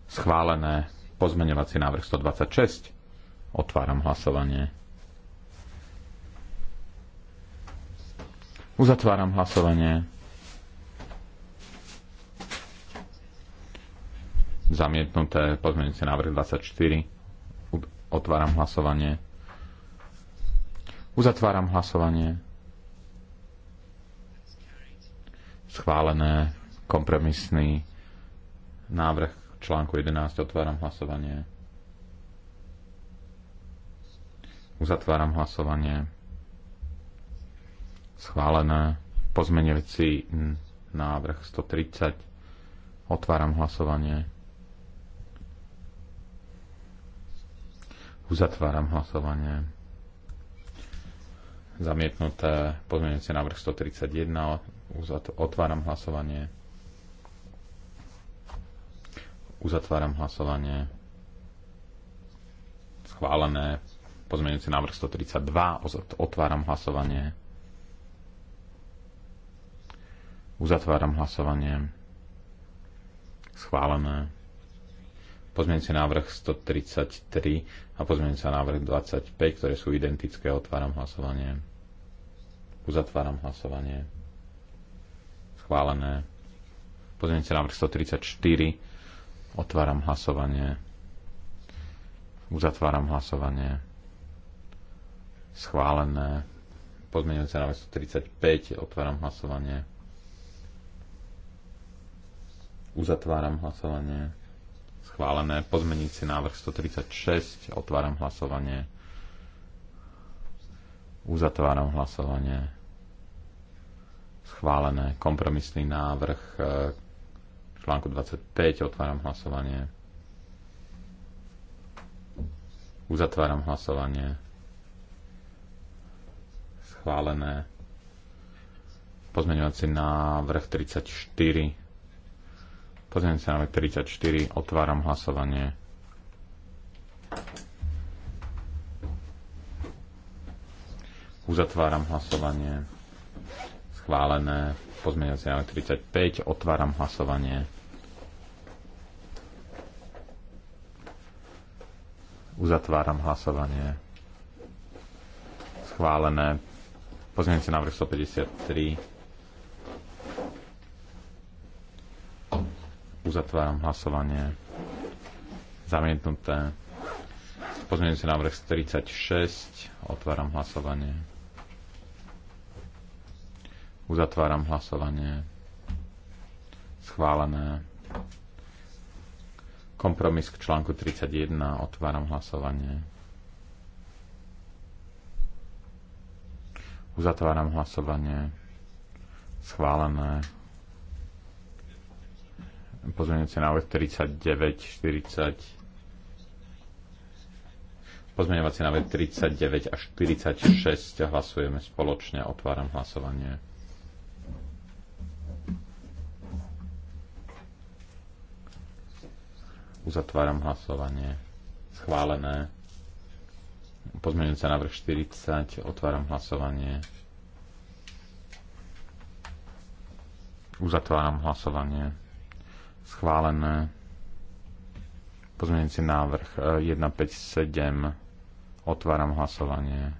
Schválené. Pozmeňovací návrh 126. Otváram hlasovanie. Uzatváram hlasovanie. Zamietnuté pozmeňujúci návrh 24. Otváram hlasovanie. Uzatváram hlasovanie. Schválené kompromisný návrh článku 11. Otváram hlasovanie. Uzatváram hlasovanie. Schválené pozmeňujúci návrh 130. Otváram hlasovanie. Uzatváram hlasovanie. Zamietnuté pozmeňujúci návrh 131. Otváram hlasovanie. Uzatváram hlasovanie. Schválené. Pozmeňujúci návrh 132. Otváram hlasovanie. Uzatváram hlasovanie. Schválené Pozmeňujúci návrh 133 a pozmeňujúci návrh 25, ktoré sú identické. Otváram hlasovanie. Uzatváram hlasovanie. Schválené. Pozmeňujúci návrh 134. Otváram hlasovanie. Uzatváram hlasovanie. Schválené. Pozmeňujúci návrh 135. Otváram hlasovanie. Uzatváram hlasovanie schválené. Pozmeníci si návrh 136. Otváram hlasovanie. Uzatváram hlasovanie. Schválené. Kompromisný návrh e, článku 25. Otváram hlasovanie. Uzatváram hlasovanie. Schválené. Pozmeňovací návrh 34. Pozrieme sa na 34. Otváram hlasovanie. Uzatváram hlasovanie. Schválené. sa na 35. Otváram hlasovanie. Uzatváram hlasovanie. Schválené. sa na 153. Uzatváram hlasovanie. Zamietnuté. Pozmeňujúci návrh 36. Otváram hlasovanie. Uzatváram hlasovanie. Schválené. Kompromis k článku 31. Otváram hlasovanie. Uzatváram hlasovanie. Schválené pozmeňujúci návrh 39, 40, pozmeňovací návrh 39 až 46 hlasujeme spoločne. Otváram hlasovanie. Uzatváram hlasovanie. Schválené. Pozmeňujúce návrh 40. Otváram hlasovanie. Uzatváram hlasovanie schválené. Pozmeňujúci návrh 157. E, Otváram hlasovanie.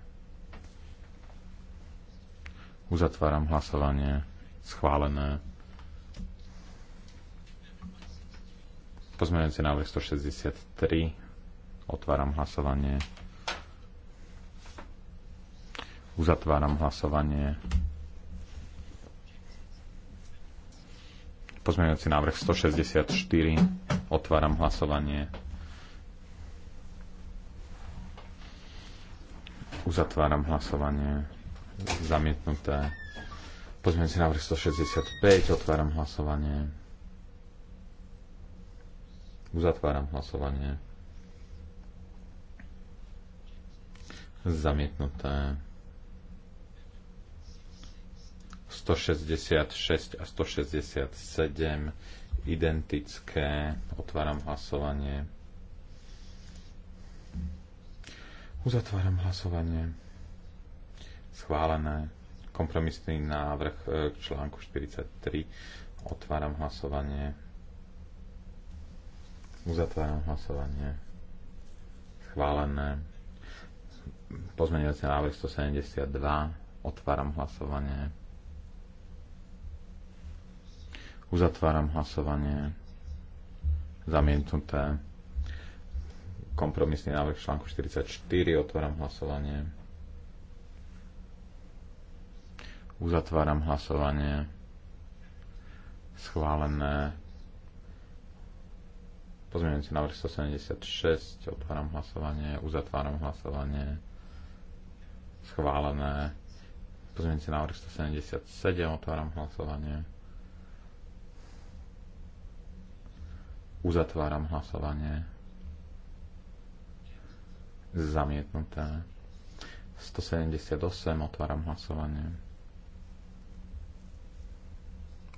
Uzatváram hlasovanie. Schválené. Pozmeňujúci návrh 163. Otváram hlasovanie. Uzatváram hlasovanie. Pozmeňujúci návrh 164. Otváram hlasovanie. Uzatváram hlasovanie. Zamietnuté. Pozmeňujúci návrh 165. Otváram hlasovanie. Uzatváram hlasovanie. Zamietnuté. 166 a 167 identické. Otváram hlasovanie. Uzatváram hlasovanie. Schválené. Kompromisný návrh k e, článku 43. Otváram hlasovanie. Uzatváram hlasovanie. Schválené. Pozmeňovací návrh 172. Otváram hlasovanie. Uzatváram hlasovanie. Zamietnuté. Kompromisný návrh článku 44. Otváram hlasovanie. Uzatváram hlasovanie. Schválené. si návrh 176. Otváram hlasovanie. Uzatváram hlasovanie. Schválené. Pozmeňujúci návrh 177. Otváram hlasovanie. Uzatváram hlasovanie. Zamietnuté. 178. Otváram hlasovanie.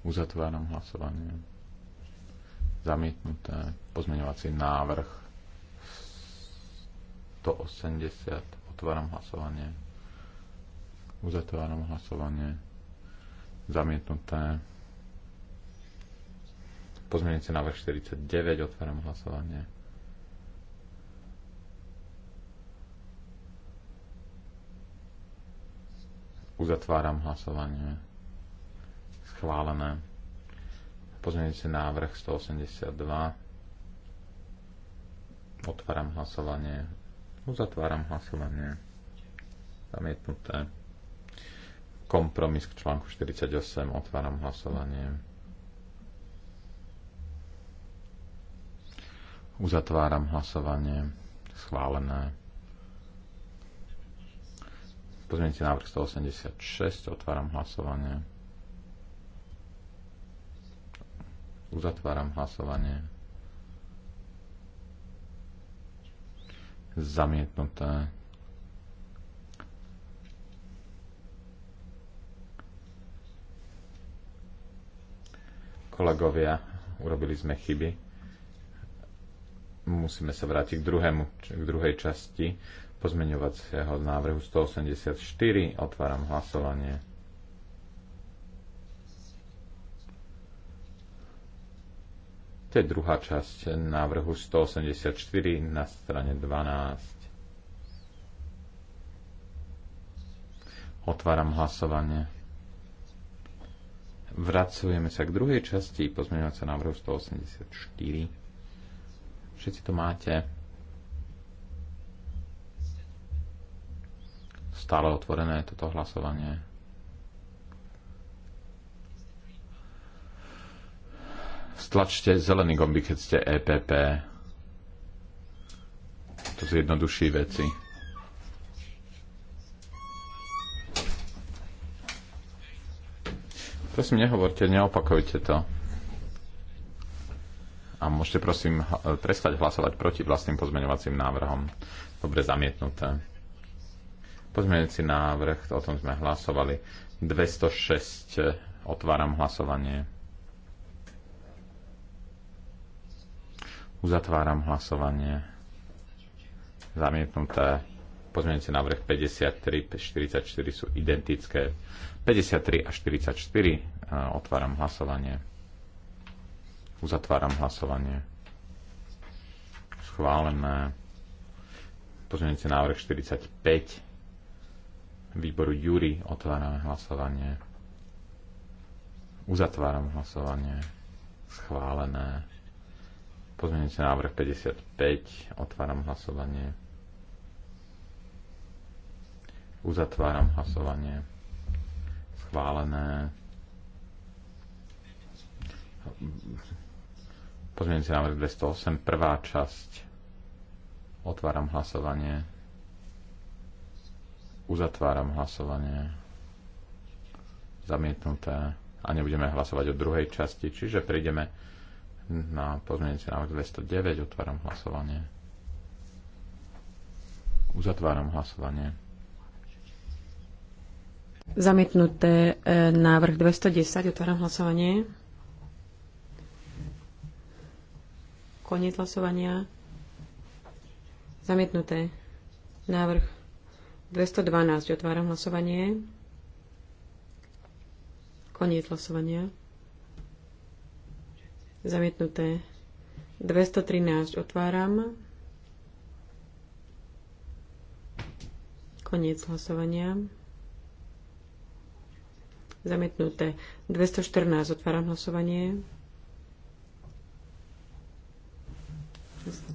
Uzatváram hlasovanie. Zamietnuté. Pozmeňovací návrh 180. Otváram hlasovanie. Uzatváram hlasovanie. Zamietnuté pozmeňujúci návrh 49, otváram hlasovanie. Uzatváram hlasovanie. Schválené. Pozmeňujúci návrh 182. Otváram hlasovanie. Uzatváram hlasovanie. Zamietnuté. Kompromis k článku 48. Otváram hlasovanie. Uzatváram hlasovanie. Schválené. Pozmienite návrh 186. Otváram hlasovanie. Uzatváram hlasovanie. Zamietnuté. Kolegovia, urobili sme chyby musíme sa vrátiť k, druhému, k druhej časti pozmeňovacieho návrhu 184. Otváram hlasovanie. To je druhá časť návrhu 184 na strane 12. Otváram hlasovanie. Vracujeme sa k druhej časti pozmeňovacieho návrhu 184. Všetci to máte. Stále otvorené toto hlasovanie. Stlačte zelený gombík, keď ste EPP. To zjednoduší veci. Prosím, nehovorte, neopakujte to. A môžete prosím prestať hlasovať proti vlastným pozmeňovacím návrhom. Dobre zamietnuté. Pozmeňujúci návrh, o tom sme hlasovali. 206. E, otváram hlasovanie. Uzatváram hlasovanie. Zamietnuté pozmeňujúci návrh 53 44 sú identické. 53 a 44 e, otváram hlasovanie. Uzatváram hlasovanie. Schválené. Pozmeňujúci návrh 45 výboru Jury. Otvárame hlasovanie. Uzatváram hlasovanie. Schválené. Pozmeňujúci návrh 55. Otváram hlasovanie. Uzatváram hlasovanie. Schválené. Pozmeňujem si návrh 208, prvá časť. Otváram hlasovanie. Uzatváram hlasovanie. Zamietnuté. A nebudeme hlasovať o druhej časti, čiže prídeme na pozmeňujúci návrh 209. Otváram hlasovanie. Uzatváram hlasovanie. Zamietnuté eh, návrh 210. Otváram hlasovanie. Koniec hlasovania. Zamietnuté. Návrh 212. Otváram hlasovanie. Koniec hlasovania. Zamietnuté. 213. Otváram. Koniec hlasovania. Zamietnuté. 214. Otváram hlasovanie.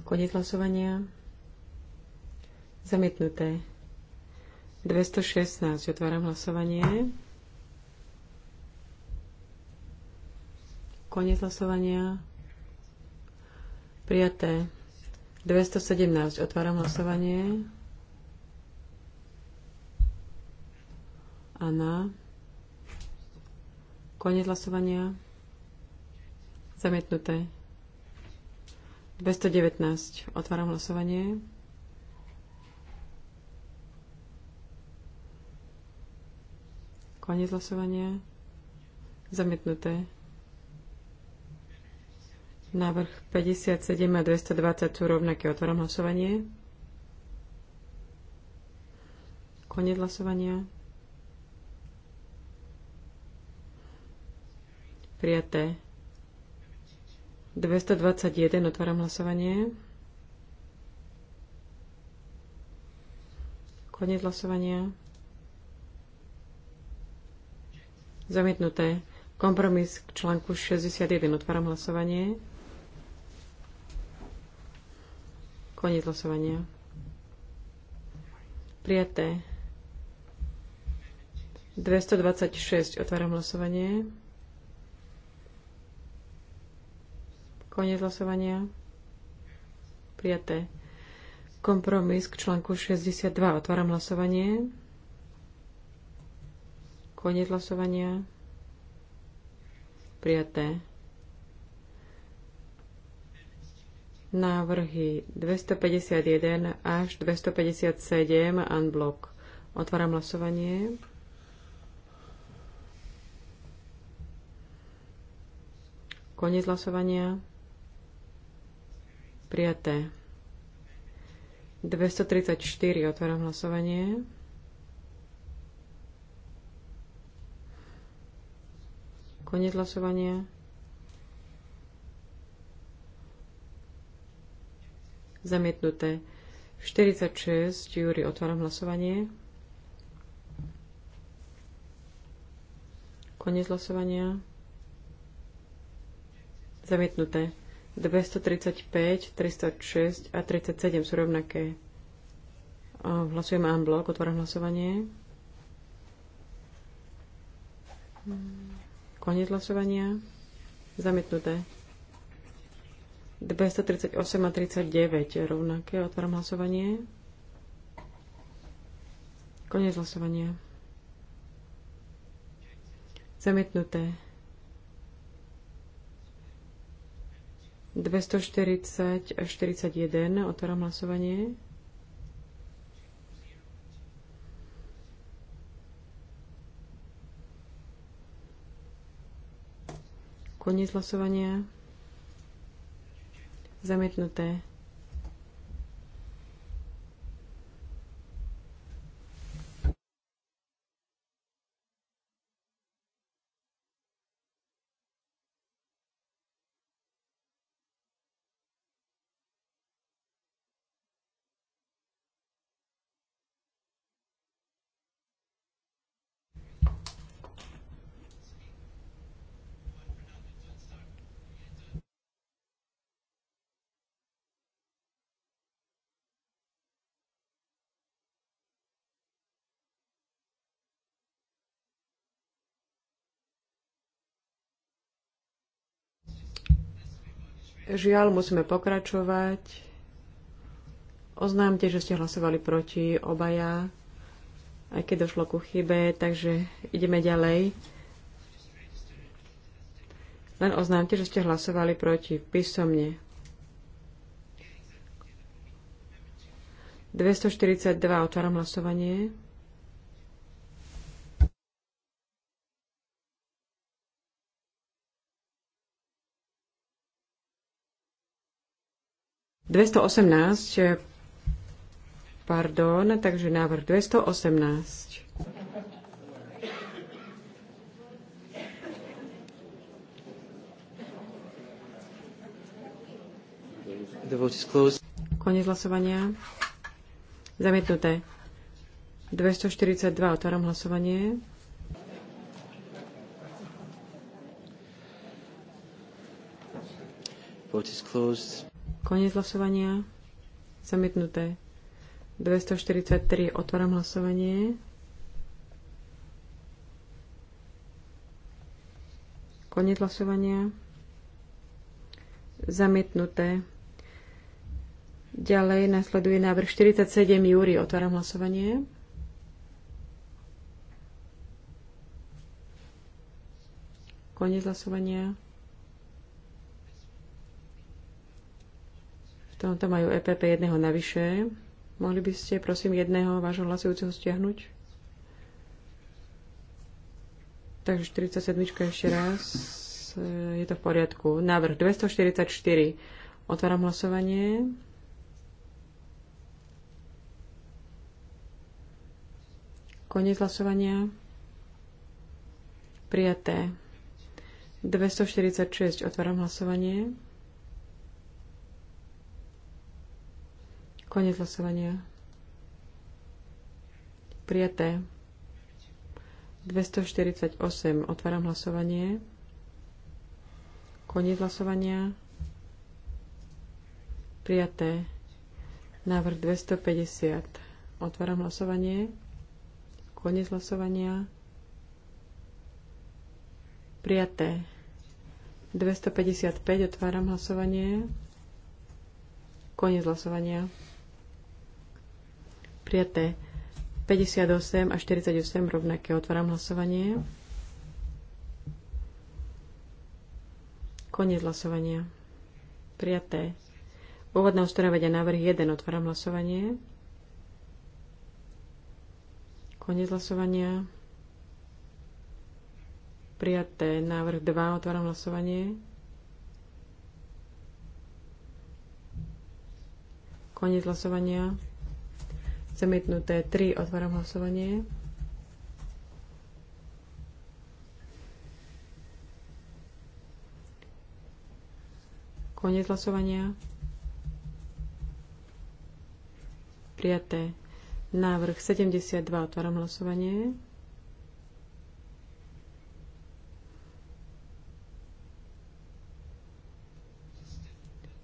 Koniec hlasovania. Zamietnuté. 216. Otváram hlasovanie. Koniec hlasovania. Prijaté. 217. Otváram hlasovanie. Anna. Koniec hlasovania. Zamietnuté. 219. Otváram hlasovanie. Koniec hlasovania. Zamietnuté. Návrh 57 a 220 sú rovnaké. Otváram hlasovanie. Koniec hlasovania. Prijaté. 221. Otváram hlasovanie. Koniec hlasovania. Zamietnuté. Kompromis k článku 61. Otváram hlasovanie. Koniec hlasovania. Prijaté. 226. Otváram hlasovanie. Koniec hlasovania. Prijaté. Kompromis k článku 62. Otváram hlasovanie. Koniec hlasovania. Prijaté. Návrhy 251 až 257 unblock. Otváram hlasovanie. Koniec hlasovania. Prijaté. 234. Otváram hlasovanie. Koniec hlasovania. Zamietnuté. 46. Júri, otváram hlasovanie. Koniec hlasovania. Zamietnuté. 235, 306 a 37 sú rovnaké. Hlasujem en blok, otváram hlasovanie. Koniec hlasovania. Zamietnuté. 238 a 39 rovnaké, otváram hlasovanie. Koniec hlasovania. Zamietnuté. 240 až 41. Otváram hlasovanie. Koniec hlasovania. Zamietnuté. Žiaľ, musíme pokračovať. Oznámte, že ste hlasovali proti obaja, aj keď došlo ku chybe, takže ideme ďalej. Len oznámte, že ste hlasovali proti písomne. 242 otváram hlasovanie. 218, pardon, takže návrh 218. Konec hlasovania. Zamietnuté. 242. Otváram hlasovanie. Vote is closed. Konec hlasovania. Zamietnuté. 243. Otváram hlasovanie. Konec hlasovania. Zamietnuté. Ďalej nasleduje návrh 47 Júri. Otváram hlasovanie. Konec hlasovania. tomto majú EPP jedného navyše. Mohli by ste, prosím, jedného vášho hlasujúceho stiahnuť? Takže 47 ešte raz. Je to v poriadku. Návrh 244. Otváram hlasovanie. Koniec hlasovania. Prijaté. 246. Otváram hlasovanie. Konec hlasovania. Prijaté. 248. Otváram hlasovanie. Koniec hlasovania. Prijaté. Návrh 250. Otváram hlasovanie. Koniec hlasovania. Prijaté. 255. Otváram hlasovanie. Koniec hlasovania. Prijaté 58 a 48 rovnaké. Otváram hlasovanie. Koniec hlasovania. Prijaté. Úvodné ustanovenie návrh 1. Otváram hlasovanie. Koniec hlasovania. Prijaté. Návrh 2. Otváram hlasovanie. Koniec hlasovania. Zamietnuté 3. Otváram hlasovanie. Koniec hlasovania. Prijaté. Návrh 72. Otváram hlasovanie.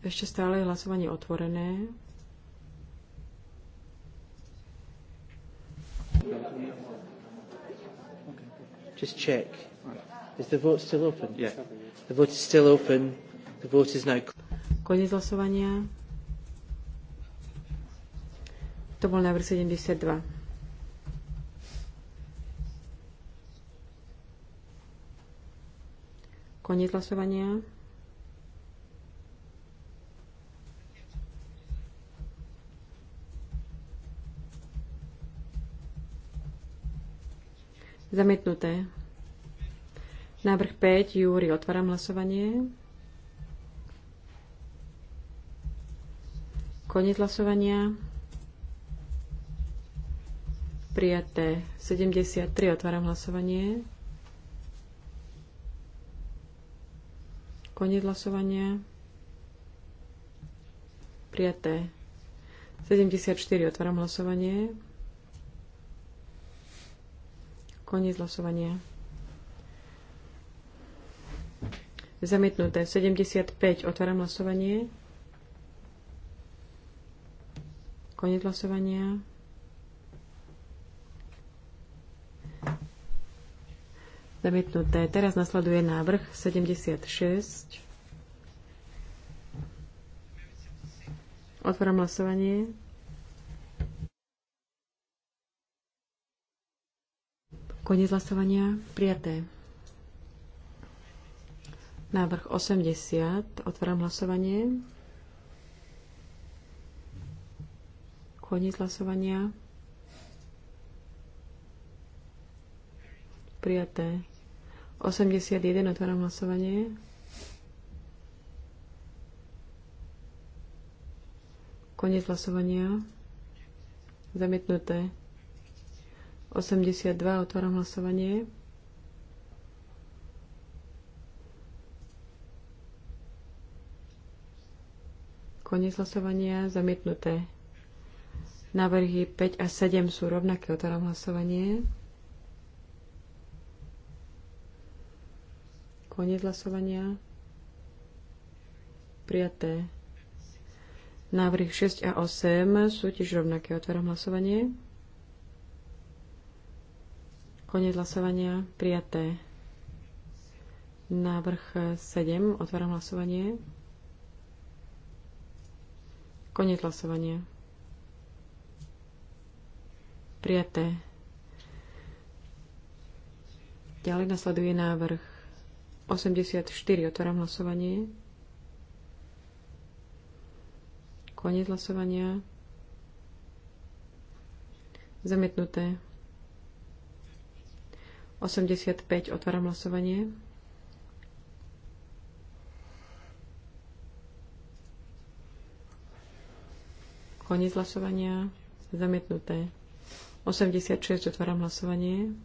Ešte stále je hlasovanie otvorené. Just check. Is the vote still open? Yeah. The vote is still open. The vote is now... Konec hlasovania. To bol návrh 72. Konec hlasovania. Zamietnuté. Návrh 5. Júri. Otváram hlasovanie. Koniec hlasovania. Prijaté 73. Otváram hlasovanie. Koniec hlasovania. Prijaté 74. Otváram hlasovanie. Koniec hlasovania. Zamietnuté. 75. Otváram hlasovanie. Koniec hlasovania. Zamietnuté. Teraz nasleduje návrh 76. Otváram hlasovanie. Konec hlasovania prijaté. Návrh 80. Otváram hlasovanie. Koniec hlasovania. Prijaté. 81. Otváram hlasovanie. Konec hlasovania. Zamietnuté. 82. Otváram hlasovanie. Koniec hlasovania. Zamietnuté. Návrhy 5 a 7 sú rovnaké. Otváram hlasovanie. Koniec hlasovania. Prijaté. Návrh 6 a 8 sú tiež rovnaké. Otváram hlasovanie. Konec hlasovania prijaté. Návrh 7. Otváram hlasovanie. Konec hlasovania. Prijaté. Ďalej nasleduje návrh 84. Otváram hlasovanie. Konec hlasovania. Zamietnuté. 85. Otváram hlasovanie. Koniec hlasovania. Zamietnuté. 86. Otváram hlasovanie.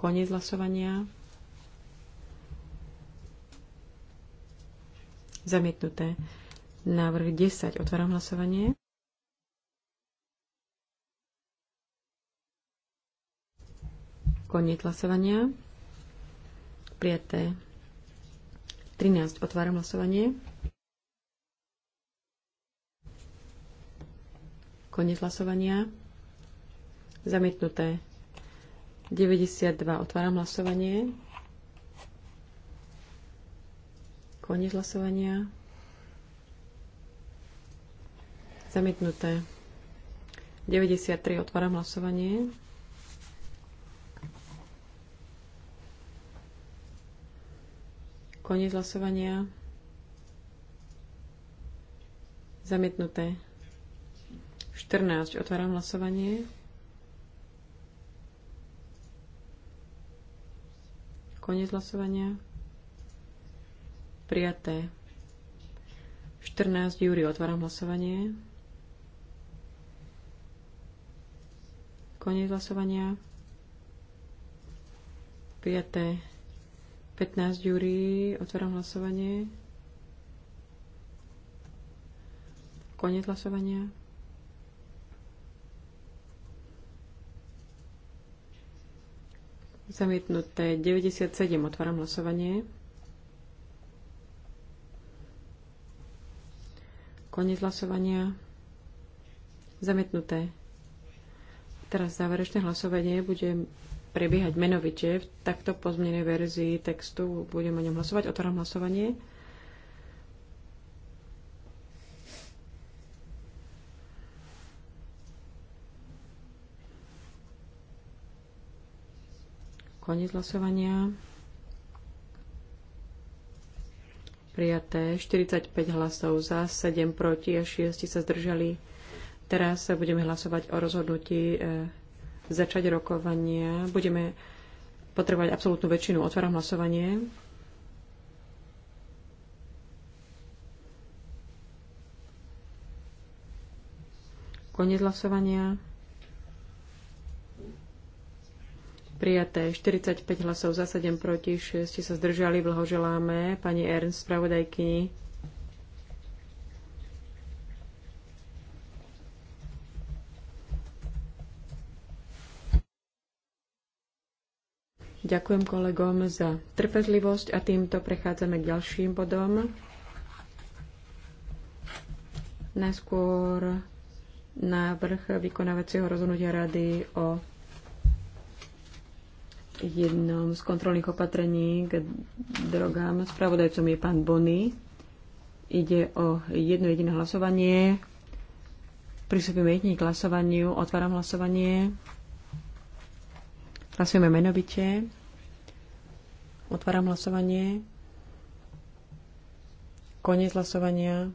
Koniec hlasovania. Zamietnuté. Návrh 10. Otváram hlasovanie. Koniec hlasovania. Prijaté. 13. Otváram hlasovanie. Koniec hlasovania. Zamietnuté. 92. Otváram hlasovanie. Koniec hlasovania. Zamietnuté. 93. Otváram hlasovanie. Koniec hlasovania. Zamietnuté. 14. Otváram hlasovanie. Koniec hlasovania. Prijaté. 14. Júri. Otváram hlasovanie. Koniec hlasovania. Prijaté. 15 júri, otváram hlasovanie. Koniec hlasovania. Zamietnuté 97, otváram hlasovanie. Koniec hlasovania. Zamietnuté. Teraz záverečné hlasovanie bude prebiehať menovite v takto pozmenej verzii textu. Budem o ňom hlasovať. Otváram hlasovanie. Koniec hlasovania. Prijaté 45 hlasov za, 7 proti a 6 sa zdržali. Teraz sa budeme hlasovať o rozhodnutí eh, začať rokovania. Budeme potrebovať absolútnu väčšinu. Otváram hlasovanie. Koniec hlasovania. Prijaté 45 hlasov za 7 proti, 6 sa zdržali. Blahoželáme pani Ernst, spravodajkyni. Ďakujem kolegom za trpezlivosť a týmto prechádzame k ďalším bodom. Najskôr návrh vykonávacieho rozhodnutia rady o jednom z kontrolných opatrení k drogám. Spravodajcom je pán Bony. Ide o jedno jediné hlasovanie. Pristúpime jedine k hlasovaniu. Otváram hlasovanie. Hlasujeme menovite. Otváram hlasovanie. Koniec hlasovania.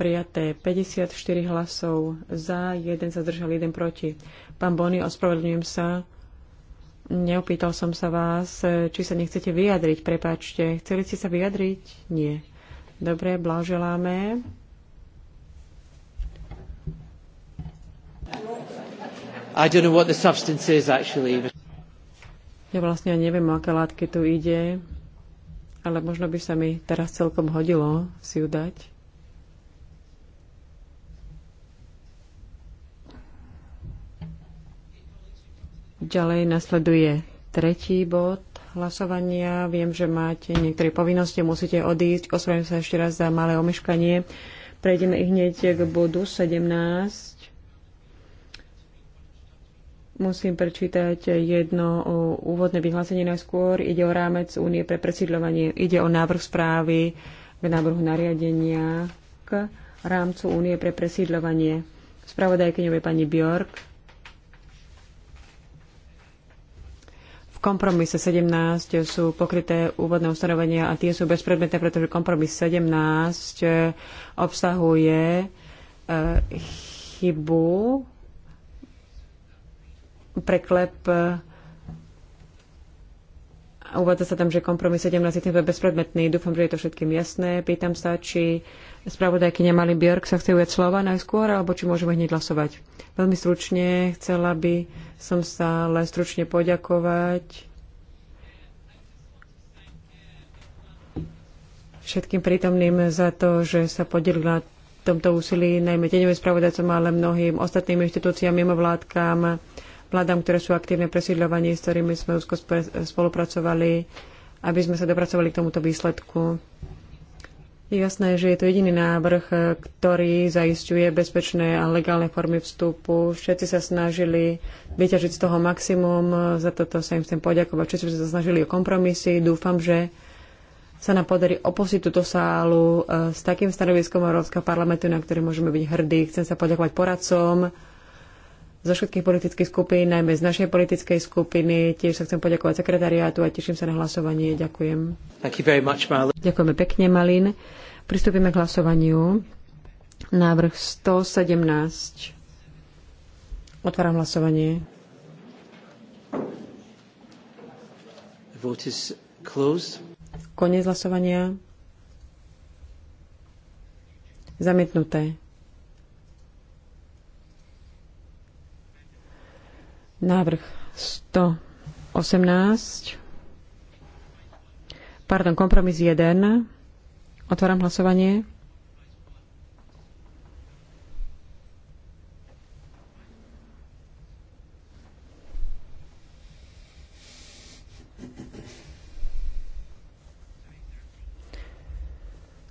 prijaté 54 hlasov za, jeden sa zdržal, jeden proti. Pán Bony, ospravedlňujem sa. Neopýtal som sa vás, či sa nechcete vyjadriť. Prepáčte, chceli ste sa vyjadriť? Nie. Dobre, blahoželáme. I don't know what the substance is actually. Ja vlastne neviem, o aké látky tu ide, ale možno by sa mi teraz celkom hodilo si ju dať. Ďalej nasleduje tretí bod hlasovania. Viem, že máte niektoré povinnosti, musíte odísť. Ospravedlňujem sa ešte raz za malé omeškanie. Prejdeme ich hneď k bodu 17 Musím prečítať jedno úvodné vyhlásenie najskôr. Ide o rámec únie pre presídľovanie. Ide o návrh správy k návrhu nariadenia k rámcu únie pre presídľovanie. Spravodajkyňou je pani Bjork. V kompromise 17 sú pokryté úvodné ustanovenia a tie sú bezpredmetné, pretože kompromis 17 obsahuje e, chybu preklep. a e, Uvádza sa tam, že kompromis 17 je bezpredmetný. Dúfam, že je to všetkým jasné. Pýtam sa, či spravodajky nemali Björk sa chce ujať slova najskôr, alebo či môžeme hneď hlasovať. Veľmi stručne chcela by som sa len stručne poďakovať všetkým prítomným za to, že sa podelila na tomto úsilí, najmä teňovým spravodajcom, ale mnohým ostatným inštitúciám, mimovládkám vládkam vládam, ktoré sú aktívne presídľovanie, s ktorými sme úzko spolupracovali, aby sme sa dopracovali k tomuto výsledku. Je jasné, že je to jediný návrh, ktorý zaisťuje bezpečné a legálne formy vstupu. Všetci sa snažili vyťažiť z toho maximum, za toto sa im chcem poďakovať. Všetci sa snažili o kompromisy. Dúfam, že sa nám podarí opustiť túto sálu eh, s takým stanoviskom Európskeho parlamentu, na ktorý môžeme byť hrdí. Chcem sa poďakovať poradcom, zo všetkých politických skupín, najmä z našej politickej skupiny. Tiež sa chcem poďakovať sekretariátu a teším sa na hlasovanie. Ďakujem. Much, Ďakujeme pekne, Malin. Pristúpime k hlasovaniu. Návrh 117. Otváram hlasovanie. Vote is closed. Konec hlasovania. Zamietnuté. Návrh 118. Pardon, kompromis 1. Otváram hlasovanie.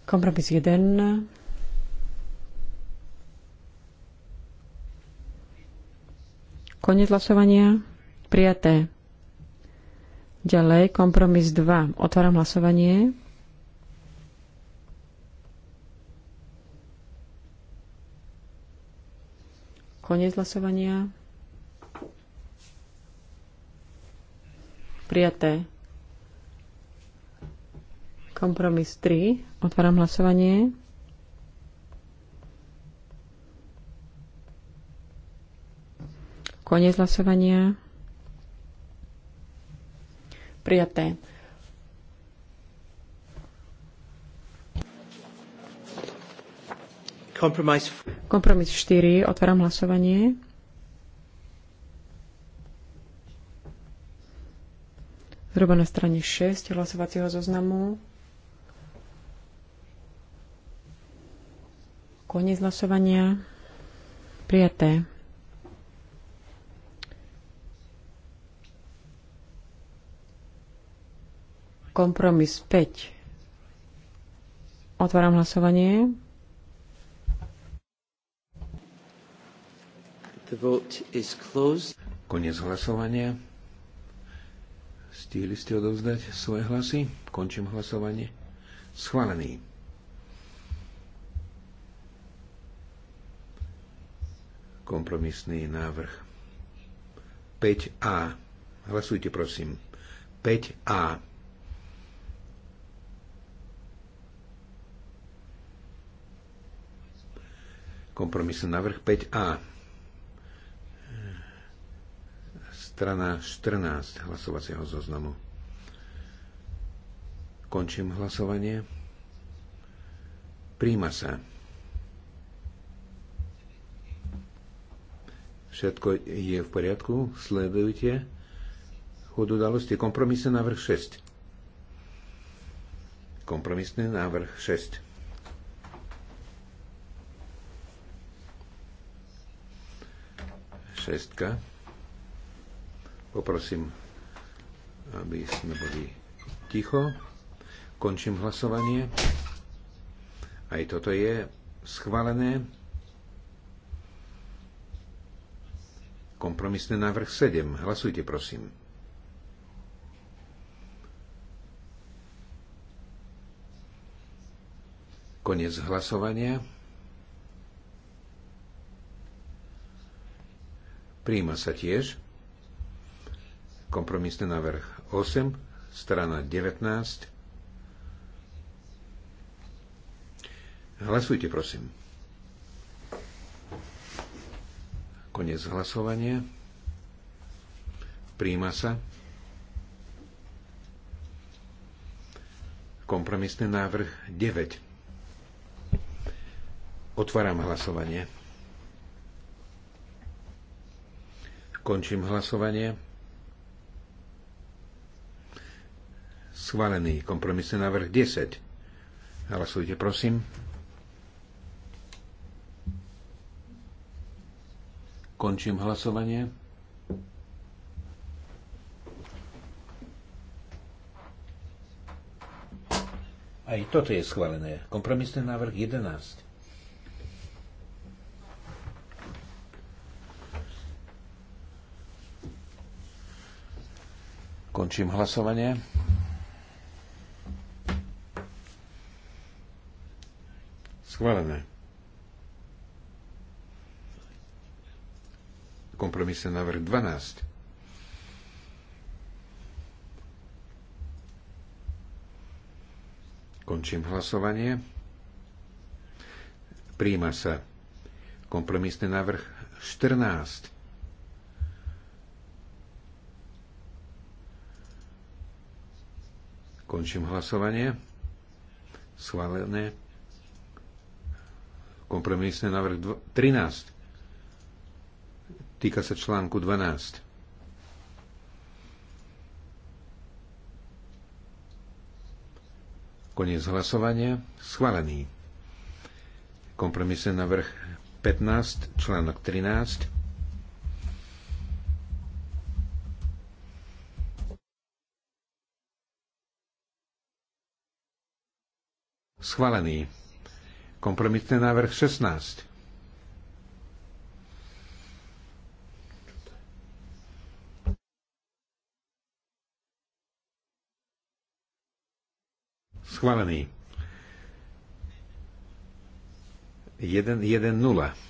Kompromis 1. Konec hlasovania. Prijaté. Ďalej, kompromis 2. Otváram hlasovanie. Konec hlasovania. Prijaté. Kompromis 3. Otváram hlasovanie. Koniec hlasovania. Prijaté. Kompromis. 4. Otváram hlasovanie. Zhruba na strane 6 hlasovacieho zoznamu. Koniec hlasovania. Prijaté. Kompromis 5. Otváram hlasovanie. The vote is closed. Konec hlasovania. Stihli ste odovzdať svoje hlasy? Končím hlasovanie. Schválený. Kompromisný návrh. 5A. Hlasujte, prosím. 5A. Kompromisný návrh 5A. Strana 14 hlasovacieho zoznamu. Končím hlasovanie. Príjma sa. Všetko je v poriadku? Sledujte chod udalosti. Kompromisný návrh 6. Kompromisný návrh 6. 6. Poprosím, aby sme boli ticho. Končím hlasovanie. Aj toto je schválené. Kompromisný návrh 7. Hlasujte, prosím. Konec hlasovania. Príjma sa tiež kompromisný návrh 8, strana 19. Hlasujte, prosím. Konec hlasovania. Príjma sa. Kompromisný návrh 9. Otváram hlasovanie. Končím hlasovanie. Schválený kompromisný návrh 10. Hlasujte, prosím. Končím hlasovanie. Aj toto je schválené. Kompromisný návrh 11. Končím hlasovanie. Schválené. Kompromisný návrh 12. Končím hlasovanie. Príjma sa kompromisný návrh 14. Končím hlasovanie. Schválené. Kompromisné návrh 13. Týka sa článku 12. Koniec hlasovania. Schválený. Kompromisné návrh 15, článok 13. Schválený. Kompromisný návrh 16. Schválený. 1-1-0.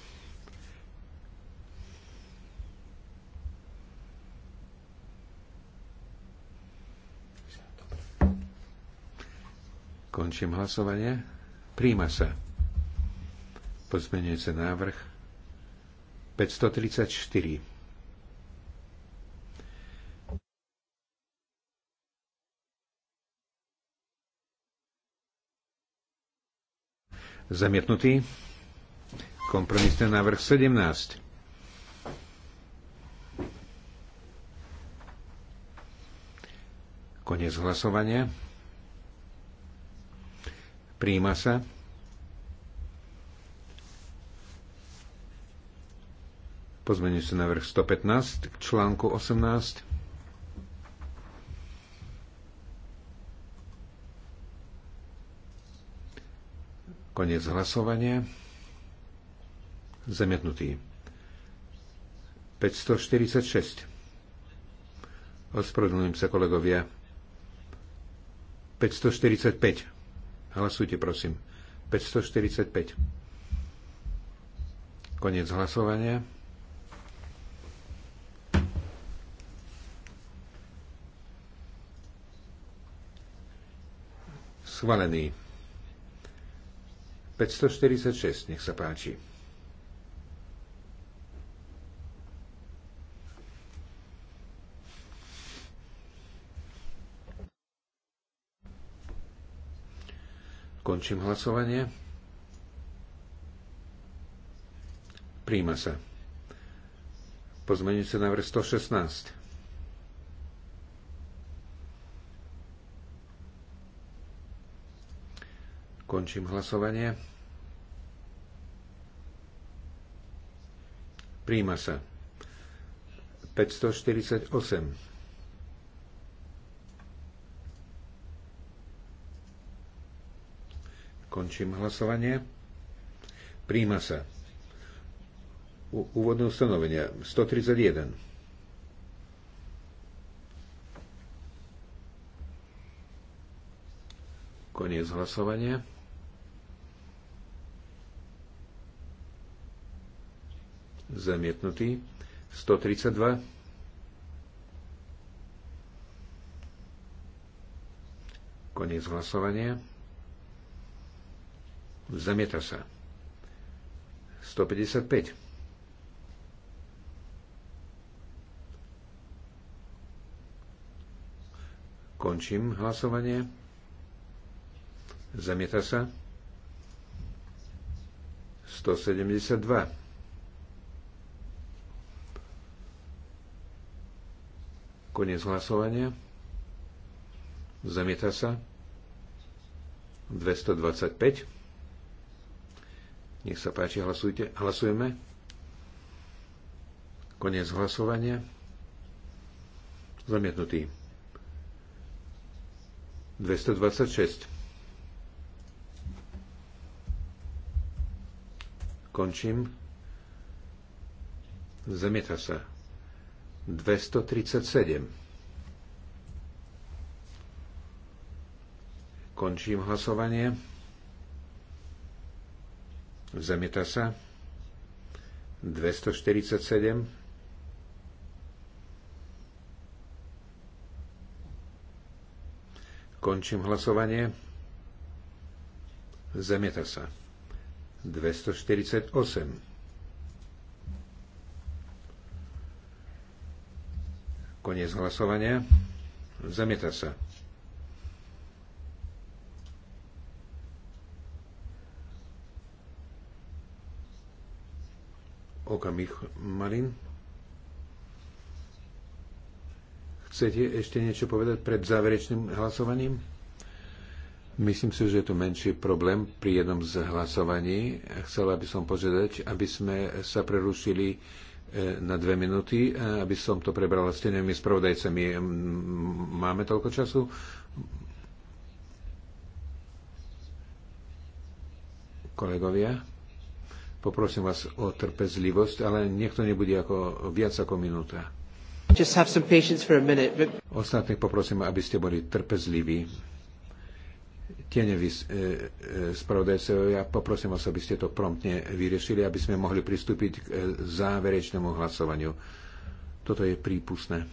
Končím hlasovanie. Príjma sa. Pozmenuje sa návrh 534. Zamietnutý. Kompromisný návrh 17. Konec hlasovania. Príjima sa. Pozmeniu sa na vrch 115 k článku 18. Konec hlasovania. Zamietnutý. 546. Ospravedlňujem sa, kolegovia. 545. Hlasujte, prosím. 545. Konec hlasovania. Schválený. 546, nech sa páči. Končím hlasovanie. Príjma sa. na návrh 116. Končím hlasovanie. Príjma sa. 548. Končím hlasovanie. Príjma sa. U, úvodné ustanovenia 131. Koniec hlasovania. Zamietnutý. 132. Koniec hlasovania. Zamieta sa. 155. Končím hlasovanie. Zamieta sa. 172. Koniec hlasovania. Zamieta sa. 225. Nech sa páči, hlasujte. Hlasujeme. Koniec hlasovania. Zamietnutý. 226. Končím. Zamieta sa. 237. Končím hlasovanie. Zamieta sa. 247. Končím hlasovanie. Zamieta sa. 248. Koniec hlasovania. Zamieta sa. Kolega Mich Marin. Chcete ešte niečo povedať pred záverečným hlasovaním? Myslím si, že je tu menší problém pri jednom z hlasovaní. Chcela by som požiadať, aby sme sa prerušili e, na dve minúty, e, aby som to prebral s tenými spravodajcami. Máme toľko času? Kolegovia? Poprosím vás o trpezlivosť, ale nech to nebude ako, viac ako minúta. Minute, but... Ostatných poprosím, aby ste boli trpezliví. tie e, eh, eh, spravodajcovia, ja poprosím vás, aby ste to promptne vyriešili, aby sme mohli pristúpiť k eh, záverečnému hlasovaniu. Toto je prípustné.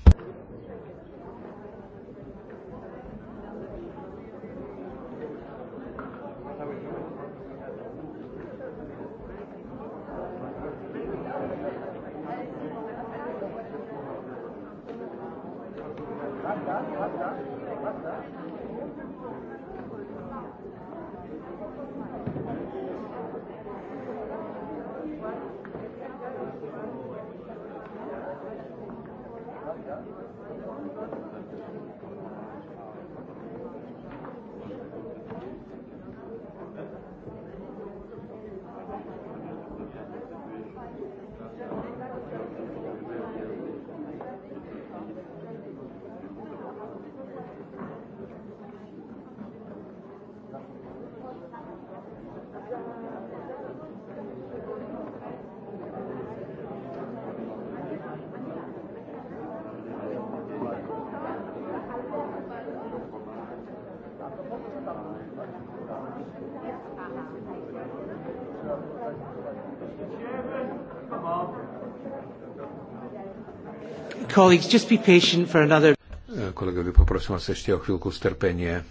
Colleagues, just be patient for another... Eh, kolegovi, poprosím vás ešte o chvíľku strpenie.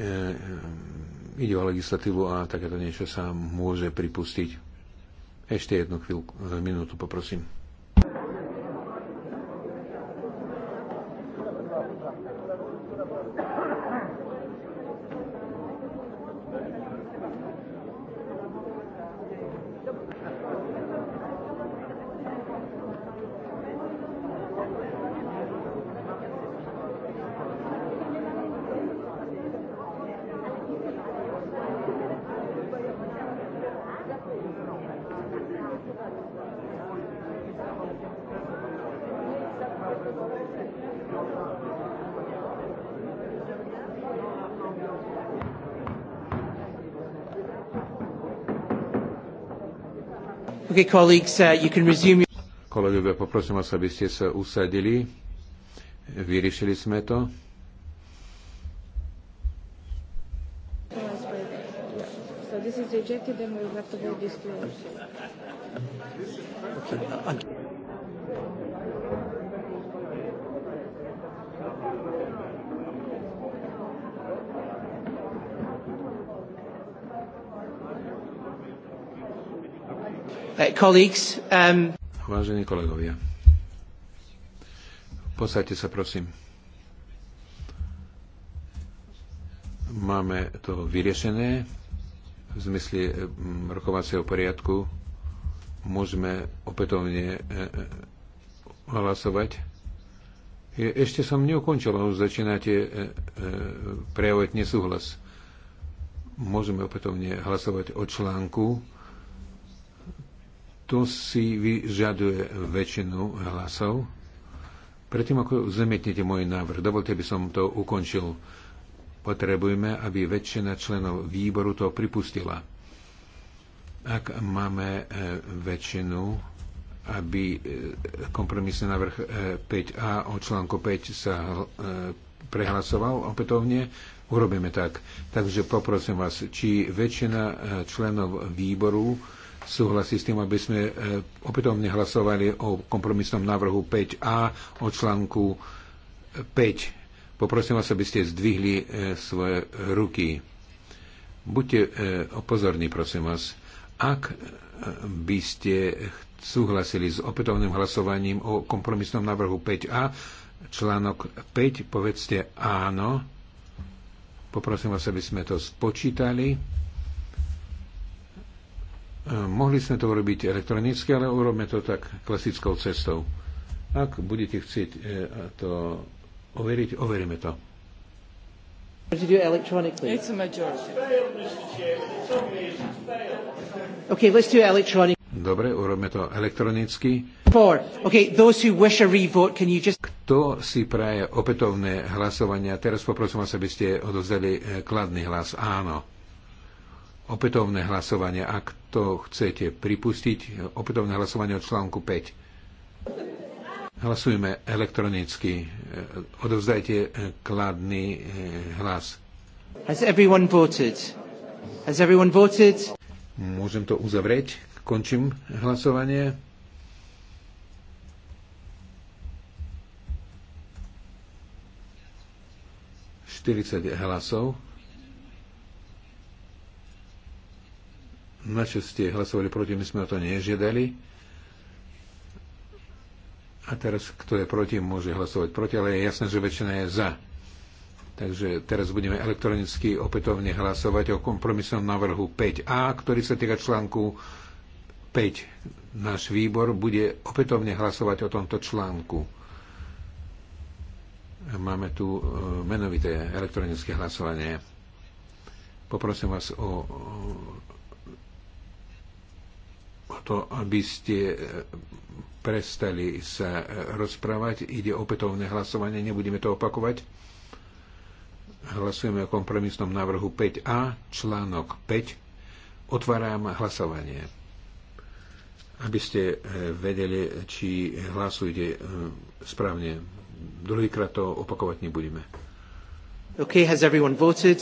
E, ide o legislatívu a takéto niečo sa môže pripustiť. Ešte jednu chvíľku, minútu poprosím. Okay, colleagues, uh, you can resume... Kolegovia, poprosím vás, aby ste sa usadili. Vyriešili sme to. So this is rejected, then we have to vote this to... Okay. Uh, um, Vážení kolegovia, posaďte sa prosím. Máme to vyriešené v zmysle mm, rokovacieho poriadku. Môžeme opätovne e, e, hlasovať. Ešte som neukončil, už začínate e, prejavovať nesúhlas. Môžeme opätovne hlasovať o článku to si vyžaduje väčšinu hlasov. Predtým, ako zamietnete môj návrh, dovolte, aby som to ukončil. Potrebujeme, aby väčšina členov výboru to pripustila. Ak máme e, väčšinu, aby e, kompromisný návrh 5a e, o článku 5 sa prehlasoval opätovne, urobíme tak. Takže poprosím vás, či väčšina členov výboru súhlasí s tým, aby sme e, opätovne hlasovali o kompromisnom návrhu 5a o článku 5. Poprosím vás, aby ste zdvihli e, svoje ruky. Buďte e, opozorní, prosím vás. Ak by ste súhlasili s opätovným hlasovaním o kompromisnom návrhu 5a, článok 5, povedzte áno. Poprosím vás, aby sme to spočítali. Mohli sme to urobiť elektronicky, ale urobme to tak klasickou cestou. Ak budete chcieť e, to overiť, overíme to. Dobre, urobme to elektronicky. Kto si praje opätovné hlasovania? Teraz poprosím vás, aby ste odozdali e, kladný hlas. Áno opätovné hlasovanie, ak to chcete pripustiť, opätovné hlasovanie od článku 5. Hlasujeme elektronicky. Odovzdajte kladný eh, hlas. Has everyone voted? Has everyone voted? Môžem to uzavrieť. Končím hlasovanie. Štyridsať hlasov. na čo ste hlasovali proti, my sme o to nežiadali. A teraz, kto je proti, môže hlasovať proti, ale je jasné, že väčšina je za. Takže teraz budeme elektronicky opätovne hlasovať o kompromisnom návrhu 5a, ktorý sa týka článku 5. Náš výbor bude opätovne hlasovať o tomto článku. Máme tu e, menovité elektronické hlasovanie. Poprosím vás o o to, aby ste e, prestali sa e, rozprávať. Ide opätovné hlasovanie, nebudeme to opakovať. Hlasujeme o kompromisnom návrhu 5a, článok 5. Otváram hlasovanie. Aby ste e, vedeli, či hlasujete správne. Druhýkrát to opakovať nebudeme. OK, has everyone voted?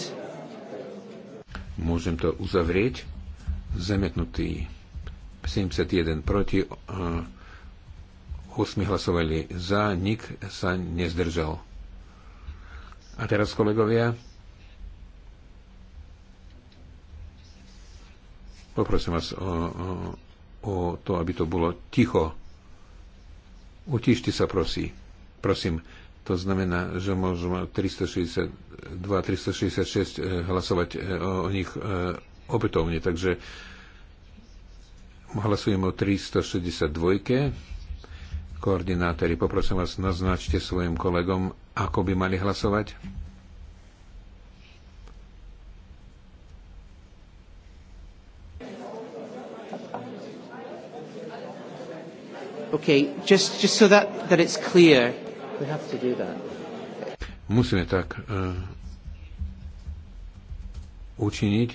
Môžem to uzavrieť. Zemetnutý 71 proti, 8 eh, hlasovali za, nik sa nezdržal. A teraz, kolegovia, poprosím vás o, o, o to, aby to bolo ticho. Utište sa, prosí. prosím. To znamená, že môžeme 362-366 eh, hlasovať eh, o nich opätovne. Takže Hlasujeme o 362. Koordinátori, poprosím vás, naznačte svojim kolegom, ako by mali hlasovať. Okay, just, just so that, that it's clear, we have to do that. Musíme tak uh, učiniť.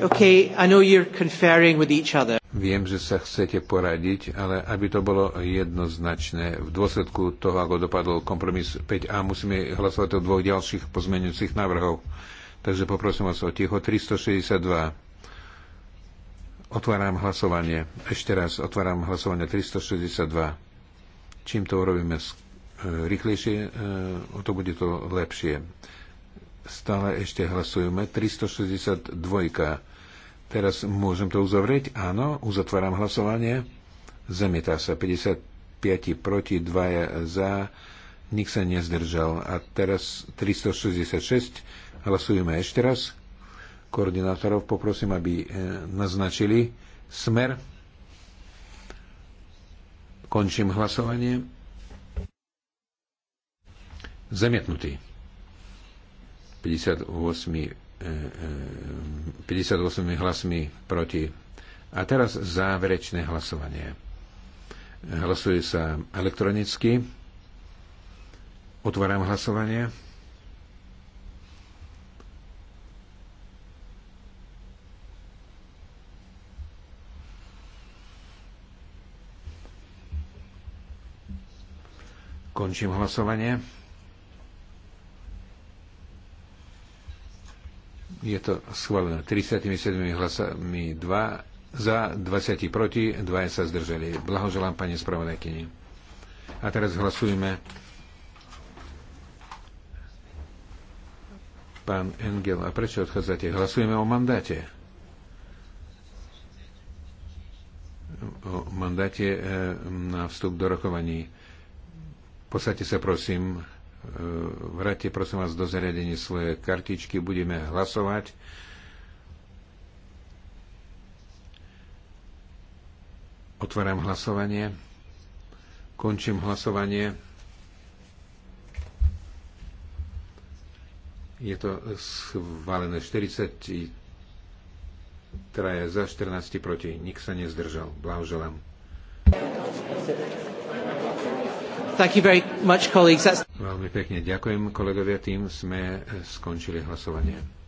Okay, I know you're conferring with each other. Viem, že sa chcete poradiť, ale aby to bolo jednoznačné, v dôsledku toho, ako dopadol kompromis 5a, musíme hlasovať o dvoch ďalších pozmeňujúcich návrhov. Takže poprosím vás o ticho 362. Otváram hlasovanie. Ešte raz otváram hlasovanie 362. Čím to urobíme e, rýchlejšie, e, o to bude to lepšie stále ešte hlasujeme. 362. Teraz môžem to uzavrieť? Áno, uzatváram hlasovanie. Zamieta sa 55 proti, 2 za, nik sa nezdržal. A teraz 366, hlasujeme ešte raz. Koordinátorov poprosím, aby e, naznačili smer. Končím hlasovanie. Zamietnutý. 58 58 e, e, hlasmi proti. A teraz záverečné hlasovanie. Hlasuje sa elektronicky. Otváram hlasovanie. Končím hlasovanie. Je to schválené 37 hlasami 2 za, 20 proti, 2 sa zdržali. Blahoželám pani spravodajkyni. A teraz hlasujeme pán Engel, a prečo odchádzate? Hlasujeme o mandáte. O mandáte eh, na vstup do rokovaní. Posadte sa prosím. Eh, Vráte prosím vás do zariadenia svoje kartičky, budeme hlasovať. Otváram hlasovanie. Končím hlasovanie. Je to schválené 40 za 14 proti. Nik sa nezdržal. Blahoželám. Thank you very much, colleagues. That's... Veľmi pekne ďakujem, kolegovia. Tým sme skončili hlasovanie.